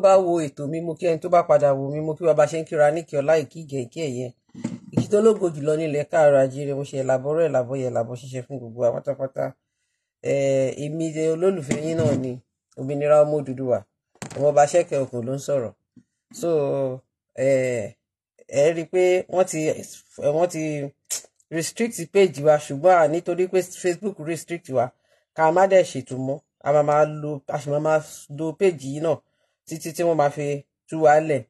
bá wo ètò mi mo kí ẹni tó bá padà wò mí mo kí bàbá ṣe ń kíra ní kí ọlá ìkí ìgẹ̀ ìkí ẹ̀yẹ ìkí tó lógo jùlọ nílẹ̀ káàró ajíire mo ṣe làbọ́rọ̀ ìlàbọ̀yẹ làbọ̀ ṣiṣẹ́ fún gbogbo àpátápátá èmi olólùfẹ́ yín náà ni òmìnira ọmọ Odùduwà ọmọọba ṣẹ́kẹ̀ ọkọ̀ ló ń sọ̀rọ̀ so ẹ rí i pé wọ́n ti restrict page wa ṣùgbọ́n nítorí pé Facebook restrict wa ká má dẹ̀ ṣètò mọ́ a máa lo a sì máa lo page yìí náà títí tí wọ́n máa fi tú wa lẹ̀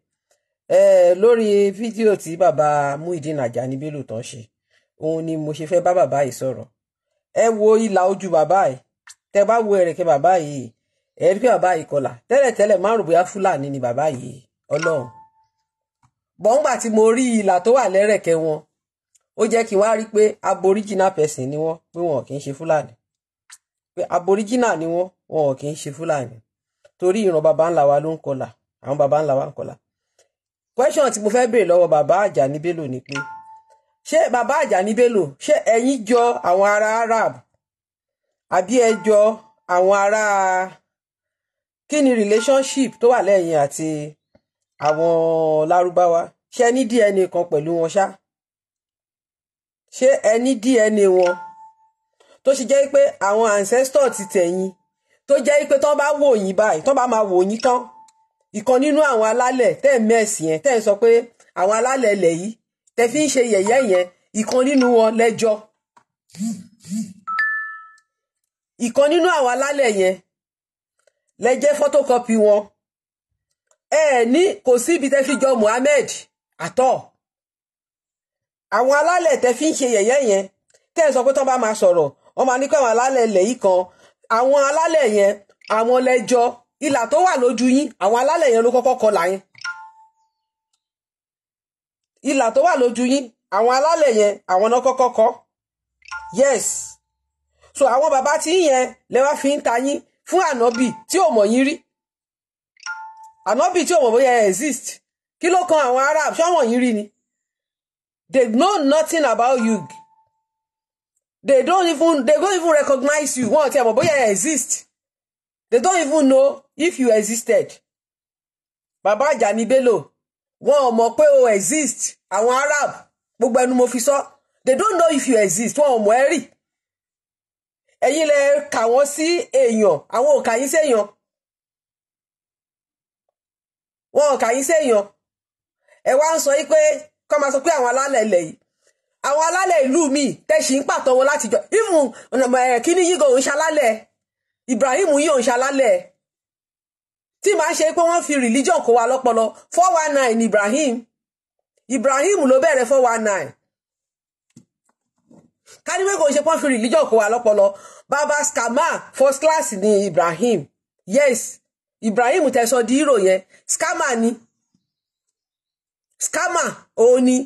lórí fídíò tí bàbá Muyideen Ajani Bello tán ṣe òun ni mo ṣe fẹ́ bá bàbá yìí sọ̀rọ̀ ẹ wo ìlà ojú bàbá yìí tẹ bá wo ẹ̀rẹ̀kẹ́ bàbá yìí ẹ rí pé bàbá yìí kọlà tẹ́lẹ̀tẹ́lẹ̀ má rò bóyá fúlàní ni bàbá yìí ọlọ́run bọ́ńgbà tí mo rí ìlà tó wà lẹ́rẹ̀kẹ́ wọn ó jẹ́ kí n wá rí pé aboriginal person ni wọ́n pé wọn kì í ṣe fúlàní pé aboriginal ni wọ́n wọn kì í ṣe fúlàní torí ìran baba ńlá wa ló ń kọlà àwọn baba ńlá wa ń kọlà question tí mo fẹ́ béèrè lọ́wọ́ bàbá Àjàní Bello ni pé ṣé bàbá Àjàní Bello ṣé ẹ̀yin jọ àwọn ará Arab àbí ẹ jọ àwọn ará kí ni relationship tó wà lẹ́yìn àti àwọn lárúbáwá ṣé ẹ ní DNA kan pẹ̀lú wọn ṣá ṣé ẹ ní DNA wọn tó ṣe jẹ́ pé àwọn ancestor ti tẹ̀yìn tó jẹ́ pé tán bá wò yín báyìí tán bá máa wò yín tán ìkan nínú àwọn alálẹ̀ tẹ́ ẹ̀ mẹ́sìn yẹn tẹ́ ẹ̀ sọ pé àwọn alálẹ̀ lẹ̀ yìí tẹ́ fi ń ṣe yẹ̀yẹ́ yẹn ìkan nínú wọn lẹ́jọ́ ìkan nínú àwọn alálẹ̀ yẹn lẹ́jẹ́ photocopy wọn ẹ ẹ̀ ní kò sí ibi tẹ́ fi jọ Muhammed àtọ̀ àwọn alálẹ̀ tẹ́ fi ń ṣe yẹ̀yẹ́ yẹn tẹ́ ẹ̀ sọ pé tán bá máa sọ̀rọ̀ wọ́n máa ní pé àwọn alálẹ̀ lẹ̀ yìí kan àwọn alálẹ̀ yẹn àwọn lẹ́jọ́ ìlà tó wà lójú yín àwọn alálẹ̀ yẹn ló kọ́kọ́ kọlà yẹn ìlà tó wà lójú yín àwọn alálẹ̀ yẹn àwọn náà kọ́kọ́ kọ yes so àwọn bàbá tí yẹn lẹ́wà fi ń ta yín fún ànábì tí ò mọ̀ yín rí ànábì tí ò mọ̀ bóyá exist kí ló kan àwọn arab ṣọ́wọ́n yín rí ni they know nothing about you they don't even they don't even recognize you wọn ò tiẹ̀ mọ̀ bóyá you exist they don't even know if you existed Baba Àjàní Bello wọn ò mọ̀ pé o exist àwọn Arab gbogbo ẹnu mo fi sọ they don't know if you exist wọn ò mọ̀ ẹ́ rí ẹ̀yin lẹ kà wọ́n sí èèyàn àwọn ò kà yín séèyàn wọn ò kà yín séèyàn ẹ wá ń sọ yí pé kọ́ máa sọ pé àwọn alálẹ̀ ilẹ̀ yìí àwọn alálẹ̀ ìlú mi tẹ̀sí ń pàtọ́wọ́ láti jọ ìmù kíní yìí gan òun ṣalálẹ̀ Ibrahim yìí òun ṣalálẹ̀ tí màá ṣe pé wọ́n fi religion kó wa lọ́pọlọ four one nine Ibrahim Ibrahim ló bẹ̀rẹ̀ four one nine káníwé kò ṣe pọ́n fi religion kó wa lọ́pọlọ baba skama first class ni Ibrahim yes Ibrahim tẹ̀sán di hero yẹn skama ni skama òun ni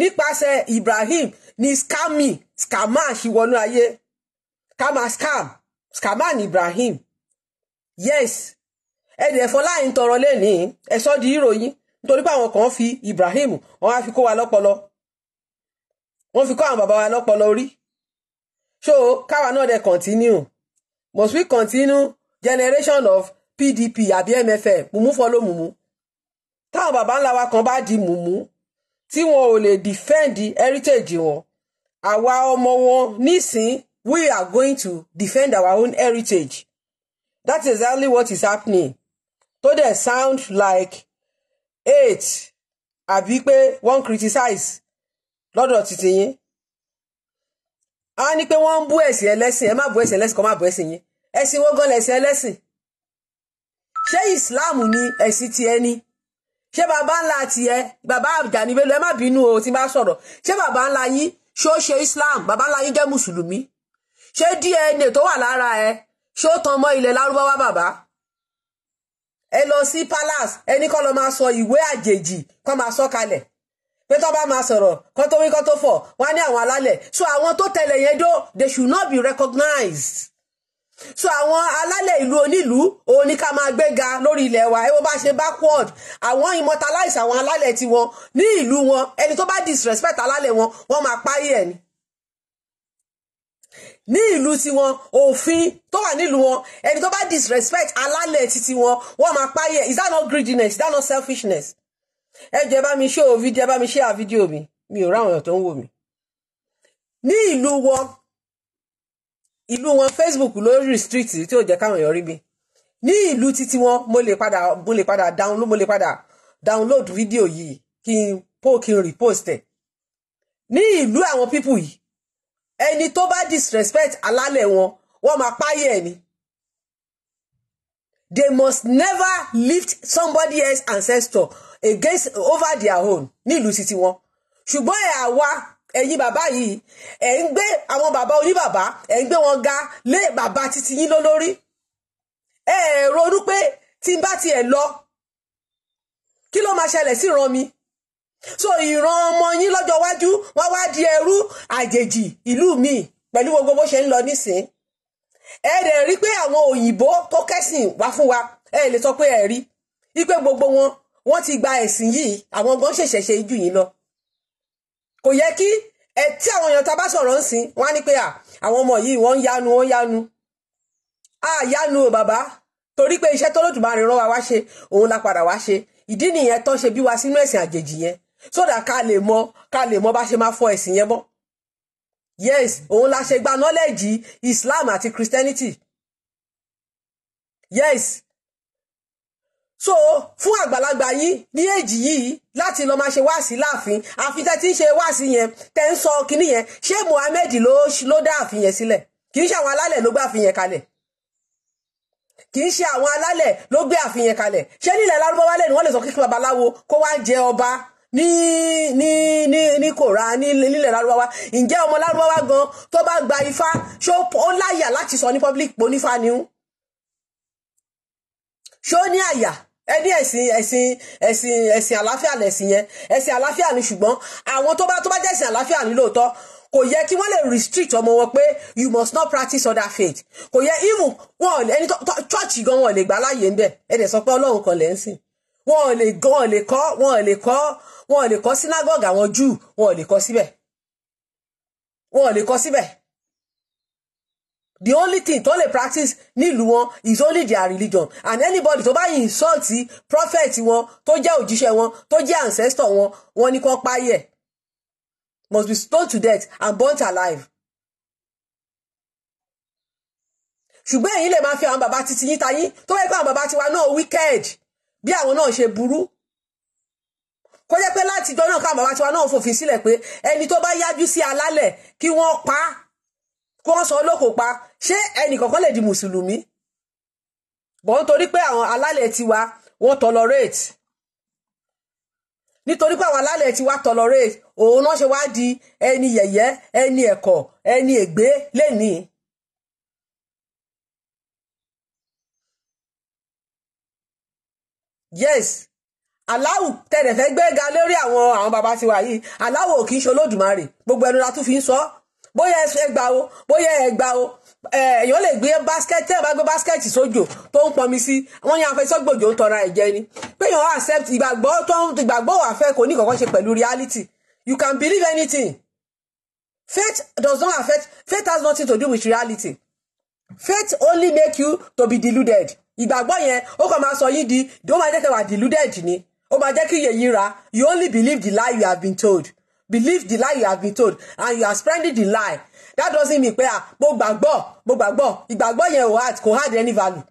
nípasẹ̀ Ibrahim ni skami skamash wọnú ayé kama scam scaman Ibrahim yes ẹ̀dẹ̀ fọláyìn tọrọ lẹ́ni ẹ̀sọ́ di ìròyìn nítorí pé àwọn kan fi Ibrahim wọn á fi kó wa lọ́pọlọ wọn fi kó àwọn bàbá wa lọ́pọlọ orí so káwa náà dẹ̀ continue must we continue generation of PDP àbí MFM Mumu fọlọ́ mumu. táwọn bàbá ńlá wa kan bá di mumu tí wọn ò lè defend heritage wọn àwa ọmọ wọn nísìn we are going to defend our own heritage that is exactly what is happening tó dẹ̀ sound like hate àbí pé wọ́n criticize lọ́dọ̀ títí yín a ní pé wọ́n ń bú ẹ̀sìn ẹlẹ́sìn ẹ má bú ẹ̀sìn ẹlẹ́sìn kọ́ má bú ẹ̀sìn yín ẹ̀sìn wọ́gán lẹ̀sìn ẹlẹ́sìn ṣé Islam ni ẹ̀sìn tiẹ̀ ni ṣé bàbá ńlá tiẹ̀ bàbá Àjàní Bello ẹ má bínú o tí bá sọ̀rọ̀ ṣé bàbá ńlá yín ṣé ó ṣe Islam Baba ńlá yín jẹ́ mùsùlùmí ṣé DNA tó wà lára ẹ ṣé ó tan mọ́ ilẹ̀ lárúbáwá bàbá ẹ lọ sí palace ẹni kọ́ lọ máa sọ ìwé àjèjì kọ́ máa sọ kalẹ̀ pé tó bá máa sọ̀rọ̀ kọ́ tó wí kọ́ tó fọ̀ wá ní àwọn alálẹ̀ so àwọn tó tẹ̀lé yẹn dó they should not be recognized so àwọn alálẹ̀ ìlú onílùú òun ni ká máa gbéga lórí ilẹ̀ wa ẹ wo bá ṣe backward àwọn immortalize àwọn alálẹ̀ tiwọn ní ìlú wọn ẹni tó bá disrespect alálẹ̀ wọn wọ́n máa páyé ẹ̀ ni ní ìlú tiwọn òfin tó wà nílùú wọn ẹni tó bá disrespect alálẹ̀ titi wọn wọ́n máa páyé ẹ̀ is that not greediness is that not selfishness ẹ jẹ́ bá mi ṣe òvídìí ẹ bá mi ṣe àfídíò mi mi ò ráwọn èèyàn tó ń wò mí ní ìlú wọn ìlú wọn Facebook ló restrict tí ò jẹ́ káwọn èèyàn rí mi ní ìlú títí wọn mo lè padà mo lè padà download mo lè padà download fídíò yìí kí n po kí n repost ẹ̀ ní ìlú àwọn pípù yìí ẹni tó bá disrespect alálẹ̀ wọn wọ́n máa páyé ẹ̀ ni they must never lift somebody else ancestor against over their own ní ìlú títí wọn ṣùgbọ́n ẹ̀ àwa ẹ̀yin bàbá yìí ẹ̀ ń gbé àwọn bàbá oníbàbá ẹ̀ ń gbé wọn ga lé bàbá títí yín lólórí ẹ̀ ronú pé tí n bá tiẹ̀ lọ kí ló máa ṣẹlẹ̀ sí ìran mi so ìran ọmọ yín lọ́jọ́ iwájú wọ́n wá di ẹrú àjèjì ìlú mi pẹ̀lú gbogbo bó ṣe ń lọ nísìn ẹ dẹ̀ rí pé àwọn òyìnbó tó kẹ́sìn wá fún wa ẹ lè sọ pé ẹ rí i pé gbogbo wọn wọ́n ti gba ẹ̀sìn yìí àwọn gan ṣẹ̀ṣẹ̀ jù yín lọ kò yẹ kí ẹ tí àwọn èèyàn ta bá sọ̀rọ̀ ń sìn wọ́n á ní pé à àwọn ọmọ yìí wọ́n ń yanu wọ́n ń yanu à yanu o bàbá torí pé iṣẹ́ tó lòdùmarè rán wa wá ṣe òun la padà wá ṣe ìdí nìyẹn tó ṣe bí wa sínú ẹ̀sìn àjèjì yẹn sódà ká lè mọ ká lè mọ bá ṣe máa fọ ẹ̀sìn yẹn mọ́ yes òun la ṣe gba nọ́lẹ́jì Islam àti Christianity yes so fún àgbàlagbà yìí ní èjì yìí láti lọ máa ṣe wáàsí láàfin àfi tẹ́ ti ń ṣe wáàsí yẹn tẹ́ ń sọ kinní yẹn ṣé Muhammed ló ló dá àfin yẹn sílẹ̀ kì í ṣe àwọn alálẹ̀ ló gbé àfin yẹn kalẹ̀ kì í ṣe àwọn alálẹ̀ ló gbé àfin yẹn kalẹ̀ ṣé nílẹ̀ lárúbáwá lẹ́nu wọ́n lè sọ kíkí babaláwo kó wá jẹ ọba ní ní ní ní kòrá ní nílẹ̀ lárúbáwá ǹjẹ́ ọmọ lárúbáwá gan tó bá gba ifá ṣó ó láyà láti sọ ní public ponífà niú ṣó ní àyà ẹ ní ẹ̀sìn ẹ̀sìn ẹ̀sìn ẹ̀sìn àlàáfíà lẹ̀sìn yẹn ẹ̀sìn àlàáfíà ni ṣùgbọ́n àwọn tó bá tó bá jẹ́ ẹ̀sìn àlàáfíà ni lóòótọ́ kò yẹ kí wọ́n lè restrict ọmọ wọn pé you must not practice other faith kò yẹ even wọn ẹni church gan wọn lè gbà láàyè ń bẹ ẹ dẹ̀ sọ pé ọlọ́run kan lẹ́ ń sìn wọn lè wọn lè kọ́ wọn lè kọ́ wọn lè kọ́ synagogue àwọn Júù wọn lè kọ́ síbẹ̀ wọn lè kọ́ síbẹ̀ the only thing tó lè practice nílùú wọn is only their religion and anybody tó bá yìn sọ́ọ̀tì prophet wọn tó jẹ́ òjíṣẹ́ wọn tó jẹ́ ancestor wọn wọn ni kò páyẹ̀ must be stoned to death and burnt alive. ṣùgbọ́n èyí lè máa fi àwọn bàbá titi yín tayín tó wáyé pé àwọn bàbá tiwa náà wicked bí àwọn náà ṣe burú kó jẹ́ pé láti ìjọ náà káwọn bàbá tiwa náà fòfin sílẹ̀ pé ẹni tó bá yájú sí alálẹ̀ kí wọ́n pa á kí wọ́n sọ olóko pa ṣé ẹnìkọ̀ọ̀kan lè di mùsùlùmí bọ̀ nítorí pé àwọn alálẹ̀ tiwa wọ́n tolerate nítorí pé àwọn alálẹ̀ tiwa tolerate òun náà ṣe wá di ẹni yẹ̀yẹ́ ẹni ẹ̀kọ́ ẹni ègbé lẹ́nìí. yes aláwù tẹ̀lẹ̀ fẹ́ gbéga lórí àwọn àwọn baba tiwa yìí aláwù ò kì í ṣe olódùmarè gbogbo ẹnu la tún fi ń sọ ọ́ bóyá ẹ gbà o bóyá ẹ gbà o èèyàn lè gbé báskẹ́tì tẹ́ẹ̀ bá gbé báskẹ́tì sójò tó ń pọnmi sí wọ́n ní afẹ́sọ́gbòjò ń tọra ẹ̀jẹ̀ ni pé èèyàn accept ìgbàgbọ́ tó ń ìgbàgbọ́ wà fẹ́ kò ní kankan ṣe pẹ̀lú reality you can believe anything faith does not affect faith has nothing to do with reality faith only make you to be deluded ìgbàgbọ́ yẹn ó kàn máa sọ yín di ó máa jẹ́ kẹ́ wà deluded ni ó máa jẹ́ kí yẹ̀yìn ra you only believe the lie you have been told believe the lie you have been told and you are spreading the lie that doesn't mean pé ah mo gbàgbọ́ mo gbàgbọ́ ìgbàgbọ́ yẹn ò hard kò hard any value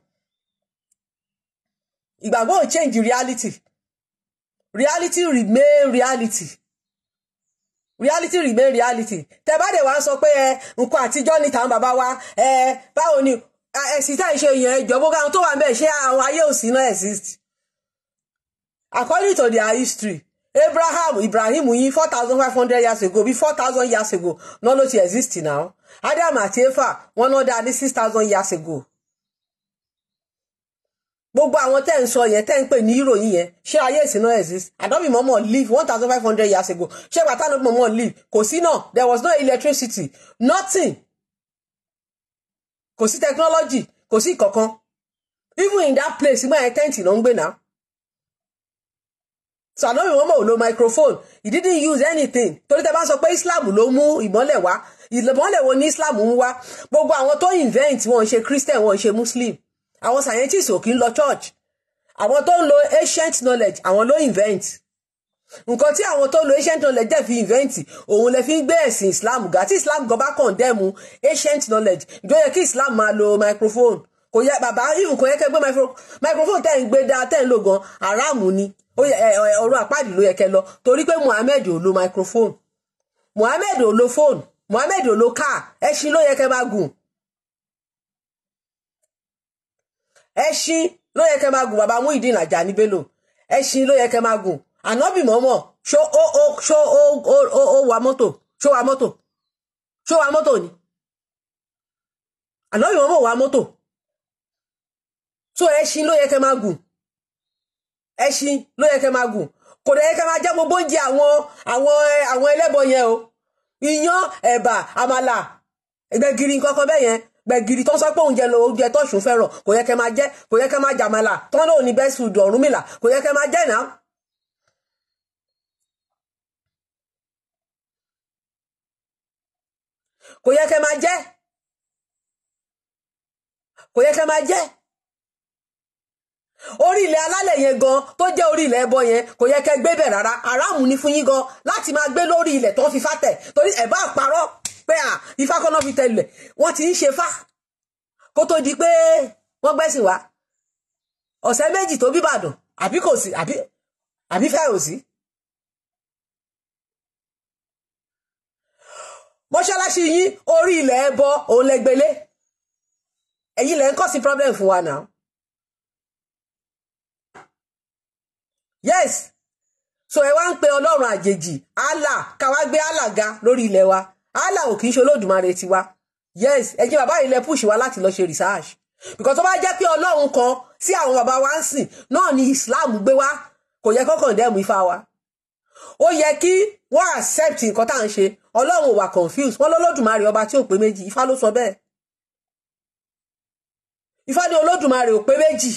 ìgbàgbọ́ ò change reality reality remain reality reality remain reality tẹ bá dẹ̀ wá sọ pé ẹ eh, nǹkan àtijọ́ ni tàwọn bàbá wa ẹ eh, báwo ni ah, ẹ̀sìn tá ìṣe yẹn ẹjọ́ bó káwọn tó wà ń bẹ̀ ṣé àwọn ayé òsì náà exist according to their history abraham ibrahim yìí four thousand five hundred years ago be four thousand years ago náà ló ti exist now adam àti efa wọn náà dá ní six thousand years ago gbogbo àwọn tẹ́ ń sọ yẹn tẹ́ ń pè ní ìròyìn yẹn ṣé ayé ìsìn náà exist àdọ́bì mọ́mọ́ live one thousand five hundred years ago ṣé bàtà náà mọ́mọ́ live kò sí náà there was no electricity nothing kò sí technology kò sí kankan even in that place ìgbà yẹn tẹ́ǹtì ló ń gbé náà so ànábì Muhammad ò no microphone he didn't use anything torí tẹ bá sọ pé Islam ló mú ìmọ́lẹ̀ wá ìmọ́lẹ̀ wo ni Islam ń wá gbogbo àwọn tó invent wọn ṣe Christian wọn ṣe Muslim àwọn scientists ò kí ń lọ church àwọn tó ń lo ancient knowledge àwọn ló invent nǹkan tí àwọn tó lo ancient knowledge dẹ̀ fi invent òun lè fi ń gbé ẹ̀sìn Islam ga tí Islam gan bá condemn ancient knowledge ìjọ yẹ kí Islam máa lo microphone kò yẹ bàbá even kò yẹ kẹ́ gbé microphone tẹ́ ń gbé dáa tẹ́ ń lò gan aráàmù ni ọ̀rọ̀ àpáàdì ló yẹ kẹ́ lọ torí pé Muhammed ò lo microphone Muhammed ò lo phone Muhammed ò lo car ẹṣin ló yẹ kẹ́ máa gùn ẹṣin ló yẹ kẹ́ máa gùn bàbá Muyideen Ajani Bello ẹṣin ló yẹ kẹ́ máa gùn ànábì mọ́mọ́ ṣó ó ó ṣó ó ó ó wa mọ́tò ṣó wa mọ́tò ṣó wa mọ́tò ni ànábì mọ́mọ́ wa mọ́tò. so ẹṣin ló yẹ kẹ́ máa gùn ẹṣin ló yẹ kẹ́ máa gùn kò jẹ gbogbo àwọn àwọn àwọn o iyán ẹ̀bà àmàlà gbẹ̀gìrì kankan bẹ́ẹ̀ yẹn gbẹ̀gìrì tó ń sọ pé lo oúnjẹ tó fẹ́ràn kò yẹ máa jẹ kò yẹ kẹ́ máa jàmàlà tán lóò ní orí ilẹ̀ alálẹ̀ yẹn gan tó jẹ́ orí ilẹ̀ ẹbọ yẹn kò yẹ kẹ́ gbé bẹ̀ rárá aráàmù ní fún yín gan láti máa gbé lórí ilẹ̀ tó fi fátẹ̀ torí ẹ̀ bá parọ́ pé à ifá kọ́nà fi tẹ̀lẹ̀ wọ́n ti ń ṣe fá kó tó di pé wọ́n gbẹ́sìn wá ọ̀sẹ̀ méjì tó bíbàdàn àbí kò sí àbí fẹ́ ò sí. mọ́ṣáláṣí yín orí ilẹ̀ ẹbọ òun lẹ́gbẹ̀lé ẹ̀yin lẹ́ ń kọ́ sí problem fún wa náà. yes so ẹ wá ń pe ọlọ́run àjèjì allah ká wá gbé allah ga lórí ilẹ̀ wa allah ò kì í ṣe olódùmarè tiwa yes ẹ jẹ́ bàbá ilẹ̀ push wa láti lọ ṣe research because tó bá jẹ́ pé ọlọ́run kan tí àwọn bàbá wa ń sìn náà ni islam gbé wá kò yẹ kọ́kàn dẹ́mu ifá wa ó yẹ kí wọ́n accept nǹkan tá à ń ṣe ọlọ́run ò wà confused wọ́n lọ́lọ́dùmarè ọba tí ò pé méjì ifá ló sọ bẹ́ẹ̀ ifá ní olódùmarè ò pé méjì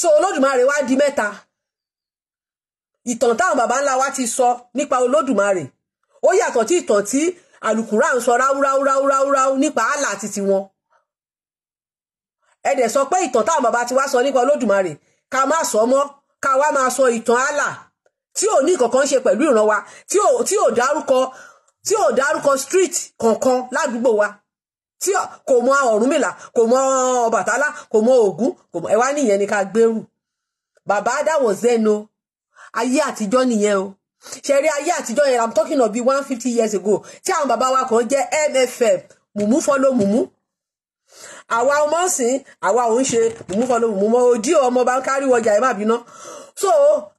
so olódùmarè wá di mẹ́ta ìtàn táwọn baba ńlá wa ti sọ nípa olódùmarè ó yàtọ̀ tí ìtàn tí àlùkùrá ń sọ ráúráúráúráú nípa àlà àti tiwọn ẹ dẹ̀ sọ pé ìtàn táwọn baba ti wá sọ nípa olódùmarè ká má sọ mọ́ ká wá máa sọ ìtàn àlà tí ò ní kankan ṣe pẹ̀lú ìran tí ò dárúkọ tí ò dárúkọ street kankan ládùúgbò wa tí kò mọ Ọ̀rúnmìlà kò mọ Ọbàtálá kò mọ Ògún kò mọ ẹ wá nìyẹn ni ká gbèrú bàbá that was ayé àtijọ́ nìyẹn o ṣẹ̀rí ayé àtijọ́ yẹn i'm talking of one fifty years ago tí àwọn bàbá wa kan jẹ́ mfm mùmú fọ́lọ́ mùmú àwa ọmọ sìn àwa òun ṣe mùmú fọ́lọ́ mùmú mọ́ òdí ọmọ bá ń kárí wọjà ẹ̀ má bínú so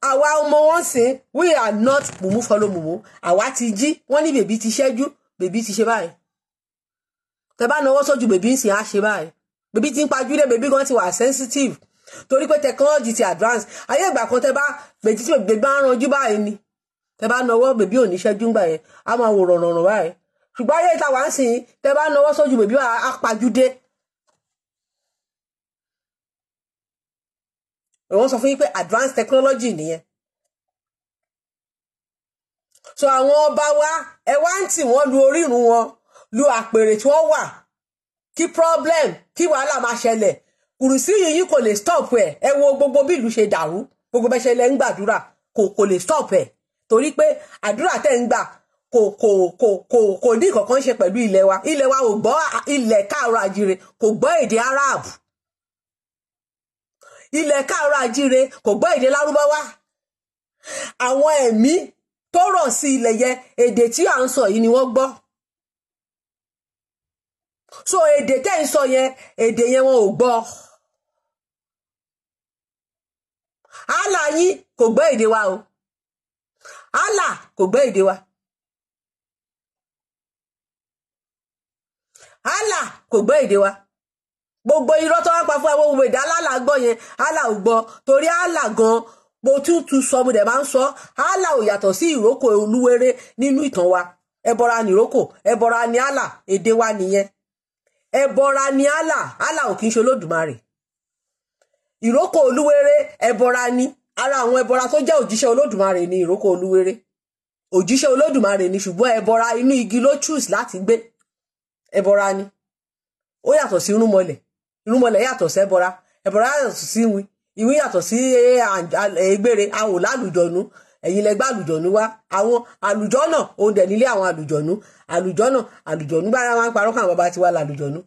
àwa ọmọ wọn sìn we are not mùmú fọ́lọ́ mùmú àwa ti jí wọ́n ní bèbí ti ṣẹ́jú bèbí ti ṣe báyìí tẹ bá náwó sójú bèbí ń sìn á ṣe báyìí bèbí ti ń pajú dé bèbí gan ti wà sensitive torí pé technology ti advance ayé ìgbà kan tẹ bá bèjì tí bèbè bá ń ranjú báyìí ni tẹ bá nawọ́ bèbí ò ní ṣẹ́jú ńgbà yẹn á máa wò rànrànràn báyìí ṣùgbọ́n ayé ìta wà ń sìn tẹ bá nawọ́ sójú bèbí á pajúdé. wọ́n sọ fún yín pé advanced technology nìyẹn so àwọn ọba wa ẹ wá ń tì wọ́n lu orírun wọn lu àpèrè tí wọ́n wà kí problem kí wàhálà máa ṣẹlẹ̀ kùrùsí yìnyín kò lè stop ẹ̀ ẹ wo gbogbo bí ìlú ṣe dàrú gbogbo bẹ́ṣẹ̀ lẹ́ ń gbàdúrà kò kò lè stop ẹ̀ torí pé àdúrà tẹ́ ń gbà kò kò kò kò kò ní kankan ṣe pẹ̀lú ilẹ̀ wa ilẹ̀ wa ò gbọ́ ilẹ̀ káàrọ̀ àjíire kò gbọ́ èdè arab ilẹ̀ káàrọ̀ àjíire kò gbọ́ èdè lárúbáwá àwọn ẹ̀mí tó rọ̀ sí ilẹ̀ yẹn èdè tí à ń sọ yìí ni wọ́n gbọ́ so èdè tẹ́ ń sọ yẹn èdè yẹn wọn ò gbọ́. allah yín kò gbọ́ èdè wa o allah kò gbọ́ èdè wa allah kò gbọ́ èdè wa gbogbo irọ́ tó wá pa fún àwọn ohun èdè allah gbọ́ yẹn allah ò gbọ́ torí allah gan mo tún tún sọ mo dẹ̀ máa ń sọ allah ò yàtọ̀ sí ìrókò olúwere nínú ìtàn wa ẹbọra ni ìrókò ẹbọra ni allah èdè wa nìyẹn ẹbọra ni allah allah ò kì í ṣe olódùmarè ìrókò olúwere ẹbọra ni ara àwọn ẹbọra tó jẹ́ òjíṣẹ́ olódùmarè ni ìrókò olúwere òjíṣẹ́ olódùmarè ni ṣùgbọ́n ẹbọra inú igi ló choose láti gbé ẹbọra ni ó yàtọ̀ sí irúnmọlẹ̀ irúnmọlẹ̀ yàtọ̀ sí ẹbọra ẹbọra yàtọ̀ sí ìwìn ìwìn yàtọ̀ sí eh, egbére àwọn òlàlùdọ̀nù ẹ̀yin lẹgbẹ́ àlùjọ̀nù wá àwọn àlùjọ́nà òun dẹ̀ nílé àwọn àlùjọ̀nù àlùjọ́nà àlùjọ̀nù gbára máa ń parọ́ kàn bàbá tiwa làlùjọ̀nù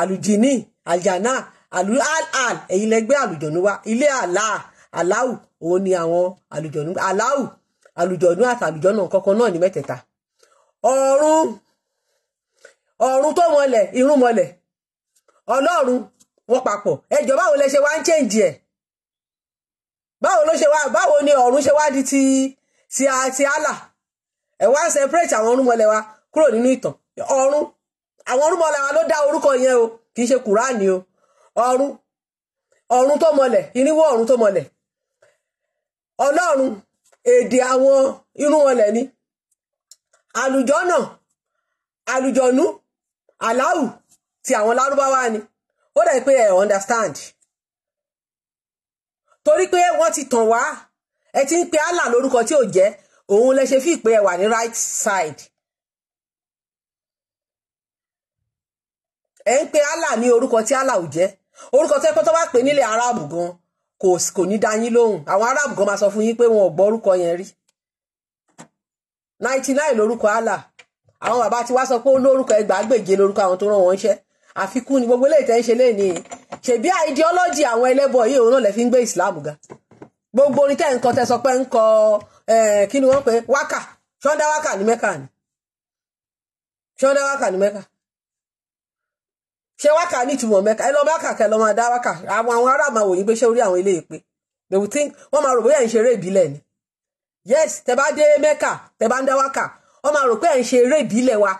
àlùjìní àjànà Alu al ẹ̀yin lẹ́gbẹ́ àlùjọ̀nú wa ilé ala aláwù òun ni àwọn àlùjọ̀nú aláwù àlùjọ̀nú àtàlùjọ̀nà kankan náà ní mẹ́tẹ̀ẹ̀ta ọ̀run ọ̀run tó mọlẹ̀ irun mọlẹ̀ ọlọ́run wọn papọ̀ ẹjọ́ báwo lẹ ṣe wá ń chẹ́ǹjì ẹ̀ báwo ló ṣe wá báwo ni ọ̀run ṣe wá di ti ti a ti àlà ẹ wá ń separate àwọn ọ̀run mọlẹ̀ wa kúrò nínú ìtàn ọ̀run àwọn ọ̀run mọlẹ̀ wa ló dá orúkọ yẹn o kì í ṣe kùránì o ọ̀run ọ̀run tó mọlẹ̀ irínwó ọ̀run tó mọlẹ̀ ọlọ́run èdè àwọn irun ọlẹ̀ ni àlùjọ́nà àlùjọ̀nú aláwù ti àwọn lárúbáwá ni ó dẹ̀ pé ẹ̀ understand torí pé wọ́n ti tàn wá ẹ ti ń pe allah lórúkọ tí ò jẹ́ òun lẹ ṣe fi pé ẹ wà ní right side ẹ ń pe allah ní orúkọ tí allah ò jẹ́ orúkọ tó yẹ pé tó bá pè nílẹ̀ aráàbù gan kò kò ní dá yín lóhùn àwọn aráàbù gan máa sọ fún yín pé wọn ò gbọ́ orúkọ yẹn rí ninety nine lórúkọ Allah àwọn bàbá ti wá sọ pé lórúkọ ẹgbàágbèje lórúkọ àwọn tó rán wọn ṣẹ́ àfikún ni gbogbo eléyìí tẹ́ ń ṣe léèní ṣèbí ideology àwọn ẹlẹ́bọ yìí òun náà lè fi ń gbé Islam ga gbogbo orin tẹ́ ń kọ tẹ́ sọ pé ń kọ kí ni wọ́n pè waka ṣọ́ndá wákà ní mẹ́kà ni ṣọ́ndá wákà ní mẹ́kà se waka nítumọ̀ mẹ́ka ẹ lọ bá kàkẹ́ lọ máa dá wákà àwọn àwọn ará máa wòye pé ṣé orí àwọn ilé they will think wọ́n máa rò bóyá ń ṣe eré ìbílẹ̀ ni yes tẹ bá dé mẹ́ka tẹ bá ń dá wákà wọ́n máa rò pé ṣe eré ìbílẹ̀ wa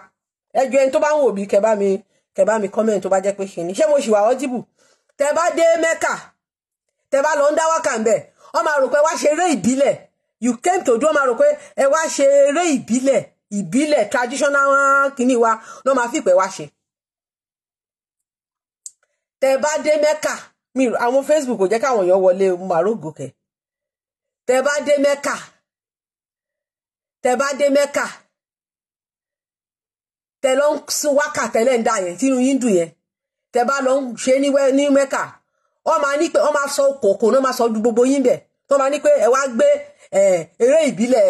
ẹ jọ ẹni tó bá ń wò mi kẹ bá mi comment tó bá mo ṣì wà tẹ bá dé mẹ́ka tẹ bá lọ ń dá wákà ń bẹ̀ wọ́n máa rò pé wá ṣe eré ìbílẹ̀ tẹba bá dé mẹ́kà mi àwọn facebook ò jẹ́ káwọn èèyàn wọlé màrógò kẹ tẹba bá dé mẹ́kà tẹ dé mẹ́kà tẹ lọ ń sun wákà tẹ́lẹ̀ ń dà yẹn tínú yín dùn yẹn tẹ lọ ń sọ gbogbo yín bẹ̀ tó máa ní pé ẹ wá gbé eré ìbílẹ̀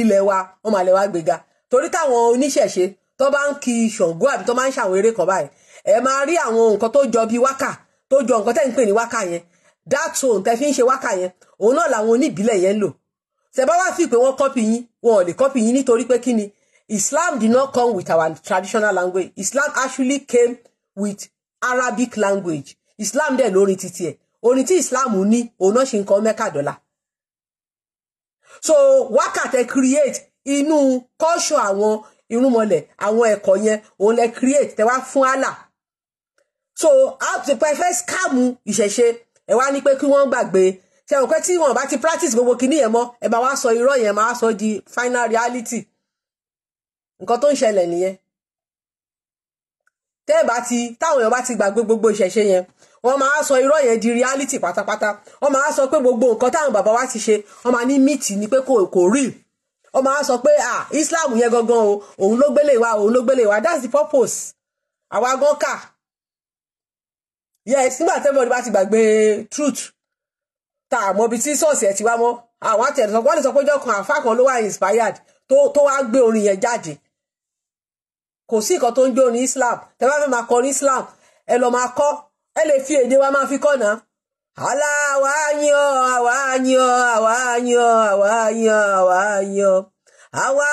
ilẹ̀ wa máa wá gbéga torí táwọn oníṣẹ̀ṣe bá ń àbí ń ṣàwọn ẹ máa rí àwọn nǹkan tó jọ bíi wákà tó jọ nǹkan tẹ́ ń pè ní wákà yẹn that one tẹ́ fi ń ṣe wákà yẹn òun náà làwọn oníbílẹ̀ yẹn lò ṣẹ̀bá wá fi pé wọ́n kọ́pì yín wọn ò lè kọ́pì yín nítorí pé kí ni Islam did not come with our traditional language Islam actually came with Arabic language Islam dẹ̀ lórin titi ẹ̀ orin tí Islam ní òun náà ṣe nǹkan mẹ́kà dọ́là so wákà tẹ́ create inú culture àwọn irúnmọlẹ̀ àwọn ẹ̀kọ́ yẹn òun lẹ create tẹ́ wá fún Allah so how to pẹ́ fẹ́ skáàmù ìṣẹ̀ṣe ẹ̀ wá ní pé kí wọ́n gbàgbé ṣe àwọn pẹ́ tí wọ́n bá ti practice gbogbo kìíní yẹn mọ́ ẹ̀ bá wá sọ irọ́ yẹn máa sọ di final reality nǹkan tó ń ṣẹlẹ̀ nìyẹn tẹ́ ẹ̀ bá ti táwọn èèyàn bá ti gbàgbé gbogbo ìṣẹ̀ṣe yẹn wọ́n máa sọ irọ́ yẹn di reality pátápátá wọ́n máa sọ pé gbogbo nǹkan táwọn bàbá wa ti ṣe wọ́n máa ní míìtì ni pé kò kò rí wọ́n máa sọ pé ah Islam yẹn gangan o òun ló gbélé wa òun ló gbélé wa that's the purpose àwa gan kà yes nígbà tẹ́bọ̀dì bá ti gbàgbé truth tá a mọ ibi tí sọ́ọ̀sì ẹ̀ ti wá mọ́ àwọn àtẹ̀sọ́ wọ́n lè sọ pé ọjọ́ kan àfa kan ló wà inspired tó wá gbé orin yẹn jáde kò sí nǹkan tó ń gbé orin Islam tẹ́ bá fẹ́ máa kọ orin Islam ẹ lọ máa kọ ẹ lè fi èdè wa máa fi kọ́ náà aláwa yan àwa yan àwa yan àwa yan àwa yan àwa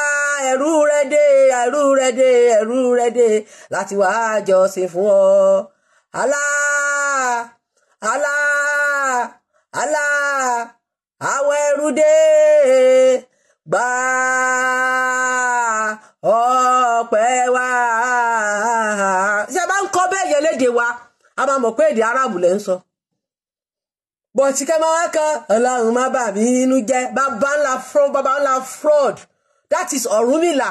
ẹrú rẹ dé ẹrú rẹ dé ẹrú rẹ dé láti wàá jọ́sìn fún ọ alaa alaa alaa àwọn ẹrú dé gbà ọpẹ́ wa. ṣé bá ń kọ́ bẹ́ẹ̀ yẹn léde wa a máa fraud fraud that is Ọ̀rúnmìlà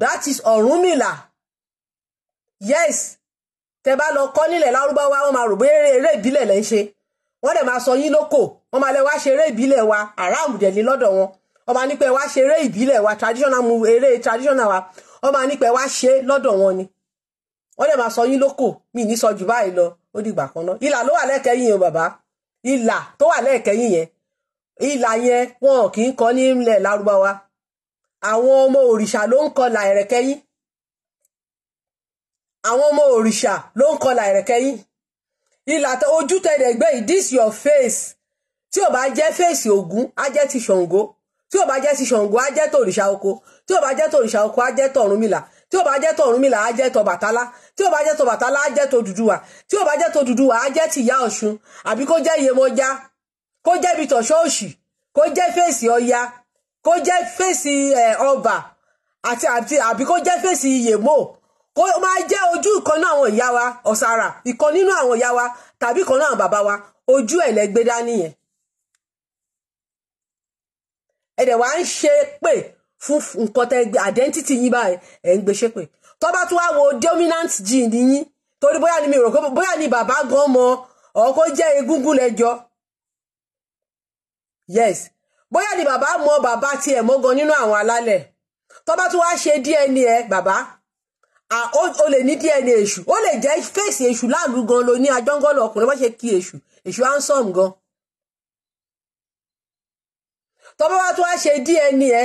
that is Ọ̀rúnmìlà. yes tẹ bá lọ kọ́ nílẹ̀ lárúbáwá wọ́n máa rò bóyá eré ìbílẹ̀ lẹ́ ń ṣe wọ́n dẹ̀ máa sọ yín lóko wọ́n máa lẹ wá ṣe eré ìbílẹ̀ wa aráàmù dẹ̀ ní lọ́dọ̀ wọn wọ́n máa ní pé wá ṣe eré ìbílẹ̀ wa traditional mu eré traditional wa wọ́n máa ní pé wá ṣe lọ́dọ̀ wọn ni wọ́n dẹ̀ máa sọ yín lóko mi ní sọ jù báyìí lọ ó dìgbà kan náà ìlà ló wà lẹ́ẹ̀kẹ́yìn o bàbá ìlà tó wà lẹ́ẹ̀kẹ́yìn yẹn ìlà yẹn wọn kì í kọ nílẹ̀ lárúbáwá àwọn ọmọ òrìṣà ló ń kọlà ẹ̀rẹ̀kẹ́yìn àwọn ọmọ òrìṣà ló ń kọlà ẹ̀rẹ̀kẹ́ yín ìlà ojú tẹ̀lẹ̀gbẹ́ yìí this your face tí ò bá jẹ́ fèsì Ògún á jẹ́ ti Ṣàngó tí ò bá jẹ́ ti Ṣàngó á jẹ́ tòrìṣà oko tí ò bá jẹ́ tòrìṣà oko á jẹ́ tọ̀rúnmìlà tí ó bá jẹ́ tọ̀rúnmìlà á jẹ́ tọ̀bàtálá tí ó bá jẹ́ tọ̀bàtálá á jẹ́ tòdùdùwà tí ó bá jẹ́ tòdùdùwà á jẹ́ tìyá ọ̀ṣun àbí kó jẹ́ iyemọja kó jẹ́ ibi tọ̀ṣọ́ òṣì kó jẹ́ fèsì ọya kó jẹ́ fèsì ọba àti àbí kó jẹ́ fèsì iyèmó kó máa jẹ́ ojú ìkan náà àwọn ìyá wa ọ̀sára ìkan nínú àwọn ìyá wa tàbí ìkan náà àwọn bàbá wa ojú ẹ̀ lẹ́gbẹ́ dání yẹn ẹ̀dẹ̀ wá ń ṣe pé fún nǹkan tẹ́ gbé identity yín báyìí ẹ̀ ń gbé ṣe pé tó bá tún wá wo dominant gene yín torí bóyá ni mi rò pé bóyá ni bàbá gan mọ ọ̀ kó jẹ́ egúngún lẹ́jọ́ yes bóyá ni bàbá mọ bàbá tiẹ̀ mọ́ gan nínú àwọn alálẹ̀ tó bá tún wá ṣe DNA ẹ bàbá o lè ní dna èṣù ó lè jẹ́ fèsì èṣù láàlú gan lo ní ajọ́ngọ́lọ̀ ọkùnrin wọ́n ṣe kí èṣù èṣù handsome gan tọ́bọ́ wá tó wá ṣe dna ẹ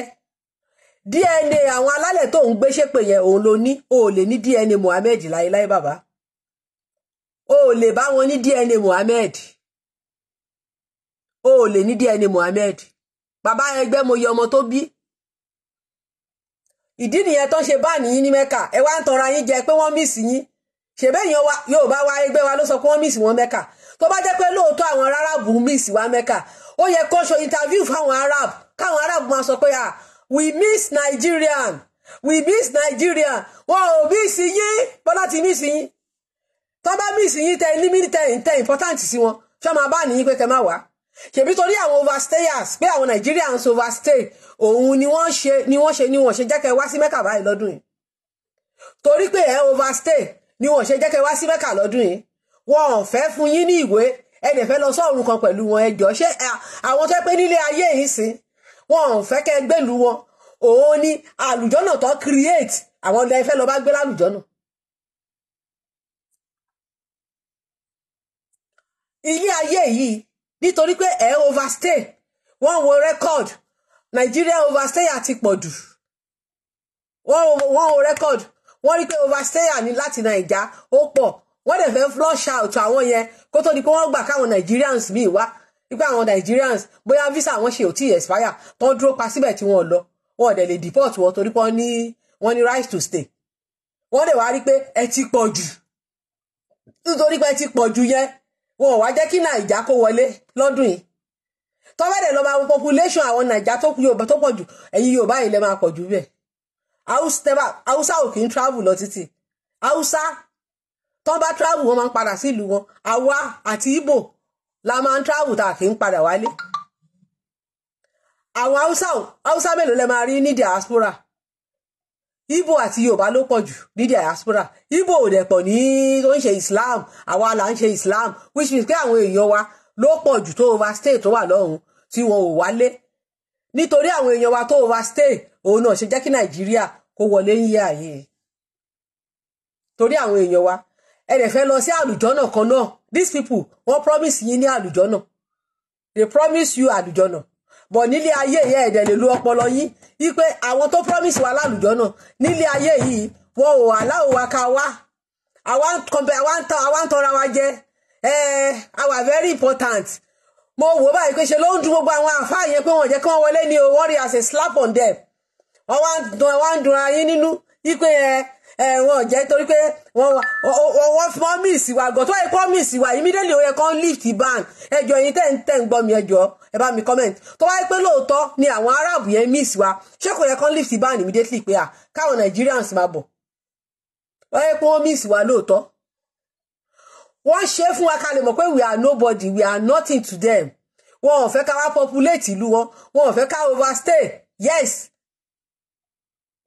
dna àwọn alálẹ̀ tó ń gbé ṣépè yẹn òun ló ní o lè ní dna Muhammed láéláé bàbá o lè bá wọn ní dna Muhammed o lè ní dna Muhammed bàbá ẹgbẹ́ mo yẹ ọmọ tó bí ìdí nìyẹn tó ṣe báàní yín ní mẹ́kà ẹ wá ń tanra yín jẹ pé wọ́n mísì yín ṣèbẹ́yìn Yorùbá wa ẹgbẹ́ wa ló sọ pé wọ́n mísì wọn mẹ́kà tó bá jẹ́ pé lóòótọ́ àwọn aráàbù mísì wa mẹ́kà ó yẹ kó ṣe interview fáwọn arab káwọn arab máa sọ pé ah we miss Nigerian we miss Nigeria wọn ò mísì yín bọ́lá ti mísì yín tó bá mísì yín tẹ ní mílítẹ̀ tẹ important sí wọn ṣọ́ máa bá nìyí pé kẹ má wàá ṣèbí torí àwọn overstayers pé àwọn Nigerians overstay òun ni wọ́n ṣe ni wọ́n ṣe ni wọ́n ṣe jẹ́kẹ́ wá sí Mẹ́kà báyìí lọ́dún yìí torí pé ẹ overstay ni wọ́n ṣe jẹ́kẹ́ wá sí Mẹ́kà lọ́dún yìí wọn ò fẹ́ fún yín ní ìwé ẹnì fẹ́ lọ sọ́ọ̀rù kan pẹ̀lú wọn ẹjọ́ ṣé àwọn tó pé nílé ayé yìí sí wọn ò fẹ́ kẹ́ gbèlú wọn òun ni àlùjọ́nà tó create àwọn ọ̀dà ìfẹ́ lọ bá gbé lálùjọ́nà. ilé ayé yìí nítorí pé ẹ overstay wọ́n wo record Nàìjíríà overstay àti pọ̀jù wọ́n wo record wọ́n rí pé overstay ní láti Nàìjà ó pọ̀ wọ́n dẹ̀ fẹ́ flush out àwọn yẹn kó tó di pé wọ́n gbà káwọn Nigerians mi wá wípé àwọn Nigerians bóyá visa wọn ṣe ò tí ì expire tó ń dúró pa síbẹ̀ tí wọ́n lọ wọn ò dẹ̀ lè deport wọn torí pé wọ́n ní right to stay wọ́n dẹ̀ wá rí pé ẹ ti pọ̀ jù nítorí pé ẹ ti pọ̀ yẹn wọn ò wá jẹ́ kí nàìjà kó wọlé lọ́dún yìí tọ́wẹ́dẹ̀ lọ máa wo population àwọn nàìjà tó yorùbá tó pọ̀ jù ẹ̀yin yorùbá yìí lẹ máa pọ̀ jù bẹ́ẹ̀ haúsá ò kì í travel lọ títì haúsá tọ́ bá travel wọn máa ń padà sílùú wọn àwa àti Ìgbò la máa ń travel tá a kì í padà wálé àwọn haúsá mélòó lẹ máa rí ní diaspora Ibo àti Yorùbá ló pọ̀ jù ní diaspora Ibo ò dẹ̀ pọ̀ ní tó ń ṣe Islam àwa là ń ṣe Islam which means pé àwọn èèyàn wa ló pọ̀ jù tó overstay tó wà lọ́hùn tí wọn ò wálé nítorí àwọn èèyàn wa tó overstay òun náà ṣe jẹ́ kí Nàìjíríà kó wọlé ń yé àyè torí àwọn èèyàn wa ẹ dẹ̀ fẹ́ lọ sí àlùjọ́nà kan náà these people wọ́n promise yín ní àlùjọ́nà they promise you àlùjọ́nà bọ̀ nílé ayé yìí ẹ̀dẹ̀ lè lu ọpọlọ yín wípé àwọn tó promise wa lálùjọ náà nílé ayé yìí wọn ò aláwò wa ká wá àwa ń tọra wa jẹ àwa very important mo wò báyìí pé ṣe ló ń dun gbogbo àwọn àfáà yẹn pé wọn jẹ́ kí wọ́n wọlé ní o worry as a slap on them wọ́n wá ń dunra yín nínú wípé ẹ̀ ẹ̀wọ̀n jẹ́ torí pé wọ́n promise wa gan tó wáyé promise wa immediately ó yẹ kán lift ban ẹjọ́ yín tẹ̀ ń tẹ̀ ń gbọ́ mi ẹjọ́ ẹ bá mi comment tó wáyé pé lóòótọ́ ni àwọn Arab yẹn miss wa ṣé kò yẹ kán lift ban immediately pé à káwọn Nigerians máa bọ̀ wọ́n yẹ pé wọ́n miss wa lóòótọ́ wọ́n ṣe fún wa ká lè mọ̀ pé we are nobody we are nothing to them wọn ò fẹ́ ká wá populate ìlú wọn wọn ò fẹ́ ká overstay yes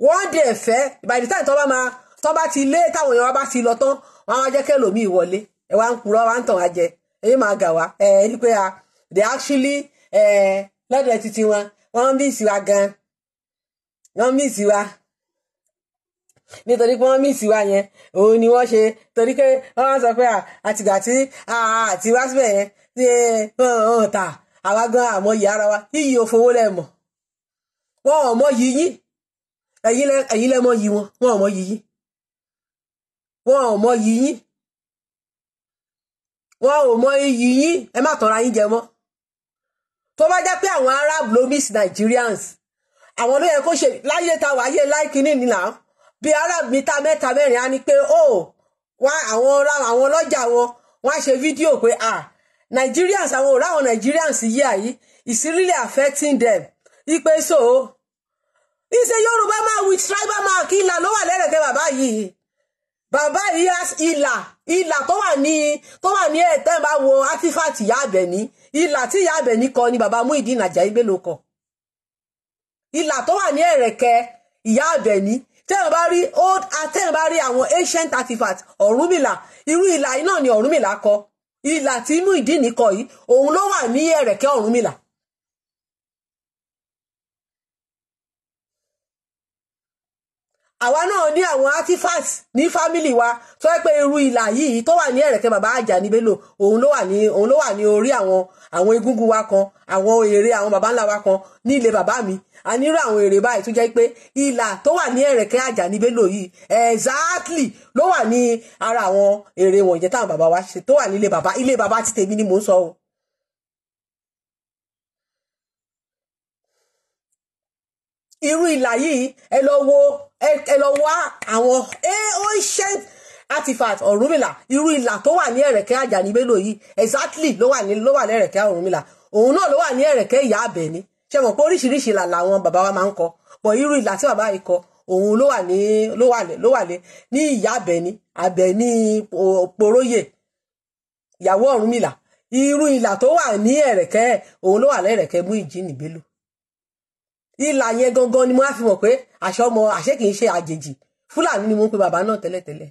wọ́n dẹ̀ fẹ́ ìbàdí táyì tán bá máa tán bá ti lé táwọn èèyàn bá ti lọ tán wọ́n á wá jẹ́ kẹ́lòmíì wọlé ẹ wá ń purọ́ wá ń tàn wá jẹ èyí máa gà wá ẹ ẹ ní pé a ah, they actually ẹ lọ́dọ̀ títí wọn wọ́n mí ìsìwà gan wọ́n mí ìsìwà nítorí pé wọ́n mí ìsìwà yẹn òun ni wọ́n ṣe torí pé wọ́n wá sọ pé ah, àtìgbà tí ah, àti wá síbẹ̀ yẹn ṣe hàn hàn ta àwa gan àmọ́ yìí ara wa yíyí òfowó lẹ̀ mọ̀ wọ́n ò mọ yìí yín ẹ̀yin lẹ́mọ yi wọn wọn ò mọ yi yín wọn ò mọ yi yín wọn ò mọ yi yín ẹ má tọ́ra yín jẹ mọ. tó bá jẹ́ pé àwọn arab ló miss nigerians àwọn ló yẹ kó ṣe láyé ta wáyé láìkíní nìlà bí arab níta mẹ́ta mẹ́rin á ní pé ó àwọn àwọn ọlọ́jà wọn wọ́n á ṣe fídíò pé à nigerians àwọn ò ráwọn nigerians yí àyí it's really affecting them ipe so ní ṣe yorùbá máa with tribal mark ìlà ló wà lẹ́rẹ̀kẹ́ bàbá yìí bàbá yìí ìlà ìlà tó wà ní tó wà ní ẹ̀tẹ́ bá wo artifacts ìyá àbẹ̀ní ìlà tí ìyá àbẹ̀ní kọ ni bàbá Muyideen Ajayi Bello kọ ìlà tó wà ní ẹ̀rẹ̀kẹ́ ìyá àbẹ̀ní tẹ́yìn bá rí old tẹ́yìn bá rí àwọn ancient artifacts ọ̀rúnmìlà irú ìlà yìí náà ni ọ̀rúnmìlà kọ ìlà tí Muyideen kọ yìí òun ló wà ní ẹ̀rẹ̀kẹ́ ọ̀rúnmìlà àwa náà ní àwọn artifacts ní family wa tó yẹ pé irú ìlà yìí tó wà ní ẹ̀rẹ̀kẹ́ bàbá Àjàní Bello òun ló wà ní òun ló wà ní orí àwọn àwọn egungun wa kan àwọn ère àwọn baba ńlá wa kan ní ilé bàbá mi a nírú àwọn ère báyìí tó jẹ́ pé ìlà tó wà ní ẹ̀rẹ̀kẹ́ Àjàní Bello yìí exactly ló wà ní ara àwọn ère wọ̀nyẹn táwọn bàbá wa ṣe tó wà ní ilé bàbá ilé bàbá ti tèmi ni mò ń sọ o. irú ìlà yìí ẹ lọ wo ẹ lọ wá àwọn ancient artifact ọ̀rúnmìlà irú ìlà tó wà ní ẹ̀rẹ̀kẹ́ àjàní bello yìí exactly ló wà ní ló wà ní ẹ̀rẹ̀kẹ́ ọ̀rúnmìlà òun náà ló wà ní ẹ̀rẹ̀kẹ́ ìyá àbẹ̀ní ṣe mọ̀ pé oríṣiríṣi ìlà làwọn bàbá wa máa ń kọ pọ̀ irú ìlà tí bàbá yìí kọ òun ló wà ní ló wà lé ló wà lé ní ìyá àbẹ̀ní poróyè ìyàwó ọ̀rúnmìlà irú ìlà tó wà ní ẹ̀rẹ̀kẹ́ òun ló wà lẹ́rẹ̀kẹ́ mú ìjì nìbélò ìlà yẹn gangan ni mo á fi mọ̀ pé àṣẹ ọmọ àṣẹ kì í ṣe àjèjì fúlàní ni mo ń pe bàbá náà tẹ́lẹ̀tẹ́lẹ̀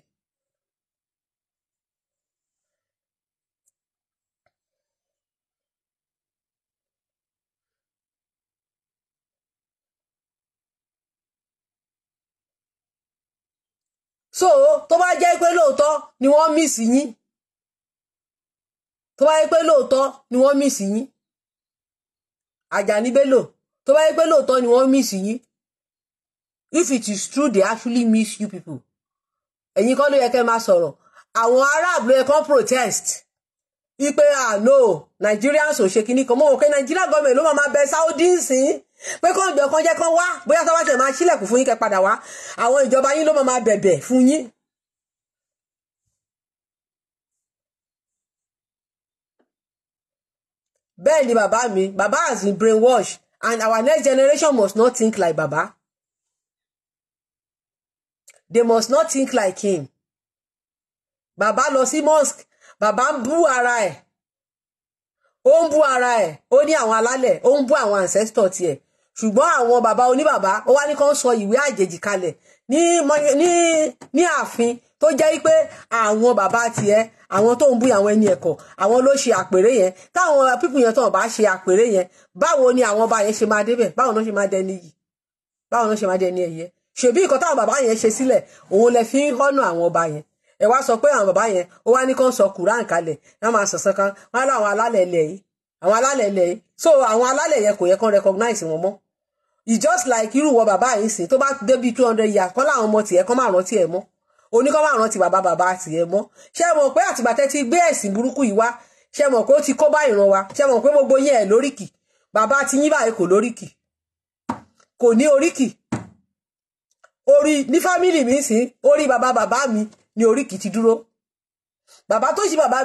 so tó bá jẹ́ pé lóòótọ́ ni wọ́n mí sí yín tó bá jẹ́ pé lóòótọ́ ni wọ́n mí sí yín Àjàní Bello tó bá yẹ pé lóòótọ́ ni wọ́n miss yín if it is true they actually miss you people ẹ̀yin kọ́ ló yẹ kẹ́ máa sọ̀rọ̀ àwọn arab ló yẹ kọ́ protest "Ah no, nigerians ò ṣe kinní kan mọ́ wò pé nigeria gọ́ọ̀mẹ̀ntì ló máa bẹ saudi sìn pé kọ́ ọ̀jọ̀ kan jẹ́ kán wá bóyá tó bá tẹ̀ máa ṣílẹ̀kùn fún yín kẹ́ padà wá àwọn ìjọba yín ló máa bẹ̀bẹ̀ fún yín. bẹ́ẹ̀ ni bàbá mi bàbá àsìn brainwash and our next generation must not think like baba they must not think like him baba lọ sí mosque baba ń bú ara ẹ̀ ó ń bú ara ẹ̀ ó ní àwọn alálẹ̀ ó ń bú àwọn ancestor tiẹ̀ ṣùgbọ́n àwọn baba oníbàbá ó wá ní kàn sọ ìwé àjèjì kalẹ̀ ní ní ní ààfin tó jẹ́ pé àwọn bàbá tiẹ̀ àwọn tó ń bú àwọn ẹni ẹ̀kọ́ àwọn ló ṣe àpèrè yẹn táwọn pípù yẹn tán bá ṣe àpèrè yẹn báwo ni àwọn ọba yẹn ṣe máa débẹ̀ báwo náà ṣe máa dẹni yìí báwo náà ṣe máa dẹni ẹ̀yẹ ṣèbí nǹkan táwọn bàbá yẹn ṣe sílẹ̀ òun lẹ fi ń họ́nà àwọn ọba yẹn ẹ wá sọ pé àwọn bàbá yẹn ó wá ní kán sọ kùrán kalẹ̀ wọn máa sọ̀sán kan wọn láwọn alálẹ̀ ilẹ̀ yìí àwọn alálẹ̀ ilẹ̀ yìí so àwọn alálẹ̀ yẹn kò yẹ kán recognize wọn mọ́ it's just like irú wọ bàbá yìí sìn tó bá débi two hundred years kọ́ láwọn ọmọ tiẹ̀ kọ́ máa rántí ẹ̀ mọ́ oníkọ́ máa rántí bàbá bàbá tiẹ̀ mọ́ ṣé Mo. pé àtìgbà tẹ́ ti gbé ẹ̀sìn burúkú yìí wá ṣé mọ̀ pé ó ti kó bá ìran wa ṣé mọ̀ pé gbogbo yín ẹ̀ lóríkì bàbá ti yín báyìí kò lóríkì kò ní oríkì orí ní fámìlì mi sìn orí bàbá bàbá mi ni oríkì ti dúró bàbá tó ṣe bàbá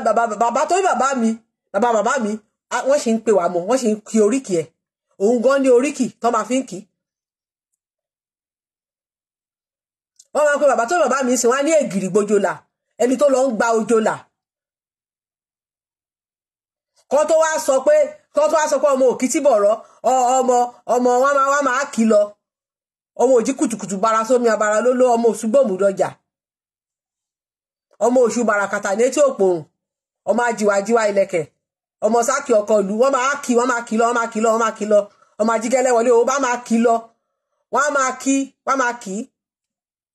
bàbá tó ṣe bàbá mi bàbá bàbá mi wọ́n ṣe ń pè wá mọ́ wọ́n ṣe ń kí oríkì ẹ̀ òun gan ní oríkì tó máa fi ń kì í wọ́n máa ń pe bàbá tó mi sìn wá ní ègìrì gbojòlà ẹni tó lọ ń gba ojola. kan tó wá sọ pé tó wá sọ ọmọ òkìtì ọmọ ọmọ wọn máa wá lọ ọmọ òjì kùtùkùtù bara sómi abara lóló ọmọ òṣù gbòmùdọjà ọmọ òṣù bàràkàtà ní etí ọmọ ajiwajiwa ọmọ sáàkì ọkọ ìlú wọ́n máa kí wọ́n máa lọ wọ́n máa kí lọ máa kí ọmọ ajígẹ́lẹ́ wọlé bá lọ máa kí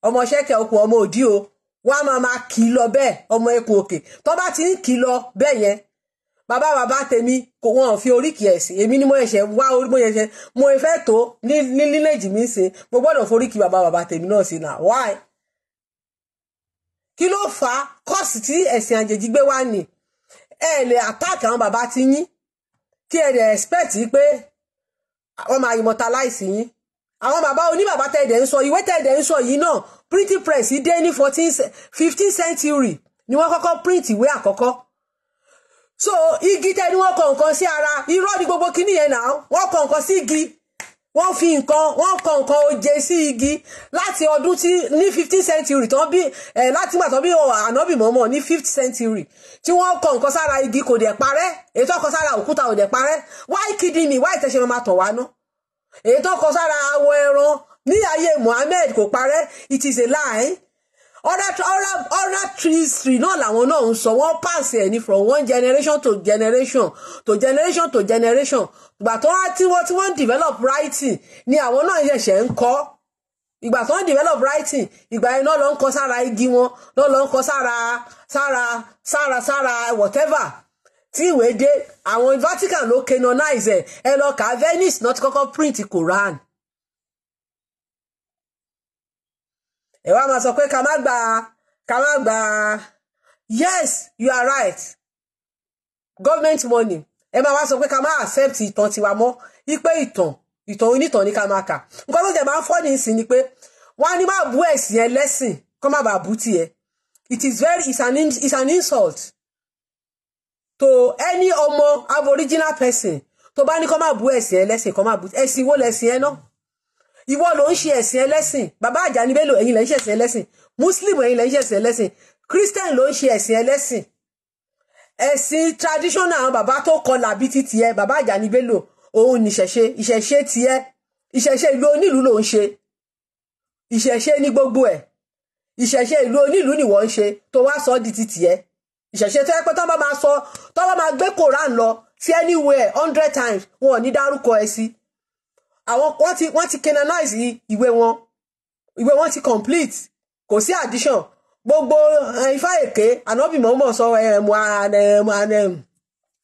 ọmọ ṣẹ́kẹ̀ ọmọ òdí o máa máa lọ bẹ́ẹ̀ ọmọ epo òkè tó bá ti ń kí lọ bẹ́ẹ̀ yẹn bàbá bàbá tèmi kò fi sí ni mo wá orí mo tó ní mi mo bàbá bàbá tèmi náà sí náà kí ló fà kọ́ọ̀sì tí ẹ̀sìn àjèjì gbé ẹ lè attack àwọn bàbá ti yín kí ẹ dẹ̀ expect pé wọ́n máa immortalize yín àwọn bàbá oníbàbá tẹ̀ dẹ̀ ń sọ ìwé tẹ̀ dẹ̀ ń sọ yìí náà printing press dé ní fourteen fifteen century ni wọ́n kọ́kọ́ print ìwé àkọ́kọ́ so igi tẹ ni wọ́n kọ nǹkan sí ara irọ́ ni gbogbo kíní yẹn náà wọ́n kọ nǹkan sí igi wọ́n fi nǹkan wọ́n kọ nǹkan oje sí igi láti ọdún tí ní fifteen century tán bí ẹ̀ eh, láti gbà tán bí ànábì mọ́mọ́ ní fifth century tí wọ́n kọ nǹkan sára igi kò dẹ̀ parẹ́ èyí tó kọ sára òkúta ò dẹ̀ parẹ́ why kidding me why tẹ̀sẹ̀ máa tàn wá ná èyí tó kọ sára awọ ẹran ní ayé Muhammad kò parẹ́ it is a lie oral oral oral history náà làwọn náà ń sọ wọ́n pass ẹ̀ ní from one generation to generation to generation to generation ìgbà tó wá tí wọ́n tí wọ́n develop writing ni àwọn náà ṣẹ̀ṣẹ̀ ń kọ́ ìgbà tó ń develop writing ìgbà yẹn náà lọ ń kọ sára igi wọn náà lọ ń kọ sára sára sára sára whatever tí ìwé dé àwọn Vatican ló canonize ẹ ẹ lọ kà Venice náà ti kọ́kọ́ print Quran ẹ wá máa sọ pé ká má gba ká má gba yes you are right government money ẹ máa wá sọ pé ká má accept ìtàn tiwa mọ́ ipe ìtàn ìtàn onítàn ní ká máa kà nǹkan tó jẹ máa ń fọ́ ni pé wọ́n á ní má bú ẹ̀sìn ẹ lẹ́sìn kó má bàa bú tiẹ̀ it is very it's an, it's an insult to any ọmọ aboriginal person tó bá ní kó má bú ẹ̀sìn ẹ lẹ́sìn kó má bú ẹ̀sìn wo lẹ́sìn ẹ náà. ìwọ ló ń ṣe ẹ̀sìn ẹlẹ́sìn bàbá Àjàní Bello ẹ̀yin lẹ́ ń ṣe ẹ̀sìn ẹlẹ́sìn muslim ẹ̀yin lẹ́ ń ṣe ẹ̀sìn ẹlẹ́sìn christian ló ń ṣe ẹ̀sìn ẹlẹ́sìn ẹ̀sìn traditional àwọn bàbá tó kọlà bí ti tiẹ̀ bàbá Àjàní Bello òun nìṣẹ̀ṣe ìṣẹ̀ṣe tiẹ̀ ìṣẹ̀ṣe ìlú onílùú ló ń ṣe ìṣẹ̀ṣe ní gbogbo ẹ̀ ìṣẹ̀ṣe ìlú onílùú ni wọ́n ń ṣe tó wá sọ di ti tiẹ̀ ìṣẹ̀ṣe tó yẹ pé tó bá máa sọ tó máa gbé koran lọ sí anywhere hundred times wọn ò ní dárúkọ ẹ sí àwọn wọ́n ti wọ́n ti canonize ìwé wọn ìwé wọn ti complete kò sí addition gbogbo eh, ifá èké ànábì mọ́mọ́ sọ eh,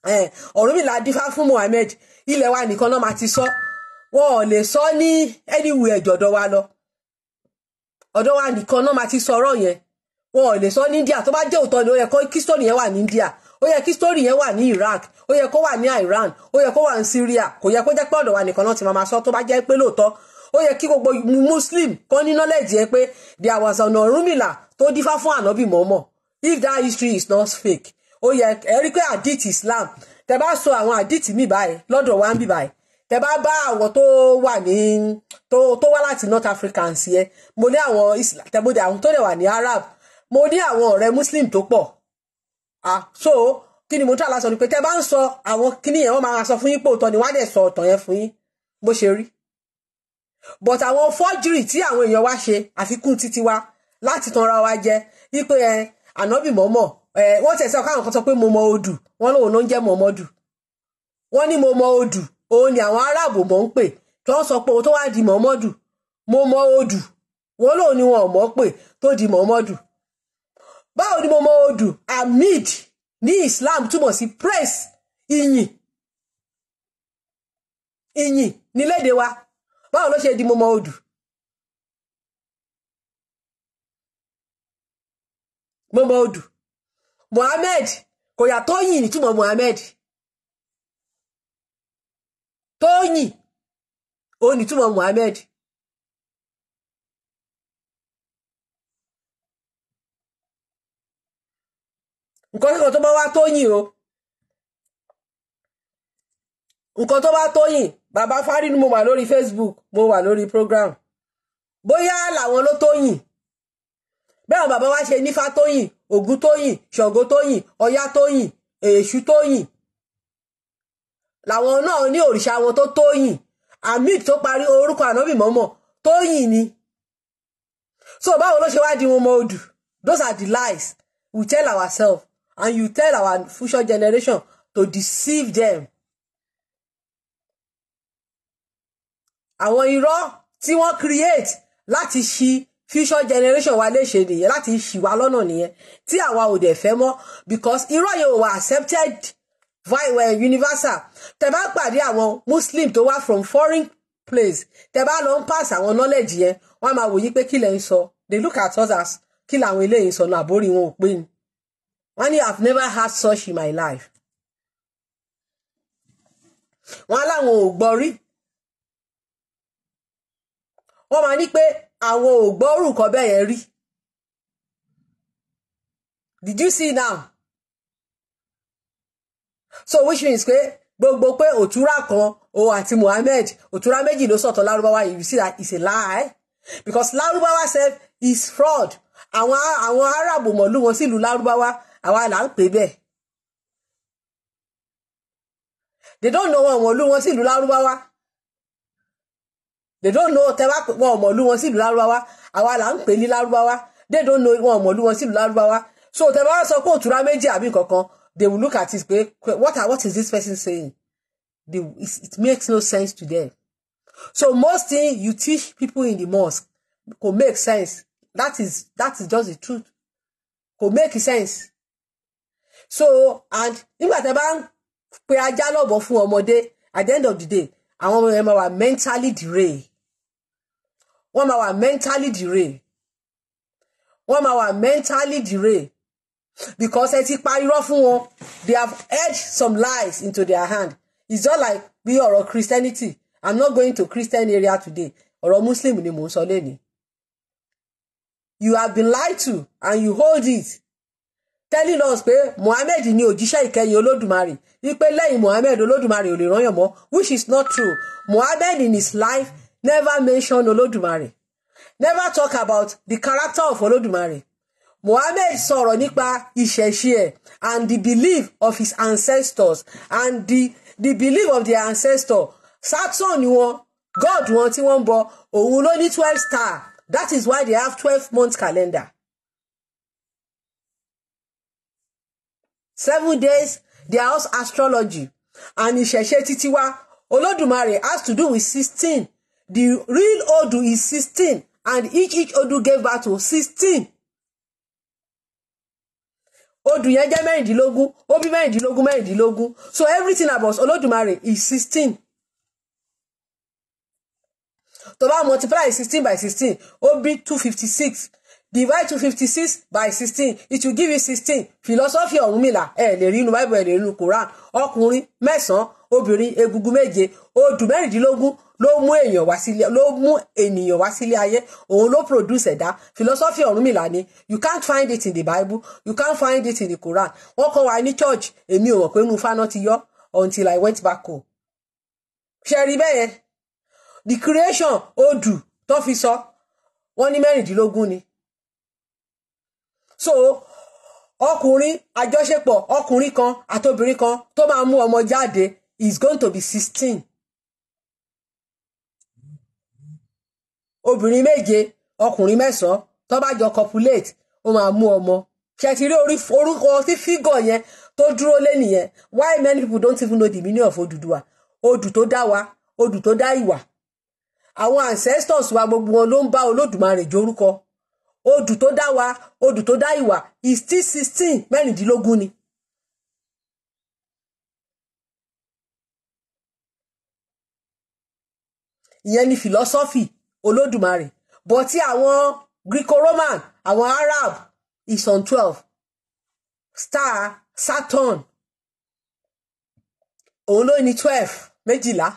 eh, Ọ̀rúnmìlà dífá fún Muhammed ilẹ̀ wa nìkan náà máa ti sọ wọn ò lè sọ ní ẹniwù ẹ̀jọ̀ ọ̀dọ̀ wa lọ ọ̀dọ̀ wa nìkan náà máa ti sọ ọ̀rọ̀ yẹn wọn ò lè sọ ní India tó bá jẹ́ òótọ́ ni ó yẹ kó kí stone yẹn wà ní India ó yẹ kí story yẹn wà ní Iraq ó yẹ kó wà ní Iran ó yẹ kó wà ní Syria kò yẹ kó jẹ́ pé ọ̀dọ̀ wa nìkan náà ti máa sọ tó bá jẹ́ pé lóòótọ́ ó yẹ kí gbogbo Muslim kan ní knowledge yẹn pé there was an Ọ̀rúnmìlà tó dífá fún ànábì mọ́mọ́ if that history is not fake ó yẹ ẹ rí pé àdìtì Islam tẹ bá so àwọn àdìtì mi báyìí lọ́dọ̀ wa ń bì báyìí tẹ bá bá àwọn tó wà ní tó tó wá láti North Africans yẹn mo ní àwọn tẹ mo dé àwọn tó dẹ̀ wà ní Arab mo ní àwọn ọ̀rẹ́ Muslim tó pọ̀ ah so kí ni mo tún àlásọ ni pé tẹ́ bá ń sọ àwọn kíní yẹn wọ́n máa sọ fún yín pé òótọ́ ni wọ́n á dẹ̀ sọ ọ̀tọ̀ yẹn fún yín bó ṣe rí but àwọn fọ́júrì tí àwọn èèyàn wa ṣe àfikún títí wa láti tanra wa jẹ wípé ẹ ànábì mọ́mọ́ ẹ wọ́n tẹ̀ sọ káwọn kan sọ pé mo mọ odù wọ́n lóun ló ń jẹ́ mọ́mọ́dù wọ́n ní mo mọ odù òun ni àwọn aráàbò mọ̀ ń pè tó ń sọ pé òun tó wá di mọ́mọ́dù mo mọ odù wọ́n lóun ni wọn ò mọ̀ pè tó di mọ́mọ́dù báwo ni mo mọ odù amid ní Islam túmọ̀ sí praise ìyìn ìyìn nílédè wa báwo ló ṣe di mo mọ odù mo mọ odù Mohammed kò yàtọ̀ yìn nítumọ̀ Mohammed tóyìn ó nítumọ̀ Mohammed. nǹkan kíkan tó bá wá Tóyìn o nǹkan tó bá Tóyìn bàbá Fárí ni mo wà lórí Facebook mo wà lórí program bóyá làwọn ló Tóyìn bẹ́ẹ̀ wọn bàbá wa ṣe nífá Tóyìn Ògún Tóyìn Ṣàngó Tóyìn Ọya Tóyìn Èṣù Tóyìn làwọn náà ní òrìṣà wọn tó Tóyìn Hamid tó parí orúkọ ànábì mọ́mọ́ Tóyìn ni so báwo ló ṣe wá di wọn mọ odù those are the lies we tell ourselves and you tell our future generation to deceive them. àwọn irọ́ tí wọ́n create láti ṣi future generation wa léṣe nìyẹn láti ṣì wá lọ́nà nìyẹn tí àwa ò dẹ̀ fẹ́ mọ́ because irọ́ yẹn ò wà accepted via universal tẹ́ bá pàdé àwọn muslim tó wá from foreign place tẹ́ bá lọ ń pass àwọn knowledge yẹn wọ́n á máa wòye pé kí lẹ sọ they look at others as kí làwọn eléyìí sọ náà àbórí wọn ò pé ni wọ́n ní i've never had such in my life wọ́n láwọn ò gbọ́ rí wọ́n máa ní pé àwọn ò gbọ́ orúkọ bẹ́ẹ̀ yẹn rí did you see now so which means pé gbogbo pé òtúrá kan o àti Muhammad òtúrá méjì ló sọ̀tọ̀ lárúbáwá you see that is a lie because lárúbáwá self is fraud àwọn àwọn Arab mọ̀lú wọn sílùú lárúbáwá àwa là ń pè bẹ́ẹ̀ they don't know wọn ọmọlú wọn sílùú lárúbáwá they don't know tẹ wá pé wọn ọmọlú wọn sílùú lárúbáwá àwa là ń pè ní lárúbáwá they don't know wọn ọmọlú wọn sílùú lárúbáwá so tẹ bá sọ pé òtúrá méjì àbí kankan they will look at it pé what are what is this person saying they, it, it makes no sense to them so most thing you teach people in the mosque go make sense that is that is just the truth go make sense so and nígbà tẹ́ bá ń pe ajá lọ́bọ̀ fún ọmọdé at the end of the day àwọn ọmọ yẹn máa wà mentally deray. wọ́n máa wà mentally deray. wọ́n máa wà mentally deray, because ẹ ti pa irọ́ fún wọn they have edged some lies into their hand it's just like bí ọ̀rọ̀ Christianity I'm not going to Christian area today ọ̀rọ̀ Muslim ni mò ń sọ lẹ́nìí you have been lied to and you hold it telling us pé Muhammad ni òjíṣẹ́ ìkẹyìn olódùmarè wípé lẹ́yìn Muhammad olódùmarè ò lè rányàn mọ́ which is not true Muhammad in his life never mention olódùmarè never talk about the character of olódùmarè Muhammad sọ̀rọ̀ nípa ìṣẹ̀ṣe ẹ̀ and the belief of his ancestors and the the belief of their ancestor Saturn wọn God wọn tí wọ́n ń bọ òun ló ní twelve star that is why they have twelve month calendar seven days they are also astrology and ìṣẹ̀ṣe títí wa olódùmarè has to do with sixteen the real odu is sixteen and each each odu gave birth to sixteen odu yẹn jẹ́ mẹ́rìndínlógún ó bí mẹ́rìndínlógún mẹ́rìndínlógún so everything about olódùmarè is sixteen tó bá multiply sixteen by sixteen ó bí two fifty six divide two fifty six by sixteen it will give you sixteen philosophy Ọ̀rúnmìlà ẹ lè rí inú bible ẹ lè rí inú Quran ọkùnrin mẹ́sàn-án obìnrin egungun méje odù mẹ́rìndínlógún ló mú èèyàn wá sílé ló mú ènìyàn wá sílé ayé òun ló produce ẹ̀dá philosophy Ọ̀rúnmìlà ni you can't find it in the bible you can't find it in the Quran wọ́n kọ́ wa ní church èmi ò mọ̀ pé inú fáná ti yọ until I went back home ṣe rí bẹ́ẹ̀ the creation odù tó fi sọ wọ́n ní mẹ́rìndínlógún ni so ọkùnrin àjọṣepọ̀ ọkùnrin kan àtobìnrin kan tó máa mú ọmọ jáde is going to be sixteen obìnrin méje ọkùnrin mẹ́sàn-án tó bá jọ copulate ó máa mú ọmọ ṣètì rí orúkọ tí fígọ̀ yẹn tó dúró lé nìyẹn why many people don't even know the meaning of Odùduwà odù tó dá wa odù tó dá ìwà àwọn ancestors wa gbogbo wọn ló ń bá Olódùmarè jórúkọ odù tó dá wa odù tó dá ìwà is still sixteen mẹ́rìndínlógún ni. ìyẹn ni philosophy olódùmarè but ti àwọn greco-roman àwọn arab is on twelve star saturn òun ló ní twelve méjìlá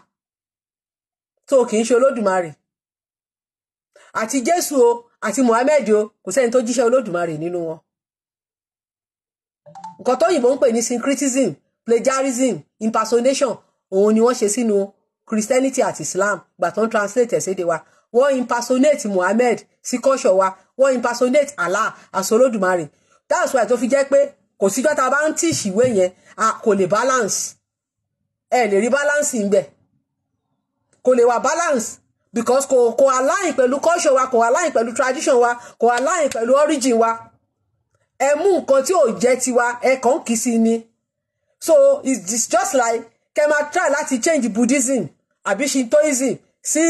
tó kì í ṣe olódùmarè àti jésù o àti muhammed o kò sẹ́ni tó jíṣẹ́ olódùmarè nínú wọn. nǹkan tó yìnbọn ń pè ní syncretism plagiarism impersonation òun ni wọ́n ṣe sínú christianity àti islam gbà tó ń translate ẹ̀sẹ̀dẹ̀ wa wọ́n impersonate muhammed sí kọ́ṣọ̀ wa wọ́n impersonate allah asolódùmarè that's why tó fi jẹ́ pé kò síjọ́ tá bá ń tíṣì ìwé yẹn kò lè balance ẹ lè rí balance ń bẹ̀ kò lè wà balance because kò kò align pẹ̀lú culture wa kò align pẹ̀lú tradition wa kò align pẹ̀lú origin wa ẹ mú nǹkan tí ò jẹ́ tiwa ẹ kàn kì í sí ni so it's just like kẹ́ máa try láti change Buddhism àbí Shintoism sí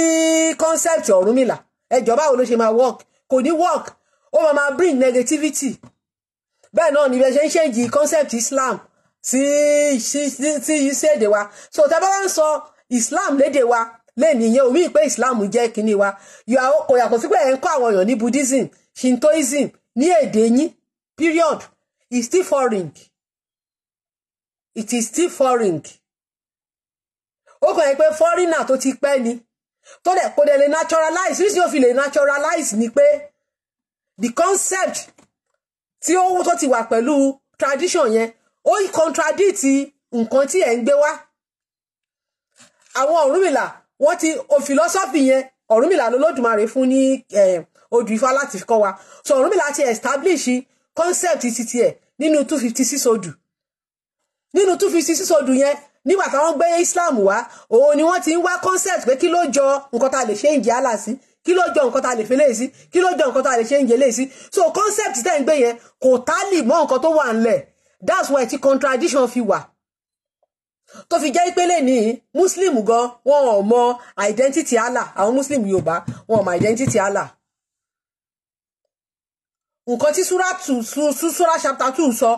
concept Ọ̀rúnmìlà ẹjọ́ báwo ló ṣe máa work kò ní work ó máa máa bring negativity bẹ́ẹ̀ náà ni bẹ́ẹ̀ ṣe ń change concept Islam sí sí sí sí èdè wa so tẹ́ bá wá ń sọ Islam lédè wa lẹ́ẹ̀ni ìyẹn omi ìpè islam jẹ́ kínní wa kò yàtọ̀ sí pé ẹ̀ ń kọ́ àwọn èèyàn ní buddhism shintoism ní èdè yín period it's still foreign it is still foreign ó kàn yẹ pé foreigner tó ti pẹ́ ni tó dẹ̀ kò dẹ̀ lè naturalize reason yóò fi lè naturalize ni pé the concept tí ó tó ti wà pẹ̀lú tradition yẹn ó contradict nǹkan tí ẹ̀ ń gbé wá àwọn Ọ̀rúnmìlà wọ́n ti o philosophy yẹn Ọ̀rúnmìlà lolódùmarè fún ní odù ifá láti kọ́ wa so Ọ̀rúnmìlà ti establish concept ti tiẹ̀ nínú two fifty six odù nínú two fifty six odù yẹn nígbà táwọn gbé Islam wá òun ni wọ́n ti ń wá concept pé kí ló jọ nǹkan tá a lè ṣe ń jẹ́ àlà sí kí ló jọ nǹkan tá a lè fi léyìí sí kí ló jọ nǹkan tá a lè ṣe ń jẹ léyìí sí so concept tẹ́ ń gbé yẹn kò tálì mọ́ nǹkan tó wà ńlẹ̀ that's why ti contradiction fi wà tó fi jẹ́ ìpele ní muslim gan wọn ò mọ identity Allah àwọn muslim yorùbá wọn ò mọ identity Allah nǹkan tí súra tù sú chapter two sọ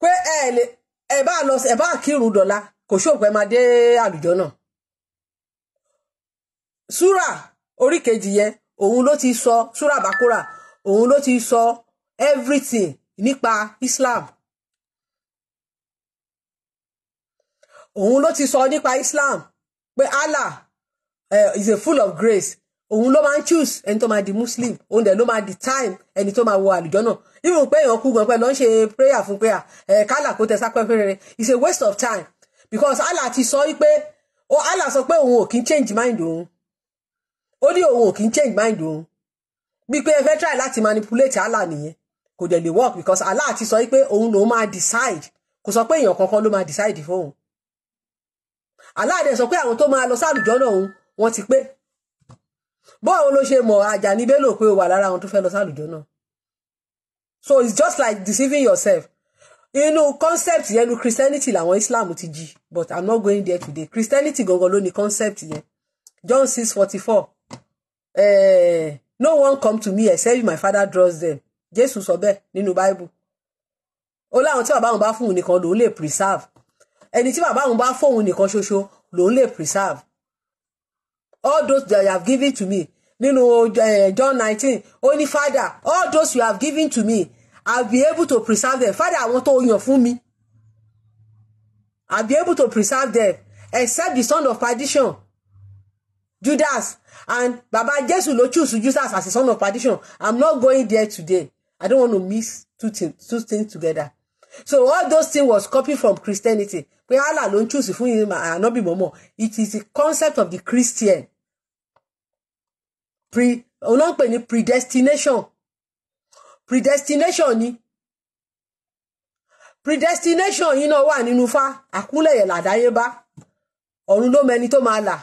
pé ẹ lè ẹ bá lọ ẹ bá kírun dọ̀la kò ṣòpẹ́ máa dé àlùjọ náà súra orí kejì yẹn òun ló ti sọ súra bàkúrà òun ló ti sọ everything nípa Islam òun ló ti sọ nípa Islam pé Allah uh, is a full of grace òun ló máa ń choose ẹni tó máa di muslim òun dẹ̀ ló máa di time ẹni tó máa wọ àlùjọ náà even pé èèyàn kú gan pé ló ń ṣe prayer fún prayer ẹ̀ kálà kó tẹ̀sán pẹ́ fẹ́rẹ́rẹ́ it's a waste of time because Allah ti sọ pé ó Allah sọ pé òun ò kí ń change mind òun ó ní òun ò kí ń change mind òun bíi pé ẹ fẹ́ try láti manipulate Allah nìyẹn kò dẹ̀ lè work because Allah ti sọ pé òun lòun máa decide kò sọ pé èèyàn kankan ló máa decide fóun aláàdẹ sọ pé àwọn tó máa lọ sálùjọ náà òun wọn ti pé bọ́ọ̀ ló ṣe mọ̀ Àjàní Bello pé ó wà lára àwọn tó fẹ́ lọ sálùjọ náà so it's just like deceiving yourself inú concept yẹn nu Christianity làwọn Islam ti jí but I'm not going there today Christianity gangan ló ní concept yẹn John six forty four eh, no one come to me except my father draws them Jesus, sọ bẹ́ẹ̀ nínú Bible ó láwọn tí bàbá wọn bá fún un nìkan lòún lè preserve ẹni tí bàbá òun bá fóun nìkan ṣoṣo lòun lè preserve all those that you have given to me nínú eh, John nineteen ó ní father all those you have given to me I'll be able to preserve them father àwọn tó yàn fún mi I'll be able to preserve them except the son of perdition Judas and Baba Jesu lo choose Judas as the son of perdition I'm not going there today I don't want to mix two things two things together so all those things was copied from Christianity pé allah ló ń choose fún ànábì mọ́mọ́ it is the concept of the christian pre olóńpẹ̀ ni predestination predestination ni predestination yìí náà wà nínú fa àkúlẹ̀yẹ̀ làdáyébá ọ̀run ló mẹni tó máa là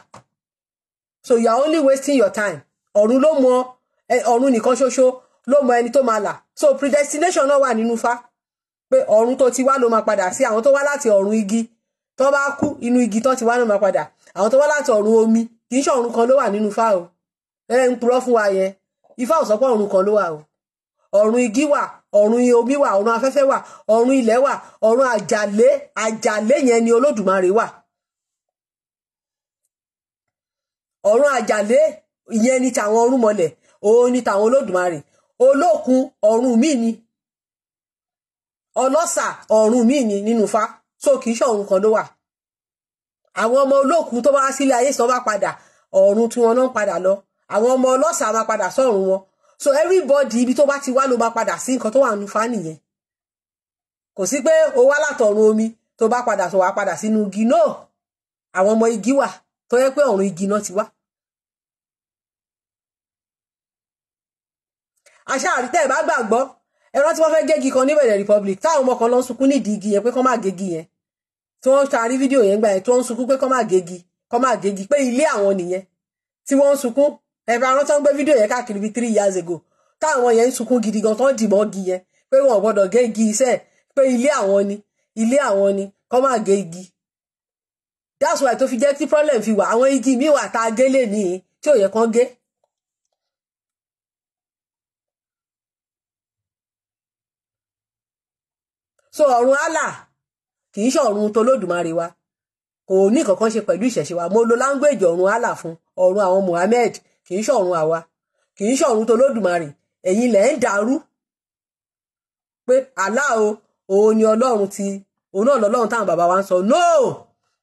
so you are only wasting your time ọ̀run ló mọ ọ̀run nìkan ṣoṣo ló mọ ẹni tó máa là so predestination náà wà nínú fa pé ọ̀run tó ti wá ló máa padà sí àwọn tó wá láti ọ̀run igi tó bá kú inú igi tó ti wá náà máa padà àwọn tó wá láti ọ̀run omi kì í ṣe ọ̀run kan ló wà nínú ifá o ẹ ń purọ́ fún wa yẹn ifá ò sọ pé ọ̀run kan ló wà o ọ̀run igi wà ọ̀run omi wà ọ̀run afẹ́fẹ́ wà ọ̀run ilẹ̀ wà ọ̀run àjàlé àjàlé yẹn ni olódùmarè wà ọ̀run àjàlé ìyẹn ni tàwọn ọ̀rúnmọlẹ̀ òun ni tàwọn olódùmarè olókun ọ̀run míì ni ọlọ́sà ọ̀run míì ni nínú fa so kì í ṣe ọ̀run kan ló wà àwọn ọmọ olóòkú tó bá wá sílé ayé sọ bá padà ọ̀run tí wọn náà padà lọ àwọn ọmọ ọlọ́sàá máa padà sọ̀run wọn so everybody ibi tó bá ti wá ló máa padà sí nǹkan tó wà nù fáànì yẹn kò sí pé o wá látọ̀run omi tó bá padà tó wá padà sínú igi náà àwọn ọmọ igi wà tó yẹ pé ọ̀run igi náà ti wá. àṣà àrítẹ́ ẹ̀ bá gbàgbọ́ ẹ̀rọ tí wọ́n fẹ́ gégi kan níbẹ̀rẹ̀ republic táwọn ọmọ kan lọ ń sunkún nídìí igi yẹn pé kọ́ máa gégi yẹn tí wọ́n taari fídíò yẹn gbà yẹn tí wọ́n ń sunkún pé kọ́ máa gégi kọ́ máa gégi pé ilé àwọn nìyẹn tí wọ́n ń sunkún ẹ̀rọ àwọn tó ń gbé fídíò yẹn káàkiri bíi three years ago táwọn yẹn ń sunkún gidi gan tó ń dìbọn gi yẹn pé wọn ò gbọdọ̀ gé igi iṣẹ́ pé ilé àwọn ni ilé àwọn ni kọ́ máa gé igi that's why tó fi jẹ́ tí problem fi wà àwọn igi míì wà tá a gé lè níyìn tí ò yẹ kán gé so ọ̀run Allah kì í ṣọ̀run tolódùmarè wa kò ní kankan ṣe pẹ̀lú ìṣẹ̀ṣe wa mo lo láńgbèjì ọ̀run Allah fún ọ̀run àwọn Muhammed kì í ṣọ̀run àwa kì í ṣọ̀run tolódùmarè ẹ̀yin lẹ̀ ń dàrú pé Allah o òun ni ọlọ́run ti òun náà lọ́lọ́run táwọn bàbá wa ń sọ no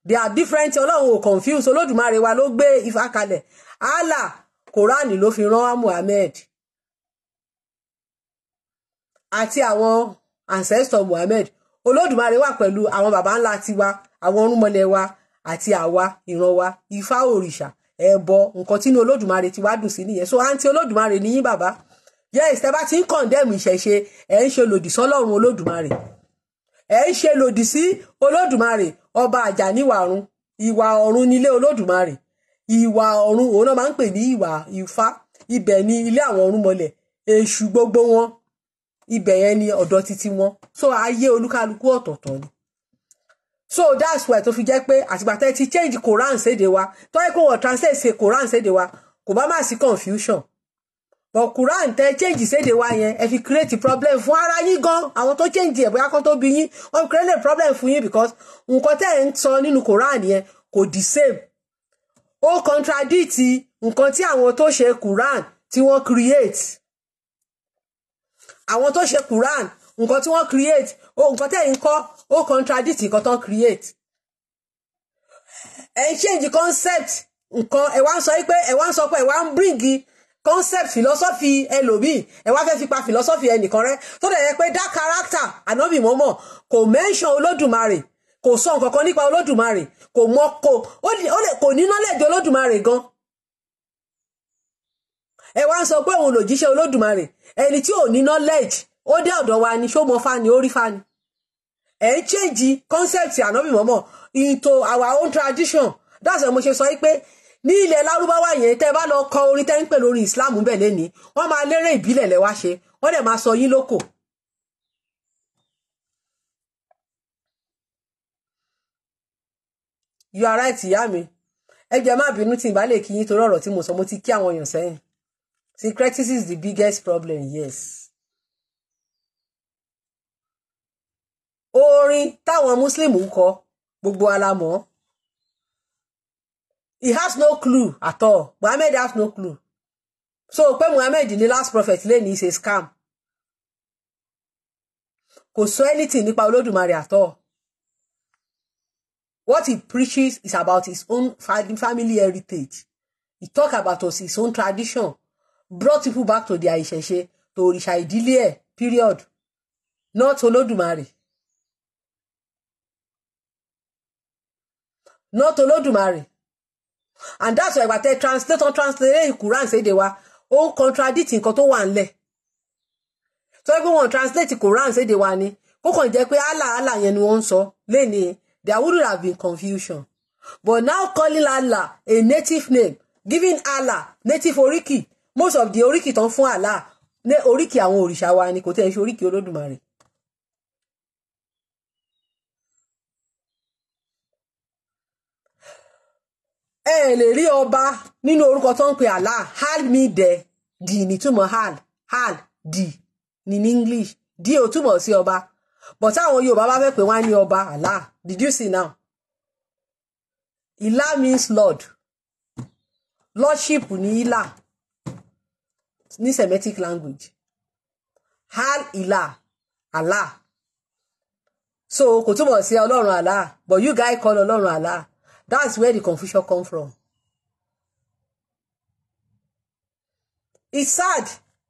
they are different ọlọ́run ò confuse olódùmarè wa ló gbé ifá kalẹ̀ Allah kòránì ló fi rán wa Muhammed àti àwọn ancestor Muhammad Olódùmarè wà pẹ̀lú àwọn baba ńlá tiwa àwọn irúnmọlẹ̀ wa àti àwa ìran wa ifá òrìṣà ẹbọ nǹkan tínú Olódùmarè ti wá dùn sí nìyẹn so àǹtí Olódùmarè ni baba, bàbá yes tẹ bá ti ń condemn ìṣẹ̀ṣe ẹ̀ ń ṣe lòdì sọ́lọ́run Olódùmarè ẹ̀ ń ṣe lòdì sí Olódùmarè ọba àjàníwàrun ìwà ọ̀run nílé Olódùmarè ìwà ọ̀run òun náà máa ń pè ní ìwà Ifá ibẹ̀ ni ilé àwọn ọ̀run èṣù gbogbo wọn ibẹ̀ yẹn ni ọ̀dọ̀ títí wọn so ayé olúkálukú ọ̀tọ̀ọ̀tọ̀ ni so that's why tó fi jẹ́ pé àtìgbà tẹ́ ti change Quran séde wa tó yẹ kó wọ́n translate ṣe Quran séde wa kò bá má sí confusion but Quran tẹ́ change séde wa yẹn ẹ fi create problem fún ara yín gan àwọn tó change ẹ̀ bóyá kó tó bí yín wọ́n create problem fún yín because nǹkan tẹ́ ẹ̀ ń sọ nínú Quran yẹn kò the same ó contradict nǹkan tí àwọn tó ṣe Quran tí wọ́n create àwọn tó ṣe Quran nǹkan tí wọ́n create o nǹkan tẹ̀ ń kọ́ ó contradict nǹkan tó create ẹ̀ ń change concept nǹkan ẹ̀ wá ń sọ pé ẹ̀ wá ń sọ pé ẹ̀ wá ń bring concept philosophy ẹlòmíì ẹ̀ wá fẹ́ fi pa philosophy ẹnìkan rẹ tó dẹ̀ yẹ pé that character ànábì mọ́mọ́ kò mention olódùmarè kò sọ nǹkan kan nípa olódùmarè kò mọ kò ó lè kò ní knowledge olódùmarè gan-an ẹ wá ń sọ pé òun lòjíṣẹ́ olódùmarè ẹni tí ò ní knowledge ó dé ọ̀dọ̀ wa ni ṣó mọ fani ó rí fani ẹ ń change concept ànábì mọ́mọ́ into our own tradition dáṣẹ mo ṣe sọ pé ní ilẹ̀ lárúbáwá yẹn tẹ́ bá lọ kọ orin tẹ́ ń pè lórí islam bẹ̀ lẹ́ni wọ́n máa lérè ìbílẹ̀ lẹ́wà ṣe wọ́n dẹ̀ máa sọ yín lóko you are right ìyá mi ẹ jẹ́ má bínú tí ìbálẹ̀ kí yín torí ọ̀rọ̀ tí mo sọ mo ti kí àwọn èèyàn sẹ́yìn Syncretism is the biggest problem, yes. Orin táwọn Muslim ń kọ gbogbo alamọ̀. He has no clue at all. Muhammad has no clue. So pé Muhammad ni last prophet lè ní ṣe scam. Kò sọ anything nípa Olódùmarè at all. What he preaches is about his own family heritage. He talk about us, his own tradition brought people back to their ìṣẹ̀ṣe to òrìṣà ìdílé ẹ̀ period not olódùmarè not olódùmarè and that's why ìgbàtẹ́ translate on translate Quran ṣèdè wa ó ń contradict nǹkan tó wà ńlẹ̀ tó yẹ pé wọ́n translate Quran ṣèdè wa ni ó kàn jẹ́ pé Allah Allah yẹn ni wọ́n ń sọ lẹ́ni there would have been confusion but now calling Allah a native name giving Allah native oríkì most of the oríkì tán fún Allah ní oríkì àwọn òrìṣà wa ni kò tẹ́ ẹ ṣe oríkì olódùmarè. ẹ ẹ lè rí ọba nínú orúkọ tó ń pè Allah hal mi dẹ di ní túmọ̀ hal hal di ní English di ò túmọ̀ sí ọba but àwọn Yorùbá bá fẹ́ pè wá ní ọba Allah did you see now Ilah means lord lordship ní Ilah ní Semitic language hal ilah Allah so kò túmọ̀ sí ọlọ́run Allah but you guys call ọlọ́run Allah that's where the confusion come from. It's sad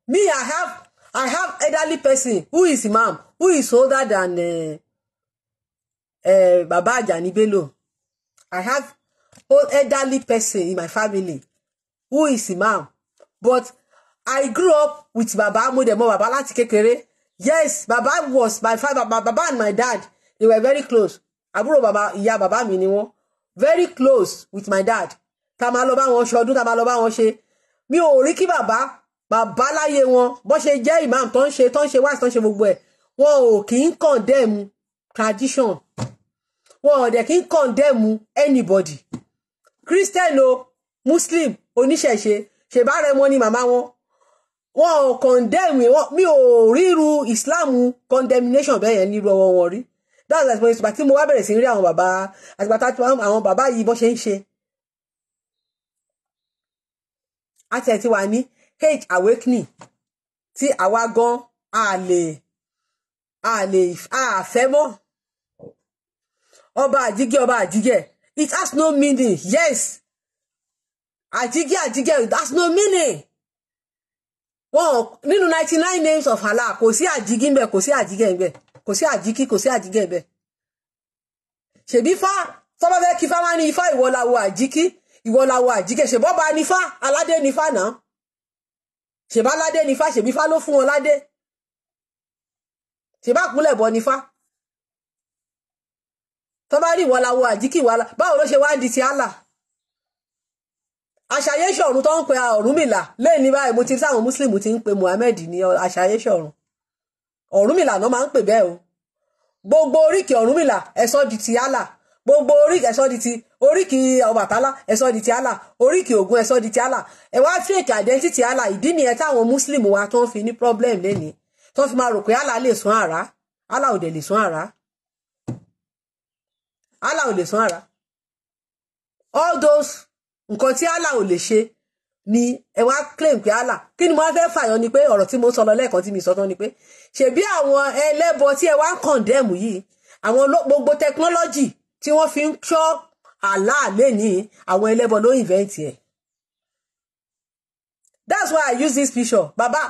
me I have I have elderly person who is imam who is older than uh, uh, Baba Ajani Bello I have old elderly person in my family who is imam but I grew up with Baba mo dẹ̀ mọ̀ Baba láti kékeré yes Baba was my father my Baba and my dad they were very close àbúrò Baba ìyá Baba mi ni wọ́n very close with my dad ta ma lọ bá wọn ṣọdún ta ma lọ bá wọn ṣe mi ò rí kí Baba Baba láyé wọn bó ṣe jẹ́ imam tó ń ṣe tó ń ṣe wáàsí tó ń ṣe gbogbo ẹ̀ wọn ò kì í condemn tradition wọn ò dẹ̀ kì í condemn anybody Christian o Muslim oníṣẹ̀ṣe ṣèbára ẹmọ ni màmá wọn wọn ò condemn wọn mi ò ríru islam condemnation bẹ́ẹ̀ yẹn nírú ọwọ́ wọn rí that's like ìgbà tí mo wá bẹ̀rẹ̀ sí rí àwọn bàbá àtìgbà tá àwọn bàbá yìí bọ́ ṣe ń ṣe àti ẹ̀ ti wà ní age awakening tí àwa gan a lè a lè a fẹ́ mọ́ ọba àjígẹ́ ọba àjígẹ́ it has no meaning yes àjígẹ́ àjígẹ́ it has no meaning wọn nínú ninety nine names of Allah kò sí àjíkí ńbẹ kò sí àjíkẹ ńbẹ kò sí àjíkí kò sí àjíkẹ ńbẹ ṣèbí fa tọ́ba fẹ́ kí fáwọn ní ifá ìwọ làwọ àjíkí ìwọ làwọ àjíkẹ ṣèbọ́ bá nífá aládé nífá náà ṣèbá aládé nífá ṣèbí fá ló fún wọn ládé ṣèbá àpúnlẹ̀ bọ nífá tọ́ba ní ìwọ làwọ àjíkí ìwọ làwọ báwo ló ṣe wá ń di ti Allah àṣàyéṣọ̀run tó ń pe ọ̀rúnmìlà lẹ́yìn ní báyìí mo ti sáwọn mùsùlùmí ti ń pe Muhammed ní àṣàyéṣọ̀run ọ̀rúnmìlà náà máa ń pè bẹ́ẹ̀ o gbogbo oríkì ọ̀rúnmìlà ẹ̀sọ́ di ti yálà gbogbo oríkì ẹ̀sọ́ di ti oríkì Ọbàtálá ẹ̀sọ́ di ti yálà oríkì Ògún ẹ̀sọ́ di ti yálà ẹ̀ wá fake identity yálà ìdí nìyẹn táwọn mùsùlùmí wa tó ń fi ní problem lẹ́ni tó fi máa rò pé yálà lè sún àrá yálà ò dẹ̀ lè sún àrá yálà ò lè sún àrá all those nǹkan tí allah ò lè ṣe ni ẹ wá claim pé allah kí ni mo fẹ́ fàyọ ni pé ọ̀rọ̀ tí mo sọ lọ tí mi sọ tán ni pé ṣebí àwọn ẹlẹ́bọ tí ẹ wá ń condemn yìí àwọn gbogbo technology tí wọ́n fi ń ṣọ́ allah lẹ́ni àwọn ẹlẹ́bọ ló invent ẹ̀ that's why i use this picture baba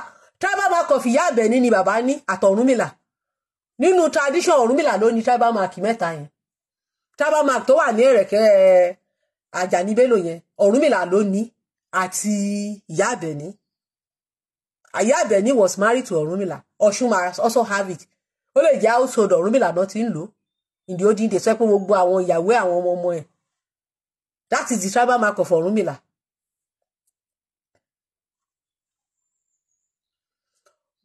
tribal mark of ìyá àbẹ̀ní ni bàbá ní àtọ̀rúnmìlà nínú tradition ọ̀rúnmìlà ló ní tribal mark mẹ́ta yẹn tribal mark tó wà ní ẹ̀rẹ̀kẹ́ Àjàní Bello yẹn Ọ̀rúnmìlà ló ní àti ìyá Àbẹ̀ní ìyá Àbẹ̀ní was married to Ọ̀rúnmìlà Ọ̀ṣun also have it ó lè jẹ́ household Ọ̀rúnmìlà náà ti ń lò ìdí ó dín dè sọ pé gbogbo àwọn ìyàwó àwọn ọmọ ọmọ ẹ̀ that is the tribal mark of Ọ̀rúnmìlà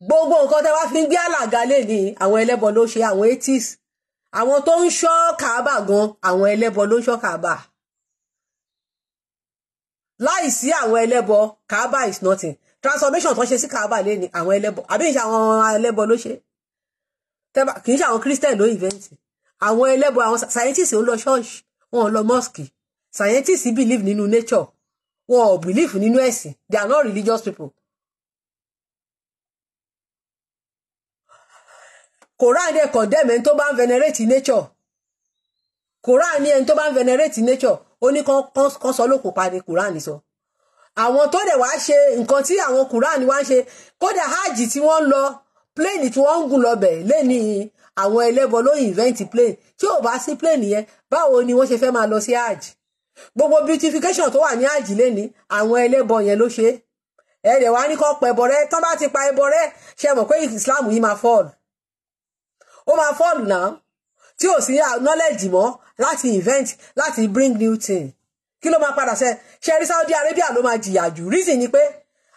gbogbo nǹkan tẹ́ wá fi ń gbé àlàgà lè ní àwọn ẹlẹ́bọ ló ṣe àwọn eighties àwọn tó ń ṣọ́ kàábà gan àwọn ẹlẹ́bọ ló ń ṣọ́ kàábà láìsí àwọn ẹlẹ́bọ kaaba is nothing transformation tó ń ṣe sí kaaba lé ní àwọn ẹlẹ́bọ àbí ìṣe àwọn ẹlẹ́bọ ló ṣe kì í ṣe àwọn christian ló invent àwọn ẹlẹ́bọ àwọn scientists ń lọ ṣọ́ọ̀ṣì wọn lọ mosque scientists believe nínú nature wọn ò believe nínú ẹ̀sìn they are not religious people. Quran dey condemn ẹni tó bá ń venerate nature Quran ní ẹni tó bá ń venerate nature ó ní kán sọ lókùn pa ni quran sọ àwọn tó dẹ̀ wá ṣe nǹkan tí àwọn quran wá ń ṣe kódà hajj tí wọ́n ń lọ plane tí wọ́n ń gùn lọ́bẹ̀ lẹ́ni àwọn ẹlẹ́bọ ló invent plane tí ò bá sí plane yẹn báwo ni wọ́n ṣe fẹ́ máa lọ sí hajj gbogbo beautification tó wà ní hajj lẹ́ni àwọn ẹlẹ́bọ yẹn ló ṣe é ẹ̀rẹ̀ wá ní kọ́ pẹ̀ bọ̀rẹ́ tán bá ti pa ẹbọ rẹ́ ṣe mọ̀ pé Islam yìí máa fọ́ọ̀lù ó máa fọ́ọ̀lù náà tí ò sí knowledge mọ́ láti invent láti bring new thing kí ló máa padà ṣe ṣe rí Saudi Arabia ló máa jìyà jù reason ni pé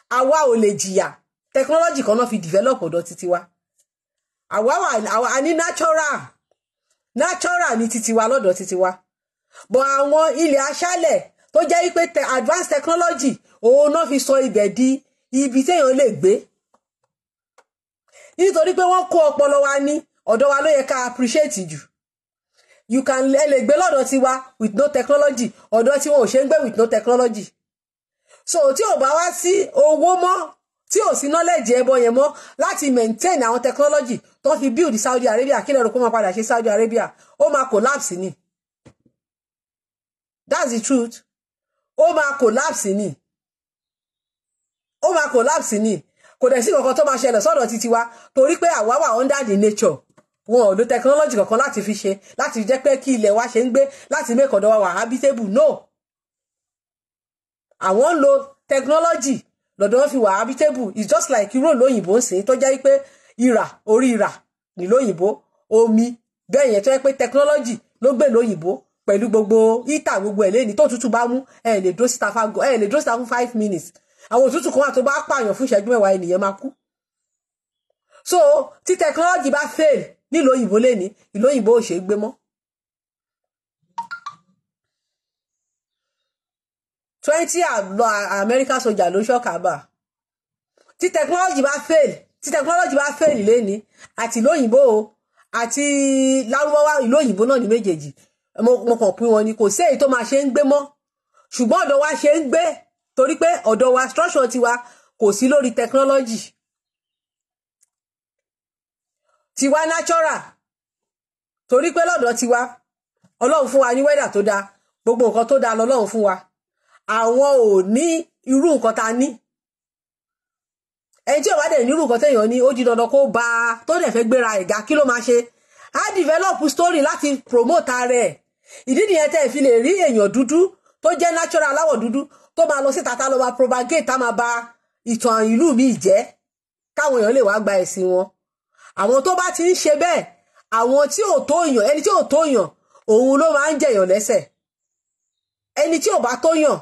àwa ò lè jìyà technology kan náà fi develop ọ̀dọ̀ títí wa àwa àwa ní natural natural ní títí wa lọ́dọ̀ títí wa but àwọn ilẹ̀ aṣálẹ̀ tó jẹ́ pé advanced technology òun náà fi sọ ibẹ̀ di ibi téèyàn lè gbé nítorí pé wọ́n kó ọpọlọ wa ní ọ̀dọ̀ wa ló yẹ ká appreciate jù you can ẹ lè gbé lọ́dọ̀ tiwa with no technology ọ̀dọ̀ tiwọn ò ṣe ń gbé with no technology so tí ò bá wá sí owó mọ́ tí ò sí knowledge ẹbọ yẹn mọ́ láti maintain àwọn technology tó fi build Saudi Arabia kí lẹ́rọ kó máa padà ṣe Saudi Arabia ó máa collapse ni that's the truth ó máa collapse ni ó máa collapse ni kò dẹ̀ sí kankan tó máa ṣẹlẹ̀ sọ́dọ̀ títí wa torí pé àwa wà under the nature wọn ò lo technology kankan láti fi ṣe láti jẹ́ pé kí ilẹ̀ wa ṣe ń gbé láti make ọ̀dọ̀ wa wà habitable no àwọn ń lo technology lọ́dọ̀ wọn fi wà habitable it's just like irú olóyìnbó ń sìn tó jẹ́ pé ìrà orí ìrà nílòyìnbó omi bẹ́ẹ̀ yẹn tó jẹ́ pé technology ló gbé lóyìnbó pẹ̀lú gbogbo ìta gbogbo ẹ̀ lẹ́ni tó tútù bá mú ẹ̀ lè dúró síta fago ẹ̀ lè dúró síta fún five minutes àwọn òtútù kan wà tó bá pààyàn fún ìṣẹ́jú mẹ́wàá ènìyàn máa kú so tí technology bá fail nílò òyìnbó lẹ́ni ìlú òyìnbó ò ṣe é gbé mọ́. twenty àlọ American soldier ló ṣọ́kàbà tí technology bá fail tí technology bá fail lẹ́ni àti ìlú òyìnbó o àti lárúbáwá ìlú òyìnbó náà ní méjèèjì mo kàn pín wọn ni kò sí èyí tó máa ṣe ń gbé mọ́ ṣùgbọ́n ọ̀dọ̀ wa ṣe ń gbé torí pé ọ̀dọ̀ wa structure tiwa kò sí lórí technology tiwa natural torí pé lọ́dọ̀ tiwa ọlọ́run fún wa ní wẹ́dà tó dáa gbogbo nǹkan tó dáa lọ́lọ́run fún wa àwọn ò ní irú nǹkan ta ní ẹni tí ọ̀wá dẹ̀ nírú nǹkan téèyàn ní ó di dandan kó ba tó dẹ̀ fẹ́ gbéra ẹ̀gá kí ló máa ṣe á develop story láti promote ara ẹ̀ ìdí nìyẹn tẹ́ ẹ fi lè rí èèyàn dúdú tó jẹ́ natural aláwọ̀ dúdú tó máa lọ síta tá lọ propagate tá máa ba ìtàn ìlú mi jẹ́ káwọn èèyàn lè wá gba ẹ̀sìn wọn àwọn tó bá ti ń ṣe bẹ́ẹ̀ àwọn tí ò tó yàn ẹni tí ò tó yàn òun ló máa ń jẹyàn lẹ́sẹ̀ ẹni tí ò bá tó yàn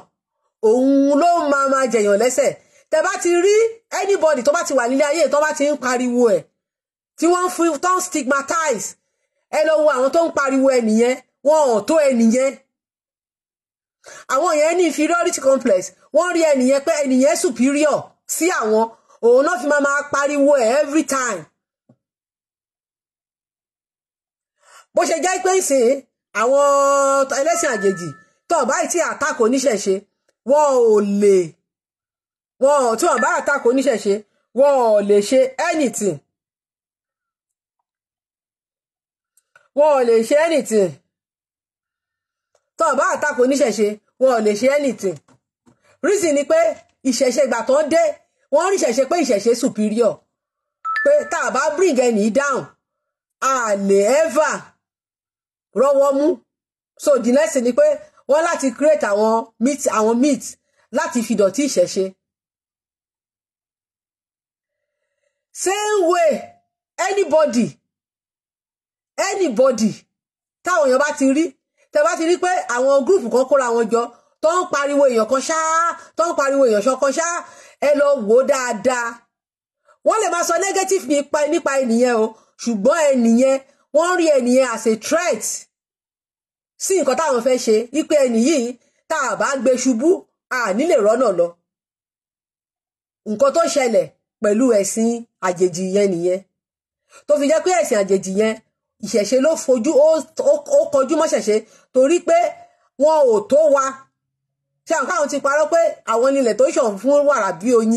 òun ló máa máa jẹyàn lẹ́sẹ̀ tẹ bá ti rí anybody tó bá ti wà nílé ayé tó bá ti ń pariwo ẹ̀ tí wọ́n ń fi tó ń stigmatize ẹ lọ wo àwọn tó ń pariwo ẹ nìyẹn wọn ò tó ẹ nìyẹn àwọn yẹn ní inferiority complex wọ́n rí ẹnìyẹn pé ẹnìyẹn superior sí àwọn òun náà fi máa máa pariwo ẹ̀ every time bó ṣe jẹ́ pé ìsìn àwọn ẹlẹ́sìn àjèjì tó ọ̀bá ìtì àtakò oníṣẹ̀ṣe wọn ò lè wọn ò tí wọn bá àtakò oníṣẹ̀ṣe wọn ò lè ṣe anything wọn ò lè ṣe anything tó ọ̀bá àtakò oníṣẹ̀ṣe wọn ò lè ṣe anything reason ni pé ìṣẹ̀ṣe ìgbà tó ń dé wọ́n rí ìṣẹ̀ṣe pé ìṣẹ̀ṣe superior pé tá a bá bring any down a lè ever rọ́wọ́ mú so the next thing ni pé wọ́n láti create àwọn meat àwọn meat láti fìdọ̀tí ìṣẹ̀ṣe. same way anybody anybody táwọn èèyàn bá ti rí tẹ́ bá ti rí pé àwọn group, kan kóra wọn jọ tó ń pariwo èèyàn kan ṣáá tó ń pariwo èèyàn ṣọkan ṣáá ẹ lọ wò ó dáadáa wọ́n lè máa sọ negative nípa nípa ènìyàn o ṣùgbọ́n ẹnìyẹn wọ́n ń rí ẹnìyẹn as a threat sí nǹkan táwọn fẹ́ ṣe wípé ẹnì yìí tá a bá gbé ṣubú a nílè rọ́nà lọ nǹkan tó ṣẹlẹ̀ pẹ̀lú ẹ̀sìn àjèjì yẹn nìyẹn tó fi jẹ́ pé ẹ̀sìn àjèjì yẹn ìṣẹ̀ṣe ló fojú ó kọjú mọ́ ṣẹ̀ṣe torí pé wọn ò tó wa ṣe àwọn káwọn ti parọ́ pé àwọn nílẹ̀ tó ṣàn fún wàrà bí oyin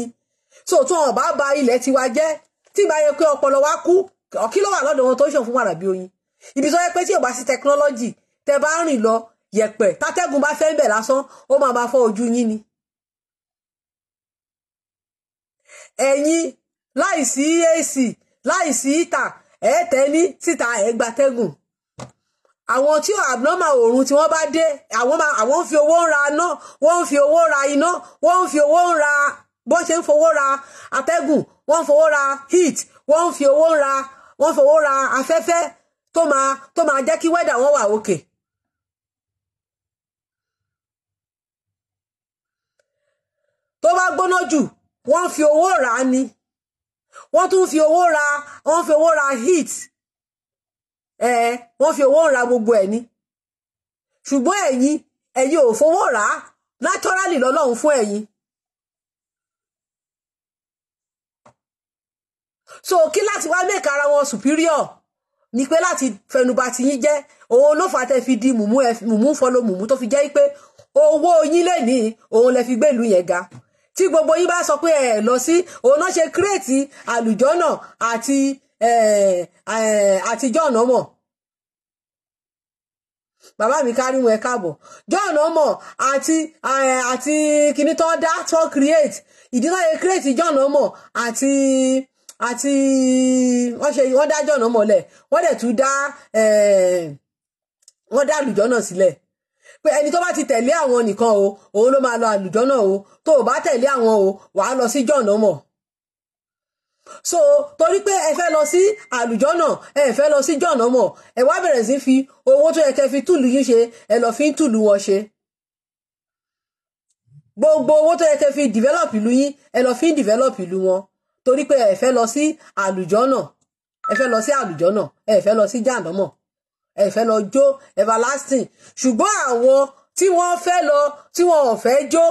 so tí ba ilẹ̀ tiwa jẹ́ tí ìbá yẹ pé ọpọlọ wa kú ọkí ló wà lọ́dọ̀ wọn tó ń ṣàn fún wàrà bí oyin ibi tó yẹ pé tí ò bá sí tẹkinọ́lọ́jì tẹ bá rìn lọ yẹ̀pẹ̀ tátẹ́gùn bá fẹ́ ń bẹ̀ lásán ó máa máa fọ́ ojú yín ni. ẹ̀yin láìsí ac láìsí ìta ẹ̀ tẹ́ ní síta ẹ̀ gbatẹ́gùn àwọn tí abnormal òòrùn tí wọ́n bá dé àwọn àwọn ń fi owó ń ra iná wọ́n ń fi owó ra iná wọ́n ń fi owó ń ra bó ṣe ń fowó ra atẹ́gùn wọ́n ń fowó ra heat wọ́n ń fi owó ra wọ́n fowó ra afẹ́fẹ́ tó máa tó máa jẹ́ kí wẹ́dà wọn wà òkè. tó bá gbóná jù wọ́n fi owó rà á ni wọ́n tún fi owó ra wọ́n fi owó ra heat Eh, wọ́n fi owó ra gbogbo ẹ̀ ni ṣùgbọ́n ẹ̀yin ẹ̀yin ò fowó rà á naturally lọ́lọ́run fún ẹ̀yin. so kí láti wá make ara wọn superior ni pé láti fẹnubà ti yín jẹ́ òun ló fà á tẹ́ fi di mùmú mùmú fọlọ mùmú tó fi jẹ́ pé owó yín lè ní òun lè fi gbé ìlú yẹn ga tí gbogbo yín bá sọ pé ẹ lọ sí òun náà ṣe kírètì àlùjọ́nà àti àti John ọmọ bàbá mi kárí wọn ẹ káàbọ̀ John ọmọ àti àti kìnnìtàn dá tó create ìdí náà yẹ kírètì John ọmọ àti àti wọ́n ṣe wọ́n dá jọ̀nà mọ́lẹ̀ wọ́n dẹ̀ tún dá eh, wọ́n dá àlùjọ́ náà sílẹ̀ pé ẹni tó bá ti tẹ̀lé àwọn nìkan o òun ló máa lọ àlùjọ́ náà o tó o bá tẹ̀lé àwọn o wàá lọ sí jọ̀nà mọ̀ so torí pé ẹ fẹ́ lọ sí àlùjọ́ náà ẹ fẹ́ lọ sí jọ̀nà mọ̀ ẹ wá bẹ̀rẹ̀ sí fi owó tó yẹ kẹ́ fi túlù yín ṣe ẹ lọ fi ń túlù wọn ṣe gbogbo owó tó yẹ kẹ́ fi develop ìlú yín ẹ lọ fi ń develop ìlú wọn torí pé ẹ fẹ́ lọ sí àlùjọ́nà ẹ fẹ́ lọ sí àlùjọ́nà ẹ fẹ́ lọ sí jàǹdọ́mọ̀ ẹ fẹ́ lọ jó everlasting ṣùgbọ́n àwọn tí wọ́n fẹ́ lọ tí wọ́n ò fẹ́ jó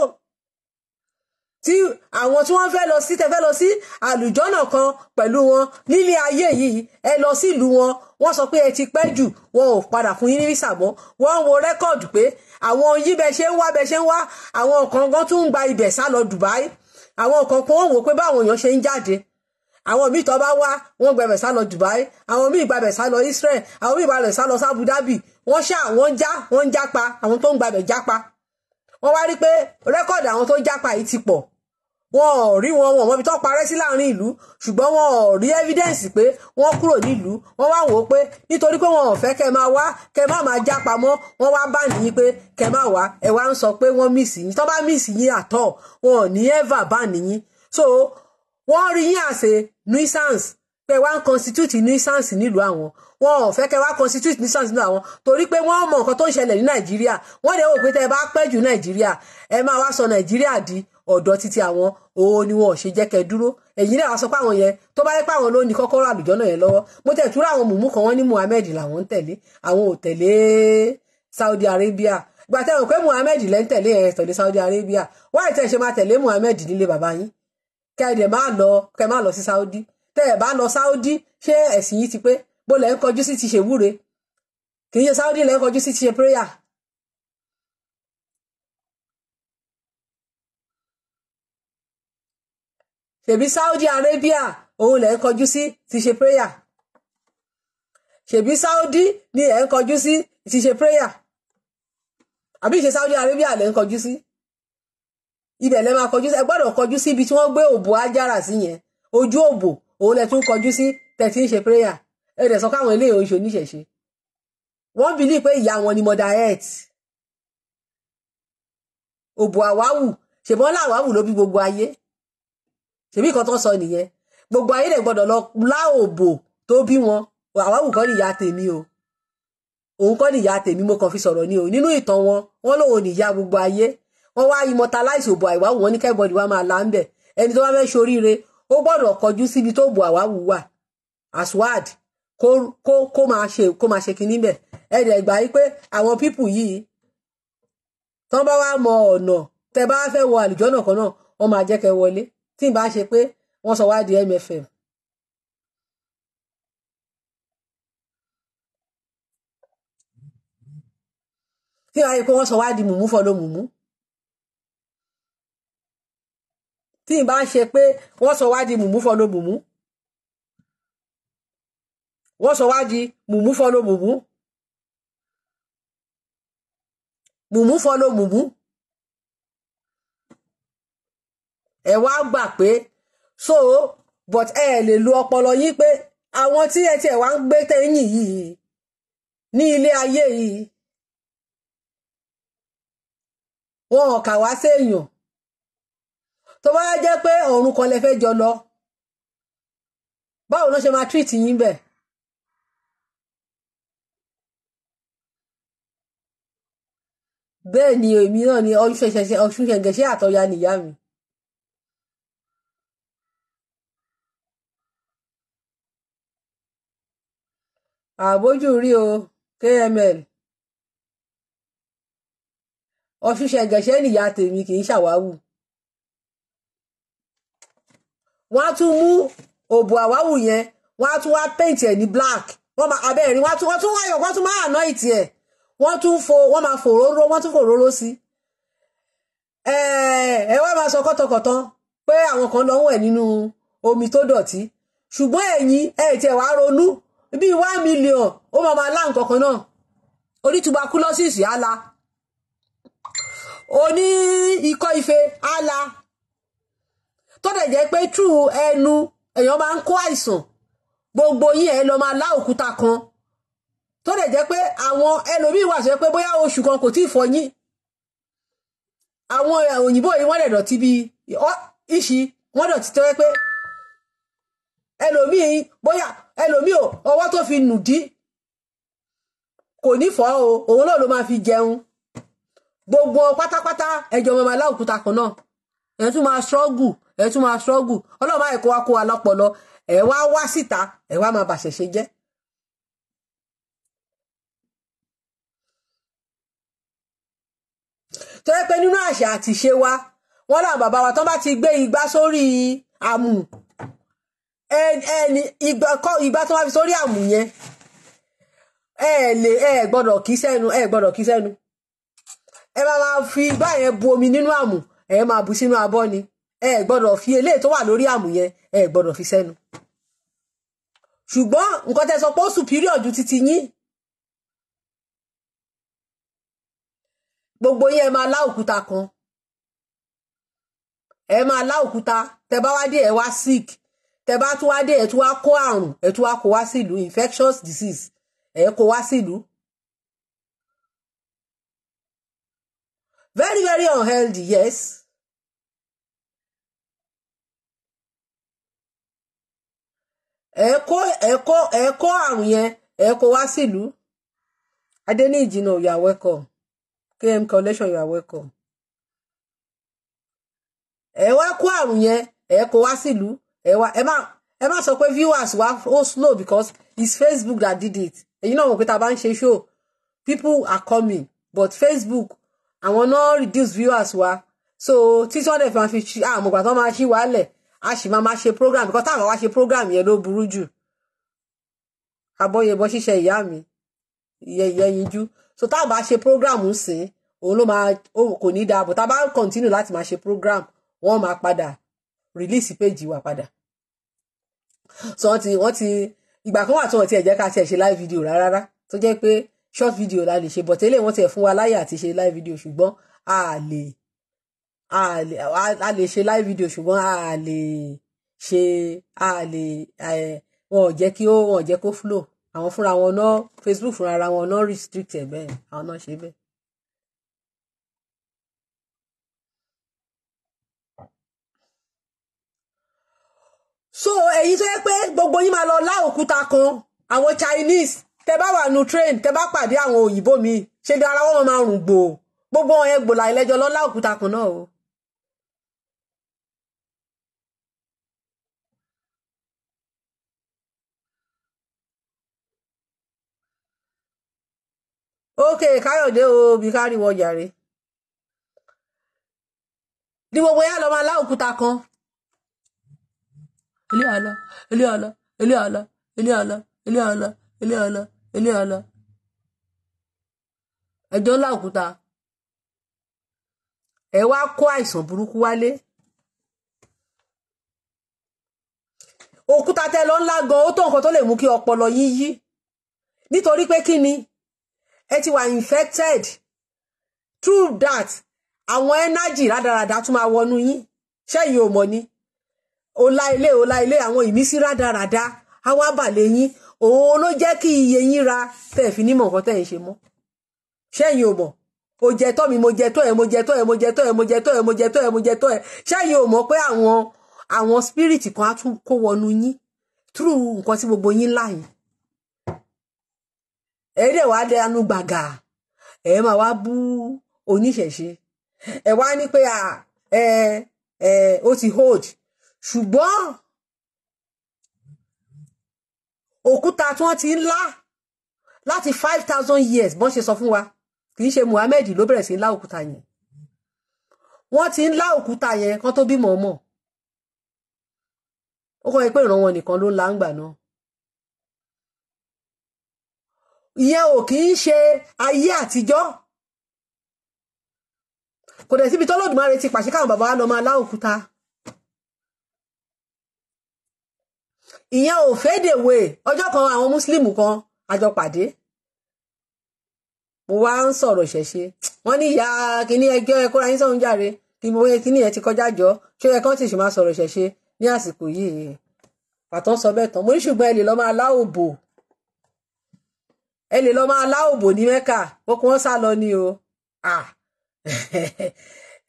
tí àwọn tí wọ́n fẹ́ lọ sí tẹ fẹ́ lọ sí àlùjọ́nà kan pẹ̀lú wọn nílé ayé yìí ẹ lọ sílùú wọn wọ́n sọ pé ẹ ti pẹ́ jù wọn ò padà fún yín ní visa mọ́ wọ́n ń wo rẹ́kọ̀dù pé àwọn yí bẹ ṣe ń wá bẹ ṣe ń wá àwọn kan gan tún ń gba ibẹ̀ sá lọ Dubai àwọn kan kún òun wò pé báwọn èèyàn ṣe ń jáde àwọn míì tó bá wá wọ́n gbẹ̀bẹ̀ sá lọ Dubai àwọn míì gbàbẹ̀ sá lọ Israel àwọn míì gbàbẹ̀ sá lọ Abu Dhabi wọ́n ṣá wọ́n já wọ́n jápa àwọn tó ń gbàbẹ̀ jápa wọ́n wá rí pé rẹ́kọ̀dì àwọn tó jápa yìí ti pọ̀ wọn ò rí wọn wọn mọbi tó parẹ́ sí láàrin ìlú ṣùgbọ́n wọn ò rí evidence pé wọ́n kúrò nílùú wọ́n wá wò ó pé nítorí pé wọn ò fẹ́ kẹ́ máa wá kẹ́ má máa já pamọ́ wọ́n wá bá nìyí pé kẹ́ má wá ẹ̀ wá ń sọ pé wọ́n mísì yín tó bá mísì yín àtọ̀ wọn ò ní ever bá nìyí so wọ́n rí yín àṣẹ nuisance pé wá ń constitute nuisance nílùú àwọn wọn ò fẹ́ kẹ́ wá constitute missions nínú àwọn torí pé wọ́n mọ nǹkan tó ń ṣẹlẹ̀ ní nàìjíríà wọ́n dẹ̀ wò pé tẹ́ ẹ bá pẹ́ jù nàìjíríà ẹ máa wá sọ nàìjíríà di ọ̀dọ̀ títí àwọn òun ni wọn ò ṣe jẹ́ kẹ́ dúró èyí náà wá sọ pé àwọn yẹn tó bá yẹ pé àwọn ló ní kọ́kọ́rọ́ àlùjọ náà yẹn lọ́wọ́ mo tẹ̀ túrọ̀ àwọn mùmú kan wọ́n ní Muhammed làwọn ń tẹ̀lé àwọn ò tẹ̀lé Saudi Arabia ìgbà tẹ̀ rò pé Muhammed lẹ́ ń tẹ̀lé ẹ̀ tẹ̀lé Saudi Arabia wáyé tẹ̀ ṣe máa tẹ̀lé Muhammed nílé bàbá yín kẹ́ ẹ̀ dẹ̀ má lọ kẹ́ má lọ sí Saudi tẹ́ ẹ̀ bá lọ Saudi ṣé ẹ̀sìn yìí ti pé bó lẹ́ ń kọjú sí ti ṣèwúre kì í ṣe Saudi lẹ́ ń kọjú sí ti ṣe prayer. ṣèbí Saudi Arabia òun lẹ́ ń kọjú sí ti ṣe prayer ṣèbí Saudi ni ẹ̀ ń kọjú sí ti ṣe prayer àbí ìṣe Saudi Arabia lẹ́ ń kọjú sí ibẹ̀ lẹ́ máa kọjú sí ẹ e gbọ́dọ̀ kọjú sí ibi tí wọ́n gbé òbò ajára sí yẹn ojú òbò òun lẹ́ tún kọjú sí tẹ̀sí ṣe prayer ẹ dẹ̀ sọ káwọn eléyìí oṣù oníṣẹ̀ṣe wọ́n bìlí pé ìyá wọn ni mother earth òbò àwáwù ṣèbọn làwáwù ló bí gbogbo ayé ṣèbí nǹkan tó sọ nìyẹn gbogbo ayé lè gbọ́dọ̀ lọ lá òbò tó bí wọn àwáwù kọ́ nìyá tèmi o òun kọ́ nìyá tèmi mo kàn fi sọ̀rọ̀ ni o nínú ìtàn wọn wọn lòun nìyá gbogbo ayé wọn wá immortalize òbò àwáwù wọn ní kẹ́bọ̀dì wa máa là ń bẹ̀ ẹni tó bá fẹ́ ṣoríire ó gbọ́dọ̀ kọjú síbi tó òbò àwáwù wà aswad kó kó kó máa ṣe kó máa ṣe kinní bẹ̀ ẹ dẹ̀ gbà yí pé àwọn pípù yìí tán bá wá mọ ọ̀nà tẹ bá fẹ́ wọ àlùjọ́nà kan náà wọ́n máa jẹ́ kẹ́ wọlé tí n bá ṣe pé wọ́n sọ wá di MFM. tí wàá yẹ pé wọ́n sọ wá di mùmú fọlọ́ mùmú tí n bá ṣe pé wọ́n sọ wá di mùmú fọlọ́ mùmú wọ́n sọ wá di mùmú fọ́lọ́ mùmú mùmú fọ́lọ́ mùmú ẹ wá gbà pé so but ẹ lè lo ọpọlọ yín pé àwọn tí ẹ tiẹ̀ wá ń gbé tẹ́yìn yìí ní ilé ayé yìí wọn ò kà wá séèyàn tó bá jẹ́ pé ọ̀run kan lẹ fẹ́ jọ lọ báwo ló ṣe máa treat yín bẹ́ẹ̀ bẹ́ẹ̀ ni èmi náà ni ọṣù ṣẹṣẹ ọṣù nìyá mi. àbójú rí o KML ọṣù ṣẹgẹṣẹ nìyá tèmi kì í ṣàwáwù wọ́n á tún mú òbò àwáwù yẹn wọ́n á tún wá paint ẹ̀ ní black wọ́n máa abẹ́rẹ́ wọ́n á tún wọ́n tún wáyọ̀ wọ́n tún máa àná ìtì ẹ̀. wọ́n tún fo wọ́n máa fòróró wọ́n tún fòróró sí ẹ wá máa sọ kọ́tọkọ̀tàn pé àwọn kan lọ́wọ́ ẹ̀ nínú omi tó dọ̀tí ṣùgbọ́n ẹ̀yin ẹ̀ tiẹ̀ wá ronú bíi one million ó máa máa láǹ kankan náà oní tuberculosis ala oní ikọ́ ife ala tó dẹ̀ jẹ́ pé true ẹnu èèyàn máa ń kó àìsàn gbogbo yín ẹ̀ lọ máa lá òkúta kan tó dẹ̀ jẹ́ pé àwọn ẹlòmíín wà sọ pé bóyá oṣù kan kò tí ì fọyín àwọn eh, òyìnbó yìí wọ́n dẹ̀ dọ̀tí bíi ìṣí wọ́n dọ̀tí tó yẹ pé ẹlòmíín bóyá ẹlòmíín ọwọ́ tó fi nù dí kò ní fọ́ o òun náà ló máa fi jẹun gbogbo pátápátá ẹjọ ọmọ ìmọ̀lá òkúta kan náà ẹ̀ tún máa ṣọ́ọ̀gù ẹ̀ tún máa ṣọ́ọ̀gù ọlọ́run máa ẹ̀kọ́ wa kó wa lọ́pọ̀lọ́ ẹ̀ wá wá síta ẹ̀ wá máa bàṣẹ̀ṣe jẹ́ tó yẹ pé nínú àṣà àti ṣe wa wọn làwọn bàbá wa tán bá ti gbé igbá sórí àmù ẹni igbá tó wá fi sórí àmù yẹn ẹ lè ẹ gbọ́dọ̀ kí sẹ́nu ẹ gbọ́dọ̀ kí sẹ́nu ẹ máa máa fi igbá yẹn bu omi nínú àmù ẹ máa bu sínú abọ́ ni ẹ gbọ́dọ̀ fi eléyìí tó wà lórí àmù yẹn ẹ gbọ́dọ̀ fi sẹ́nu ṣùgbọ́n nǹkan tẹ́ sọ pé ó superior ju titi yín gbogbo yín ẹ máa lá òkúta kan ẹ máa lá òkúta tẹ bá wá dé ẹ wá sick tẹ bá tún wá dé ẹ tún wá kó àrùn ẹ tún wá kó wá sílùú infectious disease ẹ kó wá sílùú. very very unhealthy yes. ẹ kó ẹ àrùn yẹn ẹ kó wá sílùú Adéníjì náà you are welcome. KM collection you are welcome. ẹ wá kó àrùn yẹn ẹ kó wá sílùú ẹ wá ẹ má ẹ má sọ pé viewers wa ó slow because it's Facebook that did it èyí náà mọ̀ pé tá bá ń ṣe show people are coming but Facebook àwọn náà reduce viewers wa so títọ́ dẹ̀ fi máa fi ṣí àmọ̀gbà tó máa ṣí wàálẹ̀ a sì máa máa ṣe program because táwọn wá ṣe program yẹn ló burú jù abọ́yẹbọ ṣíṣe ìyá mi yẹyinjú so tá a bá ṣe program sìn òun ló máa kò ní dáa but tá a bá continue láti máa ṣe program wọ́n máa padà release page wa padà so wọ́n ti wọ́n ti ìgbà kan wà tí wọ́n ti ẹ̀ jẹ́ ká tiẹ̀ ṣe live video rárá tó jẹ́ pé short video la lè ṣe but eléyìí wọ́n tiẹ̀ fún wa láyè àti ṣe live video ṣùgbọ́n a lè a lè ṣe live video ṣùgbọ́n a lè ṣe a lè wọn ò jẹ́ kí ó wọn ò jẹ́ kó flow àwọn fúnra wọn náà Facebook fúnra ara wọn náà restrict ẹ̀ bẹ́ẹ̀ àwọn náà ṣe bẹ́ẹ̀. so èyí tó yẹ pé gbogbo yín máa lọ lá òkúta kan àwọn Chinese tẹ bá wà nu train tẹ bá pàdé àwọn òyìnbó mi ṣe ni ara wọn máa rùn gbò gbogbo wọn yẹn gbò láì lẹ́jọ́ lọ lá òkúta kan náà o. oke Kayode o bí káríwọ Di ní gbogbo ya lọ ma lá okuta kan Ele àlọ Ele àlọ Ele àlọ Ele àlọ Ele àlọ Ele àlọ ilé àlọ ẹjọ lá òkúta ẹ wá kó tẹ lọ ńlá ọpọlọ ẹ ti wà infected through that àwọn energy rádaràda tún máa wọnú yín ṣẹ́yìn ò mọ̀ ni ọ̀la ilé ọ̀la ilé àwọn ìmísí rádaràda àwa bàlẹ̀ yín òun ló jẹ́ kí iye yín ra tẹ̀ fi nímọ̀ nǹkan tẹ̀ ń ṣe mọ́ ṣẹ́yìn ò mọ̀ o jẹ tọ́ mi mo jẹ tọ́ ẹ mo jẹ tọ́ ẹ mo jẹ tọ́ ẹ mo jẹ tọ́ ẹ mo jẹ tọ́ ẹ mo jẹ tọ́ ẹ ṣẹ́yìn ò mọ̀ pé àwọn àwọn spirit kan á tún kó wọnú yín through nǹkan tí gbogbo yín láyìn ẹ dẹ̀ wá dẹ anú gbàgà ẹ máa wá bú oníṣẹ̀ṣe ẹ wá ní pé ẹ ẹ ó ti hold ṣùgbọ́n òkúta tí wọ́n ti ń lá láti five thousand years bọ́n ṣe sọ fún wa kì í ṣe Muhammed ló bẹ̀rẹ̀ sí ń lá òkúta yẹn wọ́n ti ń lá òkúta yẹn kán tó bímọ ọmọ ó kọ́ ẹ pé ìran nìkan ló la ń gbà náà ìyẹn ò kì í ṣe ayé àtijọ́ kò dẹ̀ síbi tọ́lọ́dùmarè ti pàṣẹ káwọn bàbá wa lọ máa lá òkúta ìyẹn ò fẹ́dèwé ọjọ́ kan àwọn mùsùlùmù kan àjọ pàdé mo wá ń sọ̀rọ̀ ṣẹ̀ṣe wọ́n ní ìyá kínní ẹjọ́ ẹ kóra yín sọ̀hún jàre kí mo yẹ kínní ẹ ti kọjá jọ ṣé ẹ kàn ti ṣì sọ̀rọ̀ ṣẹ̀ṣe ní àsìkò yìí pàtó sọ bẹ́ẹ̀ tán mo ní ṣùgbọ́n ẹ lè lọ́ọ́ máa lá ẹ lè lọ máa lá òbò ní mẹ́kà gbogbo wọn sá lọ ni o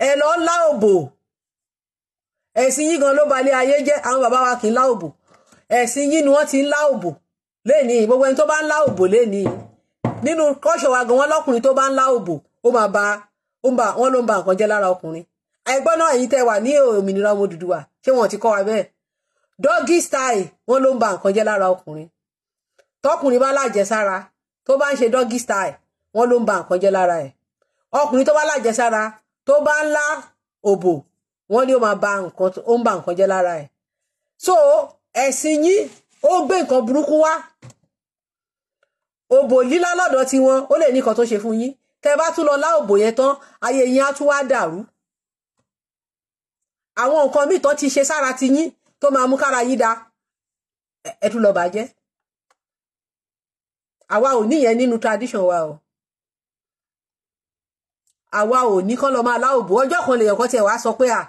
ẹ lọ lá òbò ẹ̀sìn yìí gan ló balẹ̀ ayé jẹ́ àwọn wa kì í lá òbò ẹ̀sìn ni wọ́n ti ń lá òbò gbogbo ẹni tó bá ń lá òbò lẹ́ni nínú kọ́ṣọ̀ wa gan wọn lọ́kùnrin tó bá ń lá òbò ó máa ba wọn ló ń ba nǹkan jẹ́ lára ọkùnrin àìgbọ́n náà èyí tẹ́ wà ní òmìnira ọmọ dudu Odùduwà ṣé wọn ti kọ́ wa bẹ́ẹ̀ dọ́gí style wọn ló ń ba nǹkan jẹ́ lára ọkùnrin tọkùnrin bá lájẹsára tó bá ń ṣe doggy style wọ́n ló ń ba nǹkan jẹ́ lára ẹ̀ ọkùnrin tó bá lájẹsára tó bá ń òbò wọ́n ní ó máa ba nǹkan ó ń ba nǹkan jẹ́ lára ẹ̀ so ẹ̀sìn yín ó gbé nǹkan burúkú wá òbò lílá lọ́dọ̀ tiwọn ó lè ní nǹkan tó ṣe fún yín tẹ́ bá tún lọ lá òbò yẹn tán ayé yín á tún wá dàrú àwọn nǹkan míì tán ti ṣe sára ti yín tó máa mú kára yín da ẹ tún lọ bàjẹ́ àwa ò níyẹn nínú tradition wa o àwa ò ní kán lọ máa láòbò ọjọ́ kan lèèyàn kan tiẹ̀ wá sọ pé à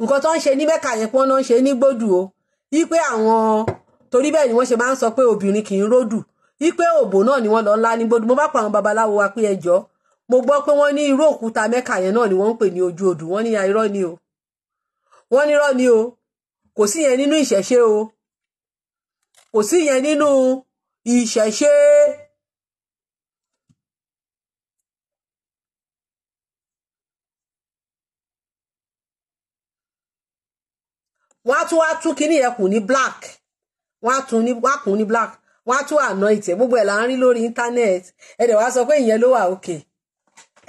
nǹkan tó ń ṣe ní mẹ́ka yẹn pọ́n náà ń ṣe ní gbódù o yí pé àwọn torí bẹ́ẹ̀ ni wọ́n ṣe máa ń sọ pé obìnrin kì í ródù yí pé òbò náà ni wọ́n lọ ńlá ní gbódù mo bá pa àwọn babaláwo wa pé ẹjọ́ mo gbọ́ pé wọ́n ní irú òkúta mẹ́ka yẹn náà ni wọ́n ń pè ní ojú odù wọ́n ní irọ́ ni o wọ́n ní irọ́ ni o kò sí yẹn nínú ìṣẹ̀ṣe o kò sí yẹn nínú ìṣẹ̀ṣe wọ́n á tún wá tún kíní yẹn kù ní black wọ́n á tún ní wọ́n á kùn ní black wọ́n á tún àná ìtẹ̀ gbogbo ẹ̀ là ń rí lórí internet ẹ dẹ̀ wá sọ pé ìyẹn ló wà òkè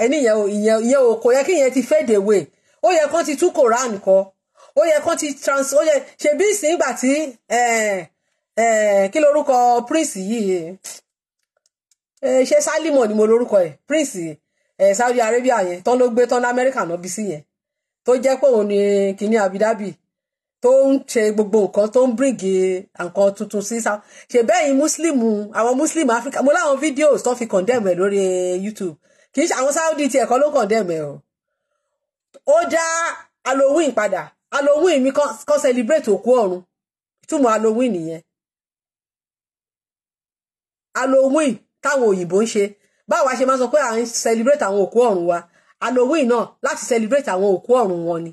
ẹni ìyẹn ìyẹn ìyẹn ò kò yẹ kí ìyẹn ti fade away ó yẹ kán ti tún Quran kọ ó yẹ kán ti trans ó yẹ ṣe bí ìsìn ìgbà tí kí lorúkọ prince yìí ṣe Sálímọ̀ ni mo lorúkọ ẹ̀ prince Saudi Arabia yẹn tán ló gbé tán ní Amẹ́ríkà náà bí sí yẹn tó jẹ́ pé òun ni kìnìún Abidabi tó ń ṣe gbogbo nǹkan tó ń bíríngì nǹkan tuntun sí sá ṣe bẹ́ẹ̀ yín muslim àwọn muslim africa mo láwọn videos tó fi condemn ẹ̀ lórí youtube kì í ṣe àwọn saudi ti ẹ̀kọ́ ló condemn ẹ̀ o ó já halloween padà halloween mi kan celebrate òkú ọ̀run túmọ̀ halloween nìyẹn halloween táwọn òyìnbó ń ṣe báwa ṣe máa sọ pé à ń celebrate àwọn òkú ọ̀run wa halloween náà láti celebrate àwọn òkú ọ̀run wọn ni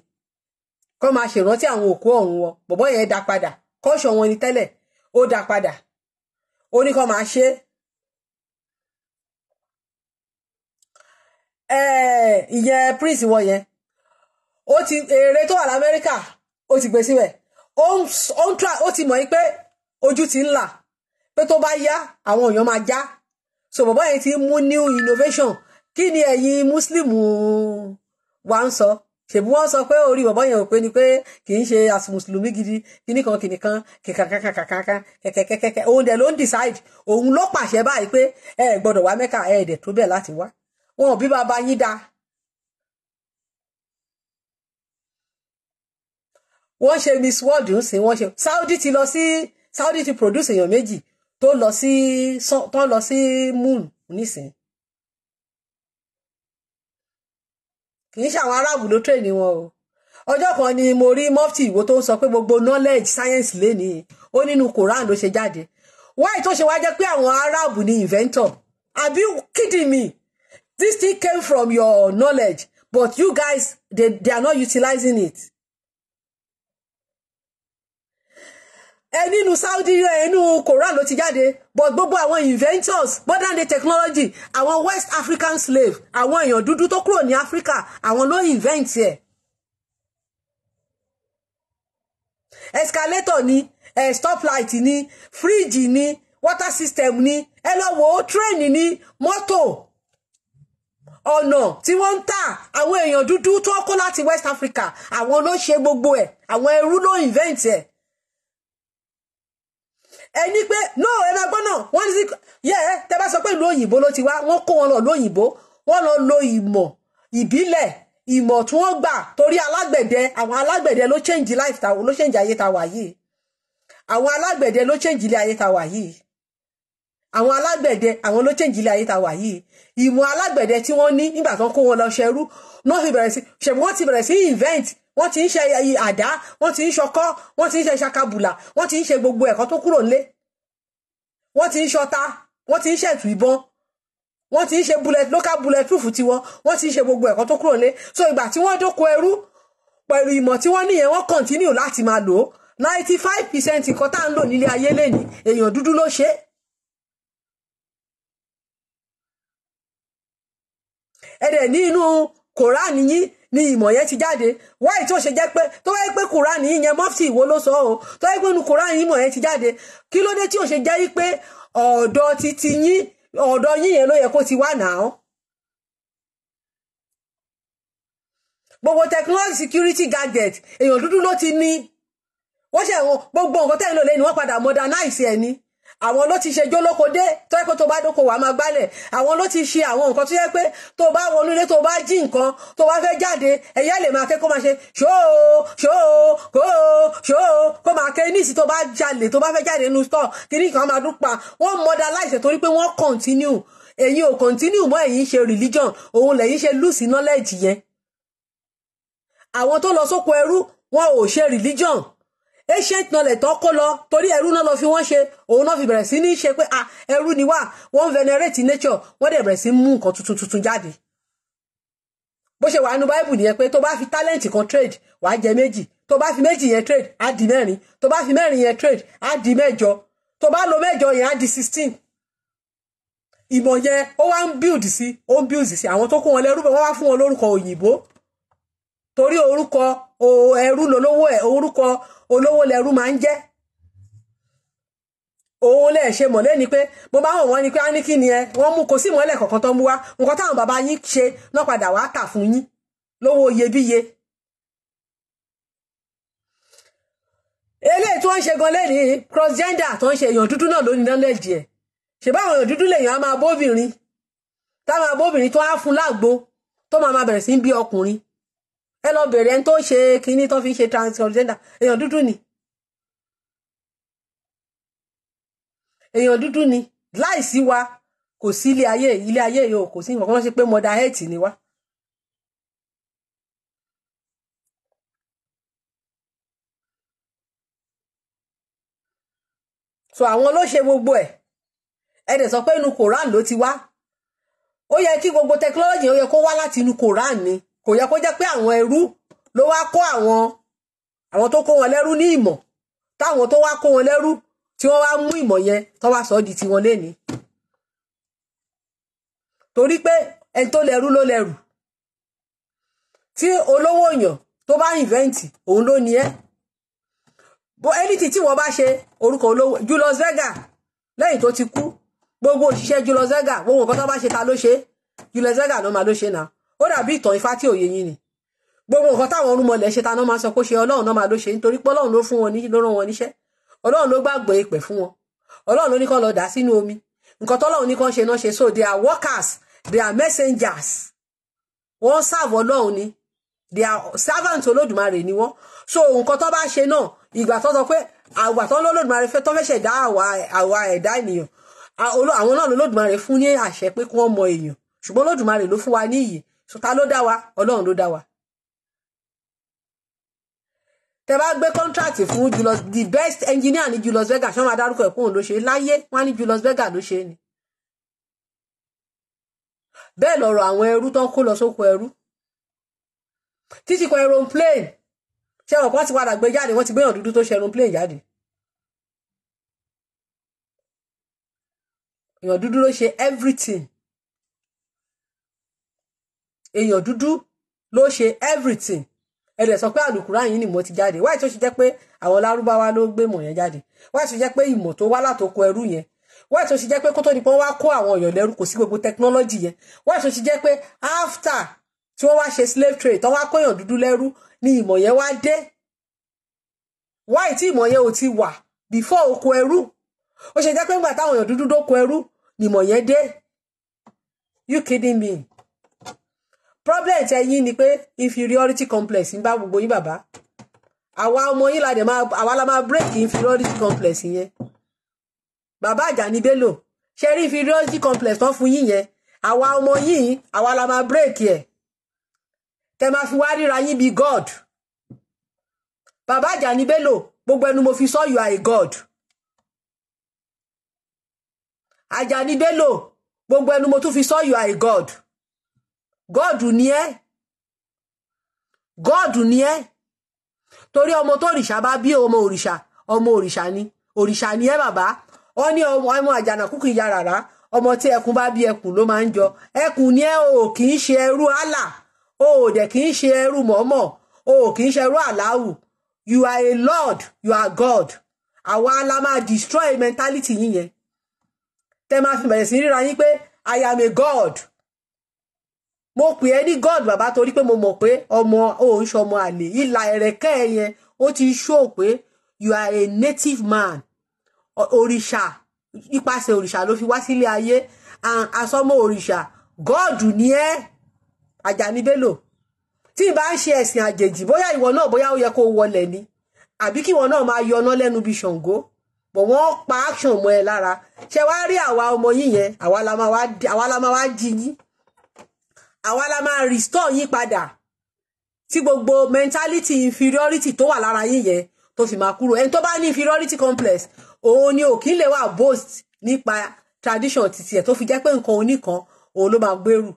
kọ́ máa ṣèrántí àwọn òkú ọ̀run wọn bọ̀bọ́ yẹn dá padà kọ́ṣọ̀ wọn ni tẹ́lẹ̀ ó dá padà ó ní kọ́ máa ṣe é ìyẹn prince wọn yẹn ó ti èrè tó wà lamẹ́ríkà ó ti gbé síbẹ̀ ó ti mọ̀ yín pé ojú ti ń là pé tó bá yá àwọn èèyàn máa já so bọ̀bọ́ yẹn ti mú new innovation kí ni ẹ̀yin muslim wa ń sọ. So? ṣèbí wọ́n sọ pé orí bọ̀bọ́ yẹn ò ni pé kì í ṣe mùsùlùmí gidi kíní kan kìnì kan kìkàkàkàkàkà kẹkẹkẹkẹ òun dẹ̀ ló ń decide òun ló pàṣẹ báyìí pé ẹ gbọ́dọ̀ wá mẹ́kà ẹ dẹ̀ tó bẹ́ẹ̀ láti wá wọn ò bí bàbá yín dáa wọ́n ṣe miss world ń sìn wọ́n ṣe saudi ti lọ sí saudi ti produce èèyàn méjì tó lọ sí tó lọ sí moon nísìn kì í ṣe àwọn aráàbù ló tẹ̀lé wọn o ọjọ́ kan ni mo rí mọ́fìtì ìwò tó ń sọ pé gbogbo knowledge science lénìí ó nínú Quran ló ṣe jáde wáyé tó ṣe wá jẹ́ pé àwọn aráàbù ni inventor àbí kidding me this thing came from your knowledge but you guys they, they are not utilizing it ẹ nínú Saudi inú Koran ló ti jáde but gbogbo àwọn inventors modern day technology àwọn West African slave àwọn èèyàn dúdú tó kúrò ní Africa àwọn ló invent ẹ̀ escalator ni eh, stoplight ni fridge ni water system ni ẹ lọ wò train ni mọ́tò ọ̀nà tí wọ́n ń tà àwọn èèyàn dúdú tó kó láti West Africa àwọn ló ṣe gbogbo ẹ̀ àwọn ẹrú ló invent ẹ̀ ẹni pé no ẹ máa gbọ́ náà wọ́n ní sí yẹ ẹ tẹ bá sọ pé ìlú òyìnbó ló ti wá wọ́n kó wọn lọ lóyìnbó wọ́n lọ lo ìmọ̀ ìbílẹ̀ ìmọ̀ tí wọ́n gbà torí alágbẹ̀dẹ àwọn alágbẹ̀dẹ ló change life ta ló change ayé ta wà yìí àwọn alágbẹ̀dẹ ló change ilé ayé ta wà yìí àwọn alágbẹ̀dẹ àwọn ló change ilé ayé ta wà yìí ìmọ̀ alágbẹ̀dẹ tí wọ́n ní nígbà tó ń kó wọn lọ ṣẹrú náà ti bẹ̀rẹ̀ sí ṣẹ̀wọ́n ti bẹ̀rẹ̀ sí invent wọ́n ti ń ṣe àdá wọ́n ti ń ṣọkọ́ wọ́n ti ń ṣe ṣakabùlà wọ́n ti ń ṣe gbogbo ẹ̀kọ́ tó kúrò nílé wọ́n ti ń ṣọta wọ́n ti ń ṣẹ̀tù ìbọn wọ́n ti ń ṣe bullet local bullet proof tiwọn wọ́n ti ń ṣe gbogbo ẹ̀kọ́ tó kúrò nílé so ìgbà tí wọ́n dóko ẹrú pẹ̀lú ìmọ̀ tí wọ́n níyẹn wọ́n continue láti máa lò ó ninety five percent nǹkan tá à ń lò nílé ayé lẹ́nìí èèyàn dúdú ló ṣe ẹ̀rẹ̀ ní inú Kòránì yín ni ìmọ̀ yẹn ti jáde wáyé tí ó ṣe jẹ́ pé tó wáyé pé koran yìí yẹn mọ́fìtì ìwo ló sọ o tó wáyé pé nu koran yìí ìmọ̀ yẹn ti jáde kí ló dé tí ó ṣe jẹ́ pé ọ̀dọ̀ ti ti yín ọ̀dọ̀ yín yẹn ló yẹ kó ti wà náà. gbogbo technology security gadget èèyàn dúdú ló ti ní wọ́n ṣe gbogbo nǹkan tẹ́yìn lò lẹ́yìn wọ́n padà modernize ẹ̀ e ni àwọn ló ti ṣe jólókòdé tó yẹ pé tó bá dóko wàá máa gbálẹ̀ àwọn ló ti ṣe àwọn nǹkan tó yẹ pé tó bá wọnú ilé tó bá jí nǹkan tó bá fẹ́ jáde ẹ̀yẹ́ lè máa ké kó máa ṣe ṣóò ṣóò kó ṣóò kó máa ké ní ìsìn tó bá jalè tó bá fẹ́ jáde nínú stọ̀ kiri kan máa dúpa wọ́n mọ̀dà láìsẹ̀ torí pé wọ́n continue èyí ò continue mọ́ èyí ṣe religion òun lẹ́yìn ṣe lose knowledge yẹn àwọn tó lọ sóko ẹrú wọn ò ṣe religion ancient knowledge tó kó lọ torí ẹrú náà lọ fi wọ́n ṣe òun náà fi bẹ̀rẹ̀ sí ní ṣe pé ah ẹrú ni wá wọ́n venerate nature wọ́n dẹ̀ bẹ̀rẹ̀ sí mú nǹkan tuntun tuntun jáde bó ṣe wà nínú báìbù nìyẹn pé tó bá fi talent kan trade wàá jẹ méjì tó bá fi méjì yẹn trade á di mẹ́rin tó bá fi mẹ́rin yẹn trade á di mẹ́jọ tó bá lo mẹ́jọ yẹn á di sixteen ìmọ̀ yẹn ó wá ń build sí ó ń build sí àwọn tó kó wọn lẹ́rú bẹ́ẹ̀ wọ́n wá fún wọn lórúkọ òyìnbó torí orúkọ ẹrú lolówó ẹ orúkọ olówó lẹrú máa ń jẹ́ òun lè ṣe mọ̀ lẹ́ni pé mo bá wọ̀n wọ́n ni pé á ní kí ni ẹ wọ́n mú kò sí ìmọ̀lẹ̀ kọ̀ọ̀kan tó ń mú wá nǹkan táwọn bàbá yín ṣe náà padà wá tà fún yín lówó iyebíye. eléyìí tí wọ́n ń ṣe gan lẹ́ni cross gender tó ń ṣe èèyàn dúdú náà lónìí náà lẹ́ẹ̀dì ẹ̀ ṣèbá àwọn èèyàn dúdú lèèyàn á máa bóbìnrin táwọn abóbìnrin tó á fún lágbo tó máa máa bẹ̀rẹ̀ sí bí ọkùnrin ẹ lọ bèrè ẹni tó ṣe kinní tó fi ṣe transgender èèyàn dúdú ni èèyàn dúdú ni láìsí wa kò sí ilé ayé ilé ayé yìí o kò sí nǹkan kan ṣe pé mọdà hẹ́ẹ̀tì ni wá. so àwọn ló ṣe gbogbo ẹ̀ ẹ dẹ̀ sọ pé inú Koran ló ti wá ó yẹ kí gbogbo technology ó yẹ kó wá láti inú Koran ni kò yẹ kó jẹ́ pé àwọn ẹrú ló wá kó àwọn àwọn tó kó wọn lẹ́rú ní ìmọ̀ táwọn tó wá kó wọn lẹ́rú tí wọ́n wá mú ìmọ̀ yẹn tó wá sọ di tiwọn lénìí torí pé ẹni tó lẹ́rú ló lẹ́rù tí olówó èèyàn tó bá ìnvẹ́ǹtì òun ló ní ẹ́ bó ẹnìtì tí wọ́n bá ṣe orúkọ olówó Julius Berger lẹ́yìn tó ti kú gbogbo òṣìṣẹ́ Julius Berger gbogbo nǹkan tó bá ṣe ta ló ṣe Julius Berger ló máa ló ṣe náà ó dàbí ìtàn ifá tí òye yín ni gbogbo nǹkan táwọn orúnmọlẹ̀ ṣe taná máa sọ pé ṣe ọlọ́run náà máa ló ṣe nítorí pé ọlọ́run ló fún wọn ní ló rán wọn níṣẹ́ ọlọ́run ló gbàgbọ́ ìpè fún wọn ọlọ́run ló ní kán lọ dà sínú omi nǹkan tọ́lọ́run ní kán ṣe náà ṣe so they are workers they are messengers wọ́n serve ọlọ́run ni they are servants olódùmarè ni wọ́n so nǹkan tó bá ṣe náà ìgbà tó sọ pé àgbà tó lọ́lọ́dùmarè fẹ́ tó fẹ́ ṣẹ̀dá àwa ẹ̀dá ènìyàn àwọn náà lọ́lọ́dùmarè fún ní àṣẹ pé kí wọ́n mọ èèyàn ṣùgbọ́n lọ́dùmarè ló fún wa níyì ta ló dá wa ọlọ́run ló dá wa tẹ bá gbé kọ́ńtrátì fún Julius the best engineer ní Julius Berger ṣé wọn máa dárúkọ ẹ̀kún òun ló ṣe láyé wọn ní Julius Vega ló ṣe ni bẹ́ẹ̀ lọ̀rọ̀ àwọn ẹrú tó ń kó lọ sóko ẹrú títí kan aeroplane ṣé wọn kàn ti padà gbé jáde wọn ti gbéyàn dúdú tó ṣe aeroplane jáde èèyàn dúdú ló ṣe everything èèyàn dúdú ló ṣe everything ẹ dẹ̀ sọ pé àlùkùránì yìí ni mo ti jáde wáyé tó ṣe jẹ́ pé àwọn lárúbáwá ló gbé mọ̀ yẹn jáde wáyé tó ṣe jẹ́ pé ìmọ̀ tó wá látòkọ ẹrú yẹn wáyé tó ṣe jẹ́ pé kó tó ní pé wọ́n wá kó àwọn èèyàn lẹ́rú kò sí gbogbo technology yẹn wáyé tó ṣe jẹ́ pé after tí wọ́n wá ṣe slave trade tán wá kó èèyàn dúdú lẹ́rú ni ìmọ̀ yẹn wá dé wáyé tí ìmọ̀ yẹn ò ti wà before oko ẹrú ó ṣe jẹ́ pé ńgbà táwọn èèyàn dúdú dóko ẹrú ni ìmọ̀ yẹn dé you kidding me problem tẹ yín ni pé inferiority complex ń bá gbogbo yín bàbá àwa ọmọ yín la dẹ̀ máa àwa la máa break inferiority complex yẹn bàbá Àjàní Bello ṣe rí inferiority complex tán fún yín yẹn àwa ọmọ yín àwa la máa break ẹ̀ tẹ máa fi wá ríra yín bíi god bàbá Àjàní Bello gbogbo ẹnu mo fi sọ you are a god Àjàní Bello gbogbo ẹnu mo tún fi sọ you are a god. God ni ẹ́ God ni ẹ́ torí ọmọ tó òrìṣà bá bí ọmọ òrìṣà ọmọ òrìṣà ni òrìṣà ni ẹ́ bàbá ọ ní ọmọ àjànàkú kì í ya rárá ọmọ tí ẹkùn bá bí ẹkùn ló máa ń jọ ẹkùn ni ẹ́ o kì í ṣe ẹrú àlà o ò kì í ṣe ẹrú mọ́mọ́ o kì í ṣe ẹrú àláwù you are a lord you are God àwa la máa destroy mentality yín yẹn tẹ máa fi bẹ̀rẹ̀ sí ríra yín pé I am a God mo pè ẹ́ ní god bàbá torí pé mo mọ̀ pé ọmọ òun ṣọmọ àlè ìlà ẹ̀rẹ̀kẹ́ ẹ yẹn ó ti ṣó pé you are a native man òrìṣà nípasẹ̀ òrìṣà ló fi wá sílé ayé asọmọ òrìṣà god ni ẹ́ Àjàní Bello tí ì bá ń ṣe ẹ̀sìn àjèjì bóyá ìwọ náà bóyá ó yẹ kó wọlé ni àbí kí ìwọ náà máa yọná lẹ́nu bíi Ṣàngó bọ̀ wọ́n pa action mọ́ ẹ lára ṣe wá rí àwa ọmọ yìí yẹn àwa la máa wá jí yín àwa la máa restore yín padà tí gbogbo mentality inferiority tó wà lára yín yẹn tó fi máa kúrò ẹni tó bá ní inferiority complex òun ni òkì lè wà boast nípa tradition títí ẹ̀ tó fi jẹ́ pé nǹkan oníkan òun ló máa gbèrú.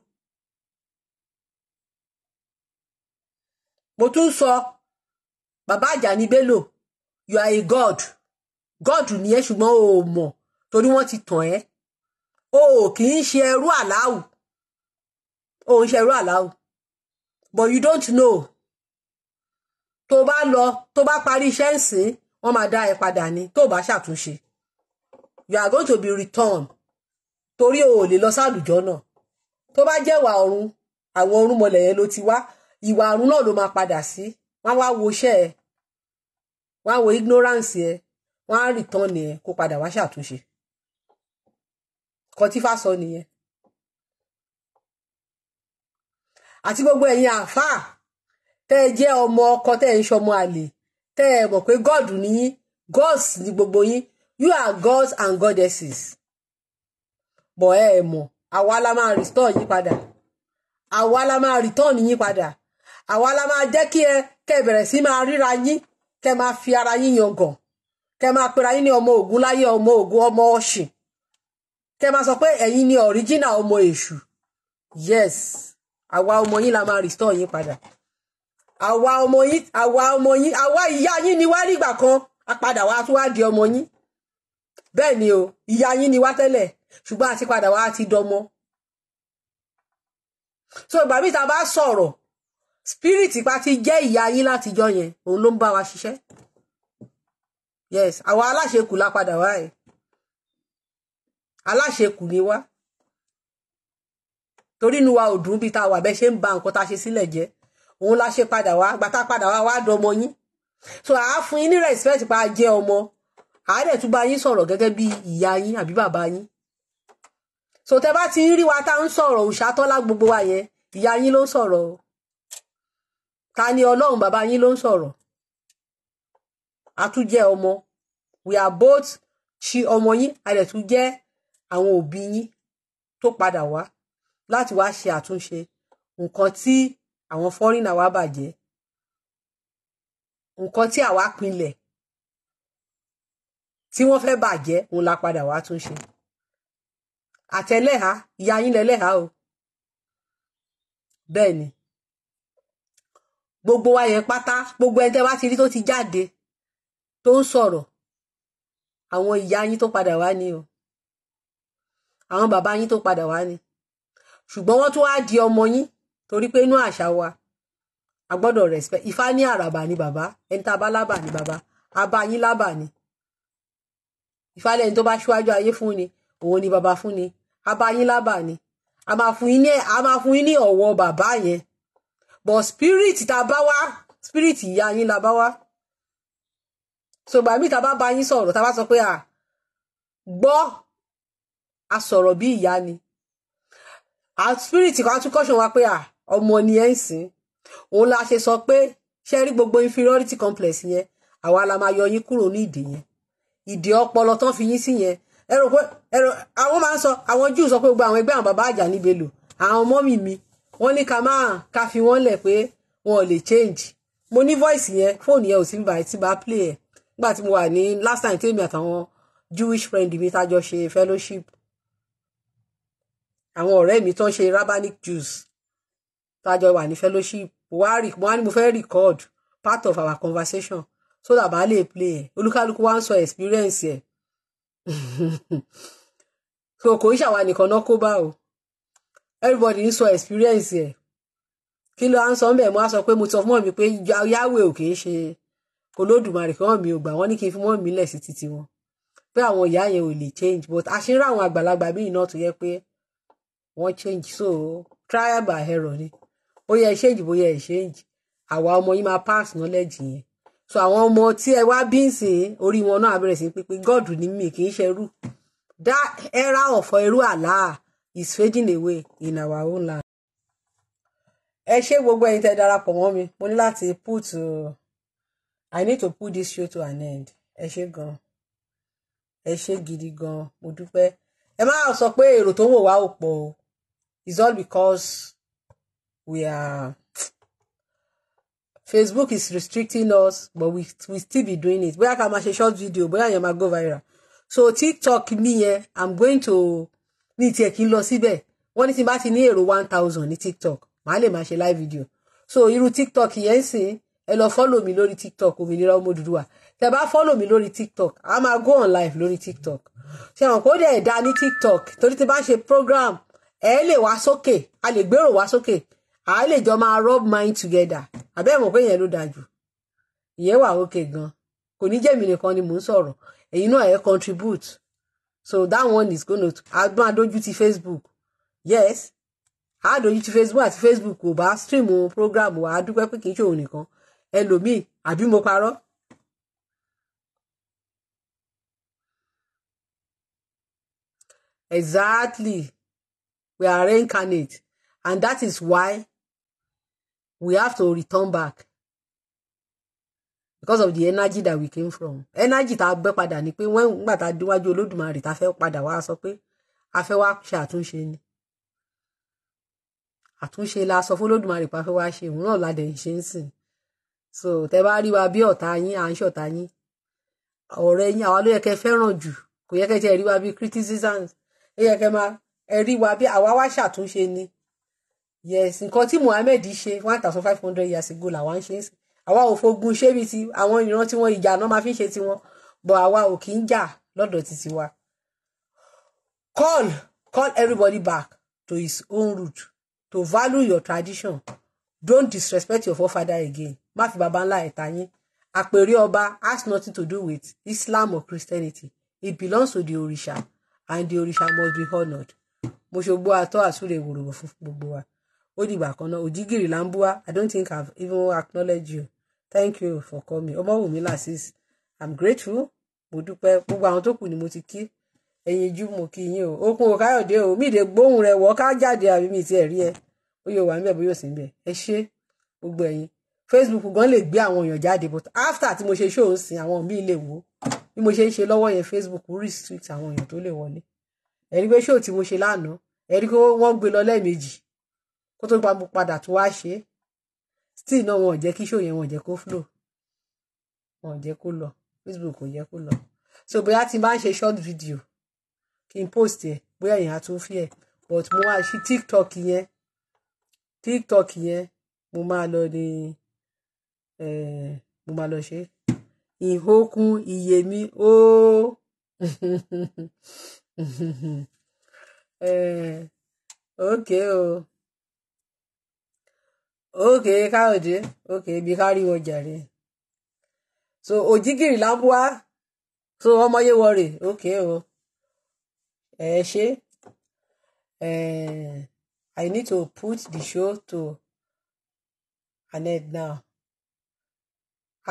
mo tún sọ bàbá Àjàní Bello you are a god god ni ẹ ṣùgbọ́n o ò mọ̀ torí wọ́n ti tàn ẹ́ o kì í ṣe ẹrú àláwù òun ṣẹ̀rú àláò but you don't know tó bá lọ tó bá parí iṣẹ́ ìsìn wọ́n máa dá ẹ padà ní tó bá ṣàtúnṣe you are going to be returned torí o ò lè lọ sálùjọ náà tó bá jẹ́ ìwà ọ̀run àwọn ọ̀run mọ̀lẹ̀ yẹn ló ti wá ìwà ọ̀run náà ló máa padà sí wọ́n wá wo iṣẹ́ ẹ wọ́n á wo ignorance ẹ wọ́n á return ẹ kó padà wá ṣàtúnṣe kọtífà sọ nìyẹn àti gbogbo ẹ̀yin àáfàá tẹ́ ẹ jẹ́ ọmọ ọkọ tẹ́ ẹ ń ṣọmọ àlè tẹ́ ẹ mọ̀ pé god ni yín gods ni gbogbo yín you are gods and goddesses bọ̀ ẹ ẹ mọ̀ àwa la máa return yín padà àwa la máa return yín padà àwa la máa jẹ́ kí ẹ kẹ́ ẹ bẹ̀rẹ̀ sí máa ríra yín kẹ́ ẹ máa fi ara yín yangàn kẹ́ ẹ máa pera yín ní ọmọ ògún láyé ọmọ ògún ọmọ ọ̀sìn kẹ́ ẹ máa sọ pé ẹ̀yin ni original ọmọ èṣù yes àwa ọmọ yín la máa restore yín padà àwa ọmọ yín àwa ọmọ yín àwa ìyá yín ni wá nígbà kan a padà tún wá di ọmọ yín bẹ́ẹ̀ ni o ìyá yín ni wá tẹ́lẹ̀ ṣùgbọ́n àti padà wá ti dọmọ so ìgbà míì tá a bá sọ̀rọ̀ spirit pa ti jẹ́ ìyá yín látijọ́ yẹn òun ló ń bá wa ṣiṣẹ́ yes àwa aláṣekù la padà wá ẹ̀ aláṣekù ni wá torí inú wa ò dùn bí tá a wà bẹ́ẹ̀ ṣe ń ba nǹkan tá ṣe sílẹ̀ jẹ́ òun la ṣe padà wá gbàtà padà wá wá dọmọ yín so àá fún yín ní respect pa jẹ́ ọmọ àá dẹ̀ tún bá yín sọ̀rọ̀ gẹ́gẹ́ bí ìyá yín àbí bàbá yín so tẹ bá ti rí wa tá ń sọ̀rọ̀ òṣàtọ́lá gbogbo wa yẹn ìyá yín ló ń sọ̀rọ̀ o ta ni ọlọ́run bàbá yín ló ń sọ̀rọ̀ a tún jẹ́ ọmọ we are both ṣi ọmọ yín a dẹ̀ tún jẹ́ àwọn òbí yín tó padà wá láti wá ṣe àtúnṣe nǹkan tí àwọn fọ́rínà wa bàjẹ́ nǹkan tí àwa pinlẹ̀ tí wọ́n fẹ́ bàjẹ́ òun la padà wá tún ṣe àtẹlẹ́hà ìyá yín lẹ́lẹ́hà o bẹ́ẹ̀ ni gbogbo wa yẹn pátá gbogbo ẹni tẹ́ bá ti rí tó ti jáde tó ń sọ̀rọ̀ àwọn ìyá yín tó padà wá ni o àwọn bàbá yín tó padà wá ni ṣùgbọ́n wọ́n tún wá di ọmọ yín torí pé inú àṣà wa a gbọ́dọ̀ respect ifá ní àràbà ni bàbá ẹni tá a bá lábà ni bàbá a bá yín lábà ni ifá lẹ́ni tó bá ṣíwájú ayé fún ni òun ni bàbá fún ni a bá yín lábà ni a máa fún yín ní ọ̀wọ́ bàbá yẹn but spirit tá a bá wá spirit ìyá yín la bá wá so gbàmí tá a bá bá yín sọ̀rọ̀ tá a bá sọ pé à gbọ́ a sọ̀rọ̀ bí ìyá ni spirit kan tún kọ́ṣọ́ wa pé ọmọ ni ẹ̀ ń sìn òun la ṣe sọ pé ṣe rí gbogbo inferiority complex yẹn àwa la máa yọ yín kúrò ní ìdè yẹn ìdè ọpọlọ tán fi yín sí yẹn ẹrọ pé ẹrọ àwọn máa ń sọ àwọn júù sọ pé gbogbo àwọn ẹgbẹ́ Baba bàbá àjà níbẹ̀ lò mommy. ọmọ mi mi wọ́n ní ká máa ká fi wọ́n lẹ̀ pé wọn ò change mo ní voice yẹn fóònù yẹn ò sí bá ti bá play ẹ̀ nígbà tí mo wà ní last time tèmi àtàwọn Jewish friend mi tá jọ ṣe fellowship àwọn ọ̀rẹ́ mi tó ń ṣe rabbanic juice tájọ wà ní fellowship wá rí mo wá mo fẹ́ record part of our conversation so that bá lè play ẹ̀ olúkálùkù wá ń sọ experience ẹ̀ so kò ń ṣàwa nìkan náà kó bá o everybody ń sọ experience ẹ̀ kí ló à ń sọ ń bẹ̀ mo á sọ pé mo sọ fún mi pé yáwé ò kì í ṣe olódùmarè kí wọ́n mi ò gbà wọ́n ní kí n fi wọ́n mi lẹ̀ sí títí wọn pé àwọn ìyá yẹn ò lè change but àṣírí àwọn àgbàlagbà bíi iná tó yẹ pé wọ́n change so trial by error ni bóyá ẹ change bóyá ẹ change àwa ọmọ yìí máa pass knowledge yẹn so àwọn ọmọ tí ẹ wá bí ń sìn orí wọn náà bẹ̀rẹ̀ sí pípé god ni mí kì í ṣe rú that era of ẹrú Allah is fading away in our own land. ẹ ṣé gbogbo ẹ̀yin tẹ́ darapọ̀ mọ́ mi mo ní láti put i need to put this show to an end ẹ ṣé gan ẹ ṣé gidi gan mo dúpẹ́ ẹ má sọ pé èrò tó ń wò wá ò pọ̀ o It's all because we are. Facebook is restricting us, but we we still be doing it. Bóyá ká make a short video, bóyá yẹn máa go viral. So TikTok me yẹn, I'm going to need tiẹ̀ kí n lọ one Wọ́n ní tí n bá one thousand in TikTok, màá lè máa ṣe live video. So you TikTok yẹn ń sìn, ẹ lọ follow mi lórí TikTok, Òmìnira Ọmọ Odùduwà. Tẹ bá follow mi lórí TikTok, I'm a máa go on live lórí TikTok. Ṣé àwọn kò dẹ̀ dá ní TikTok torí tí bá ṣe program ẹ lè wá sókè a lè gbèrò wá sókè a lè jọ máa rub mind together àbẹ́ mọ̀ pé yẹn ló dáa jù ìyẹn wà òkè gan kò ní jẹ́mi nìkan ni mò ń sọ̀rọ̀ ẹ̀yin náà ẹ contribute so that one is gonna agbọn adójú ti Facebook yes àdójú ti Facebook àti Facebook kò bá stream program wa a dúpẹ́ pé kì í ṣòwò nìkan àbí mo parọ́. exactly We are reincarnate. And that is why we have to return back. Because of the energy that we came from. Energy ta gbe pada ni pe wọ́n nígbà tá a díwájú Olódùmarè tá a fẹ́ padà wá sọ a fe wa se àtúnṣe ni. Àtúnṣe la so fun Olódùmarè pa fe wa se ṣe òun la dẹ̀ ń sìn. So tẹ bá rí wa bí ọ̀tá yin à ń ṣọ̀tá yín. Ọ̀rẹ́ yín àwa ló yẹ kẹ́ fẹ́ràn jù kò wa ẹ̀rí wa bí àwa wá ṣàtúnṣe ni yes nǹkan tí Muhammed ṣe one thousand five hundred years ago làwa ń ṣe é àwa ò fogun ṣé bíi ti àwọn ìran tí wọn ìjà náà máa fi ń ṣe tiwọn bọ àwa ò kì í jà lọ́dọ̀ títí wa call call everybody back to his own root to value your tradition don't disrespect your forefather again má fi baba ńlá ẹ̀ta yín àpèrè ọba has nothing to do with Islam or Christianity it belongs to the Orisha, and the Orisha must be honoured mo ṣogbo atọ́ àsúre wòròwò fún gbogbo wa ó dìgbà kan náà òjìgìrì là ń bú i don't think i've even acknowledged you thank you for coming ọmọwùmí lasis i'm grateful mo dúpẹ́ gbogbo àwọn tó kù ni mo ti kí ẹ̀yin jú mo kí yín o okun o káyọ̀dé o mi ìdè gbóhùn rẹ̀ wọ́ ká jáde àbí mi ti ẹ̀ ó yóò wà níbẹ̀ bó yóò sì ń bẹ̀ ẹ ṣé gbogbo ẹ̀yin facebook gan lè gbé àwọn èèyàn jáde but after tí mo ṣe ṣóò ń sìn àwọn míì lè wò bí mo ṣe ń ṣe lọ́wọ́ yẹn facebook restrict àwọn èèyàn tó lè wọlé ẹ rí pé ṣó tí mo ṣe lánàá ẹ rí pé wọ́n gbé lọ lẹ́ẹ̀mejì kó tó gba padà tó wá ṣe still náà wọn ò jẹ́ kí ṣó yẹn wọn ò jẹ́ kó flow wọn ò jẹ́ kó lọ Facebook ò jẹ́ kó lọ so bóyá tí n bá ń ṣe short video kí n post ẹ bóyá èèyàn á tún fi ẹ but mo máa ṣí TikTok yẹn TikTok yẹn mo máa lọ ní eh, mo máa lọ ṣe ìhókùn iyèmí ó oh! eh, okay o okay káyọ̀dé okay ibi ká rí wọn jàre so òjìgìrì lábúwá so ọmọye wọrè okay o ẹ ṣe eh, I need to put the show to an end now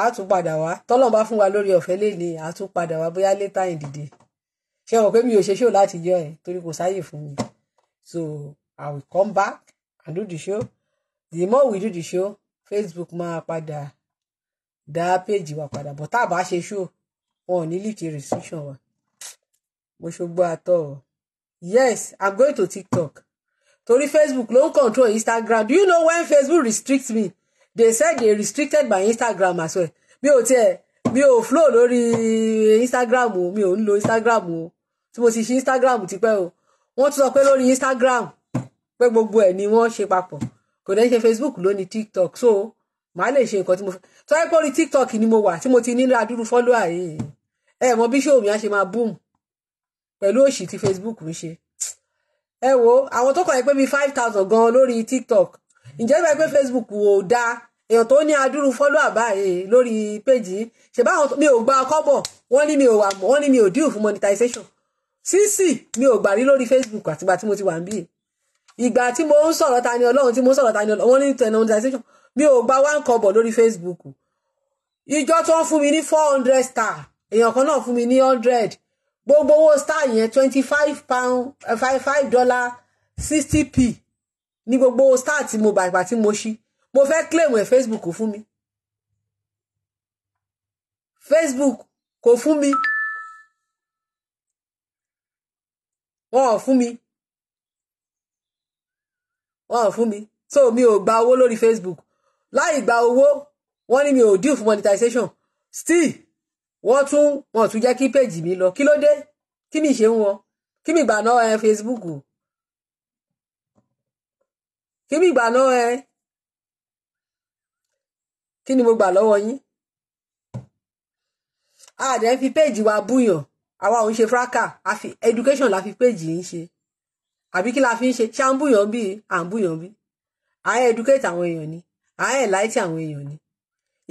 a tún padà wá tọ́lọ́n bá fún wa lórí ọ̀fẹ́ lè ní a tún padà bóyá later in the day ṣé o pé mi ò ṣe show láti jọ ẹ torí kò sáyè fún mi so i will come back and do the show the more we do the show facebook máa padà dá page wa padà but tá a bá ṣe show wọn ò ní leak restriction wa mo ṣogbó atọ o yes i'm going to tiktok torí facebook ló ń control instagram do you know when facebook restricts me they said they restricted my instagram as well mi ò tiẹ̀ mi ò flow lórí instagram o mi ò ń lo instagram o tí mo ti ṣe Instagram tipẹ́ o wọ́n tún sọ pé lórí Instagram pé gbogbo ẹ̀ ni wọ́n ṣe papọ̀ kò dẹ́ ṣe Facebook lónìí TikTok so màá lè ṣe nǹkan tí mo fẹ́ tọ́jú pé orí TikTok ni mo wà tí mo ti nílò adúrú fọ́lọ́à yìí ẹ mọ bí ṣòwò ṣe máa boom pẹ̀lú òṣì tí Facebook ń ṣe ẹ wo àwọn tó kọ̀ ẹ́ pé bíi five thousand gan lórí TikTok ǹjẹ́ bá pé Facebook ò dáa èèyàn tó ní adúrú fọ́lọ́ àbáyé lórí péjì ṣe báwọn mi ò gba ọkọ́ bọ̀ wọ́n ní mi ò wà mọ́ wọ́n ní mi ò díù fún monetization sísì mi ò gbà lórí Facebook àtìgbà tí mo ti wà ń bí ìgbà tí mo ń sọ̀rọ̀ ta ni ọlọ́run tí mo ń sọ̀rọ̀ ta ni ọlọ́run wọ́n ní tẹnudization mi ò gba one kọ́bọ̀ lórí Facebook ìjọ tó ń fún mi ní four hundred star èèyàn kan náà fún mi ní hundred gbogbo owó star yẹn twenty five pound eh, five five dollar sixty p ní gbogbo owó star tí mo bàgbà tí mo ṣí mo fẹ́ claim ẹ̀ Facebook kò fún mi Facebook kò fún mi wọn ò fún mi wọn ò fún mi so mi ò gba owó lórí Facebook láì gba owó wọn ní mi ò deal fún monetization still wọn tún wọn tún jẹ́ kí péjì mi lọ kí ló dé kí mi ṣe ń wọn kí mi gbà náà ẹ Facebook kí mi gbà náà ẹ kí ni mo gbà lọ́wọ́ yín àdẹ fi péjì wa búyàn àwa ò ṣe fraka àfi education la fi péjì ń ṣe àbí kí la fi ń ṣe ṣá ń búyàn bí à ń búyàn bí à educate àwọn èèyàn ni à ń enlighten àwọn èèyàn ni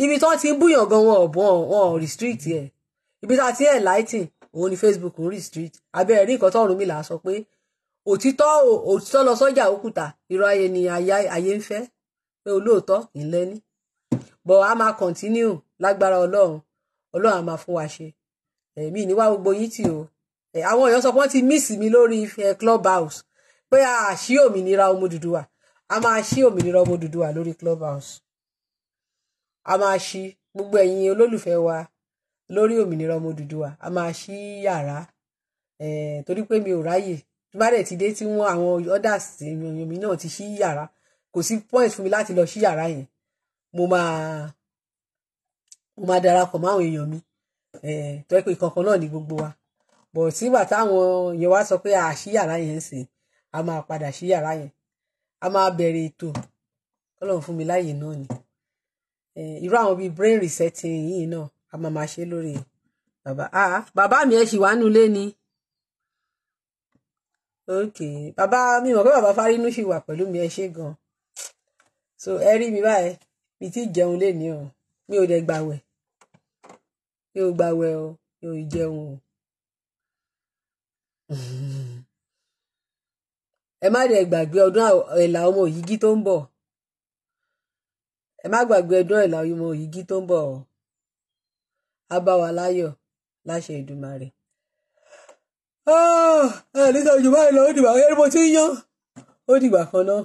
ibi tí wọ́n ti ń búyàn gan wọn ò wọn ò restrict ẹ̀ ibi tí a ti ń enlighten òun ni Facebook ń restrict abẹ́rẹ́ rí nǹkan tọ́run mi là sọ pé òtítọ́ òtítọ́ lọ sọ́jà òkúta irọ́ ayé ni ayé ń fẹ́ pé olóòótọ́ ńlẹ́ni bọ̀ a máa continue lágbára ọlọ́run ọlọ́run a máa fún wa ṣe èmi ní wá gbogbo yìí tì o àwọn èèyàn sọ pé wọ́n ti miss mi lórí club house pé a ṣí òmìnira ọmọ Odùduwà a máa ṣí òmìnira ọmọ Odùduwà lórí club house a máa ṣí gbogbo ẹ̀yin olólùfẹ́ wa lórí òmìnira ọmọ Odùduwà a máa ṣí yàrá torí pé mi ò ráyè tí bá dẹ̀ ti dé tí wọ́n àwọn others èèyàn mi náà ti ṣí yàrá kò sí point fún mi láti lọ ṣí yàrá yẹn mo máa mo máa darapọ̀ mọ́ èèyàn mi Eh, tó yẹ pé kankan náà ni gbogbo wa bọ̀ sígbà táwọn yẹn wá sọ pé a ṣí yàrá yẹn sìn a máa padà sí yàrá yẹn a máa bẹ̀rẹ̀ ètò Ọlọ́run fún mi láàyè náà ni eh, irú àwọn bíi brain resetting yìí náà a máa máa ṣe lórí bàbá ah bàbá mi ẹ ṣì wá nulẹ̀ ni ok bàbá mi mọ̀ pé bàbá Fárínú ṣì wà pẹ̀lú mi ẹ ṣe gan so ẹ rí mi báyìí mi ti jẹun lé o mi ò dẹ̀ gbàwẹ̀ mi ò gbàwẹ̀ o mi ò jẹun o ẹ má dẹ̀ gbàgbé ọdún ẹ̀là ọmọ òyìgí tó ń bọ̀ ẹ má gbàgbé ọdún ẹ̀là ọmọ òyìgí tó ń bọ̀ o á bá wa láyọ̀ láṣẹ Èdùmàrè. Ah, ẹ ní sọ jù báyìí lọ ó dìgbà ó yẹ mo ti ń yán ó dìgbà kan náà.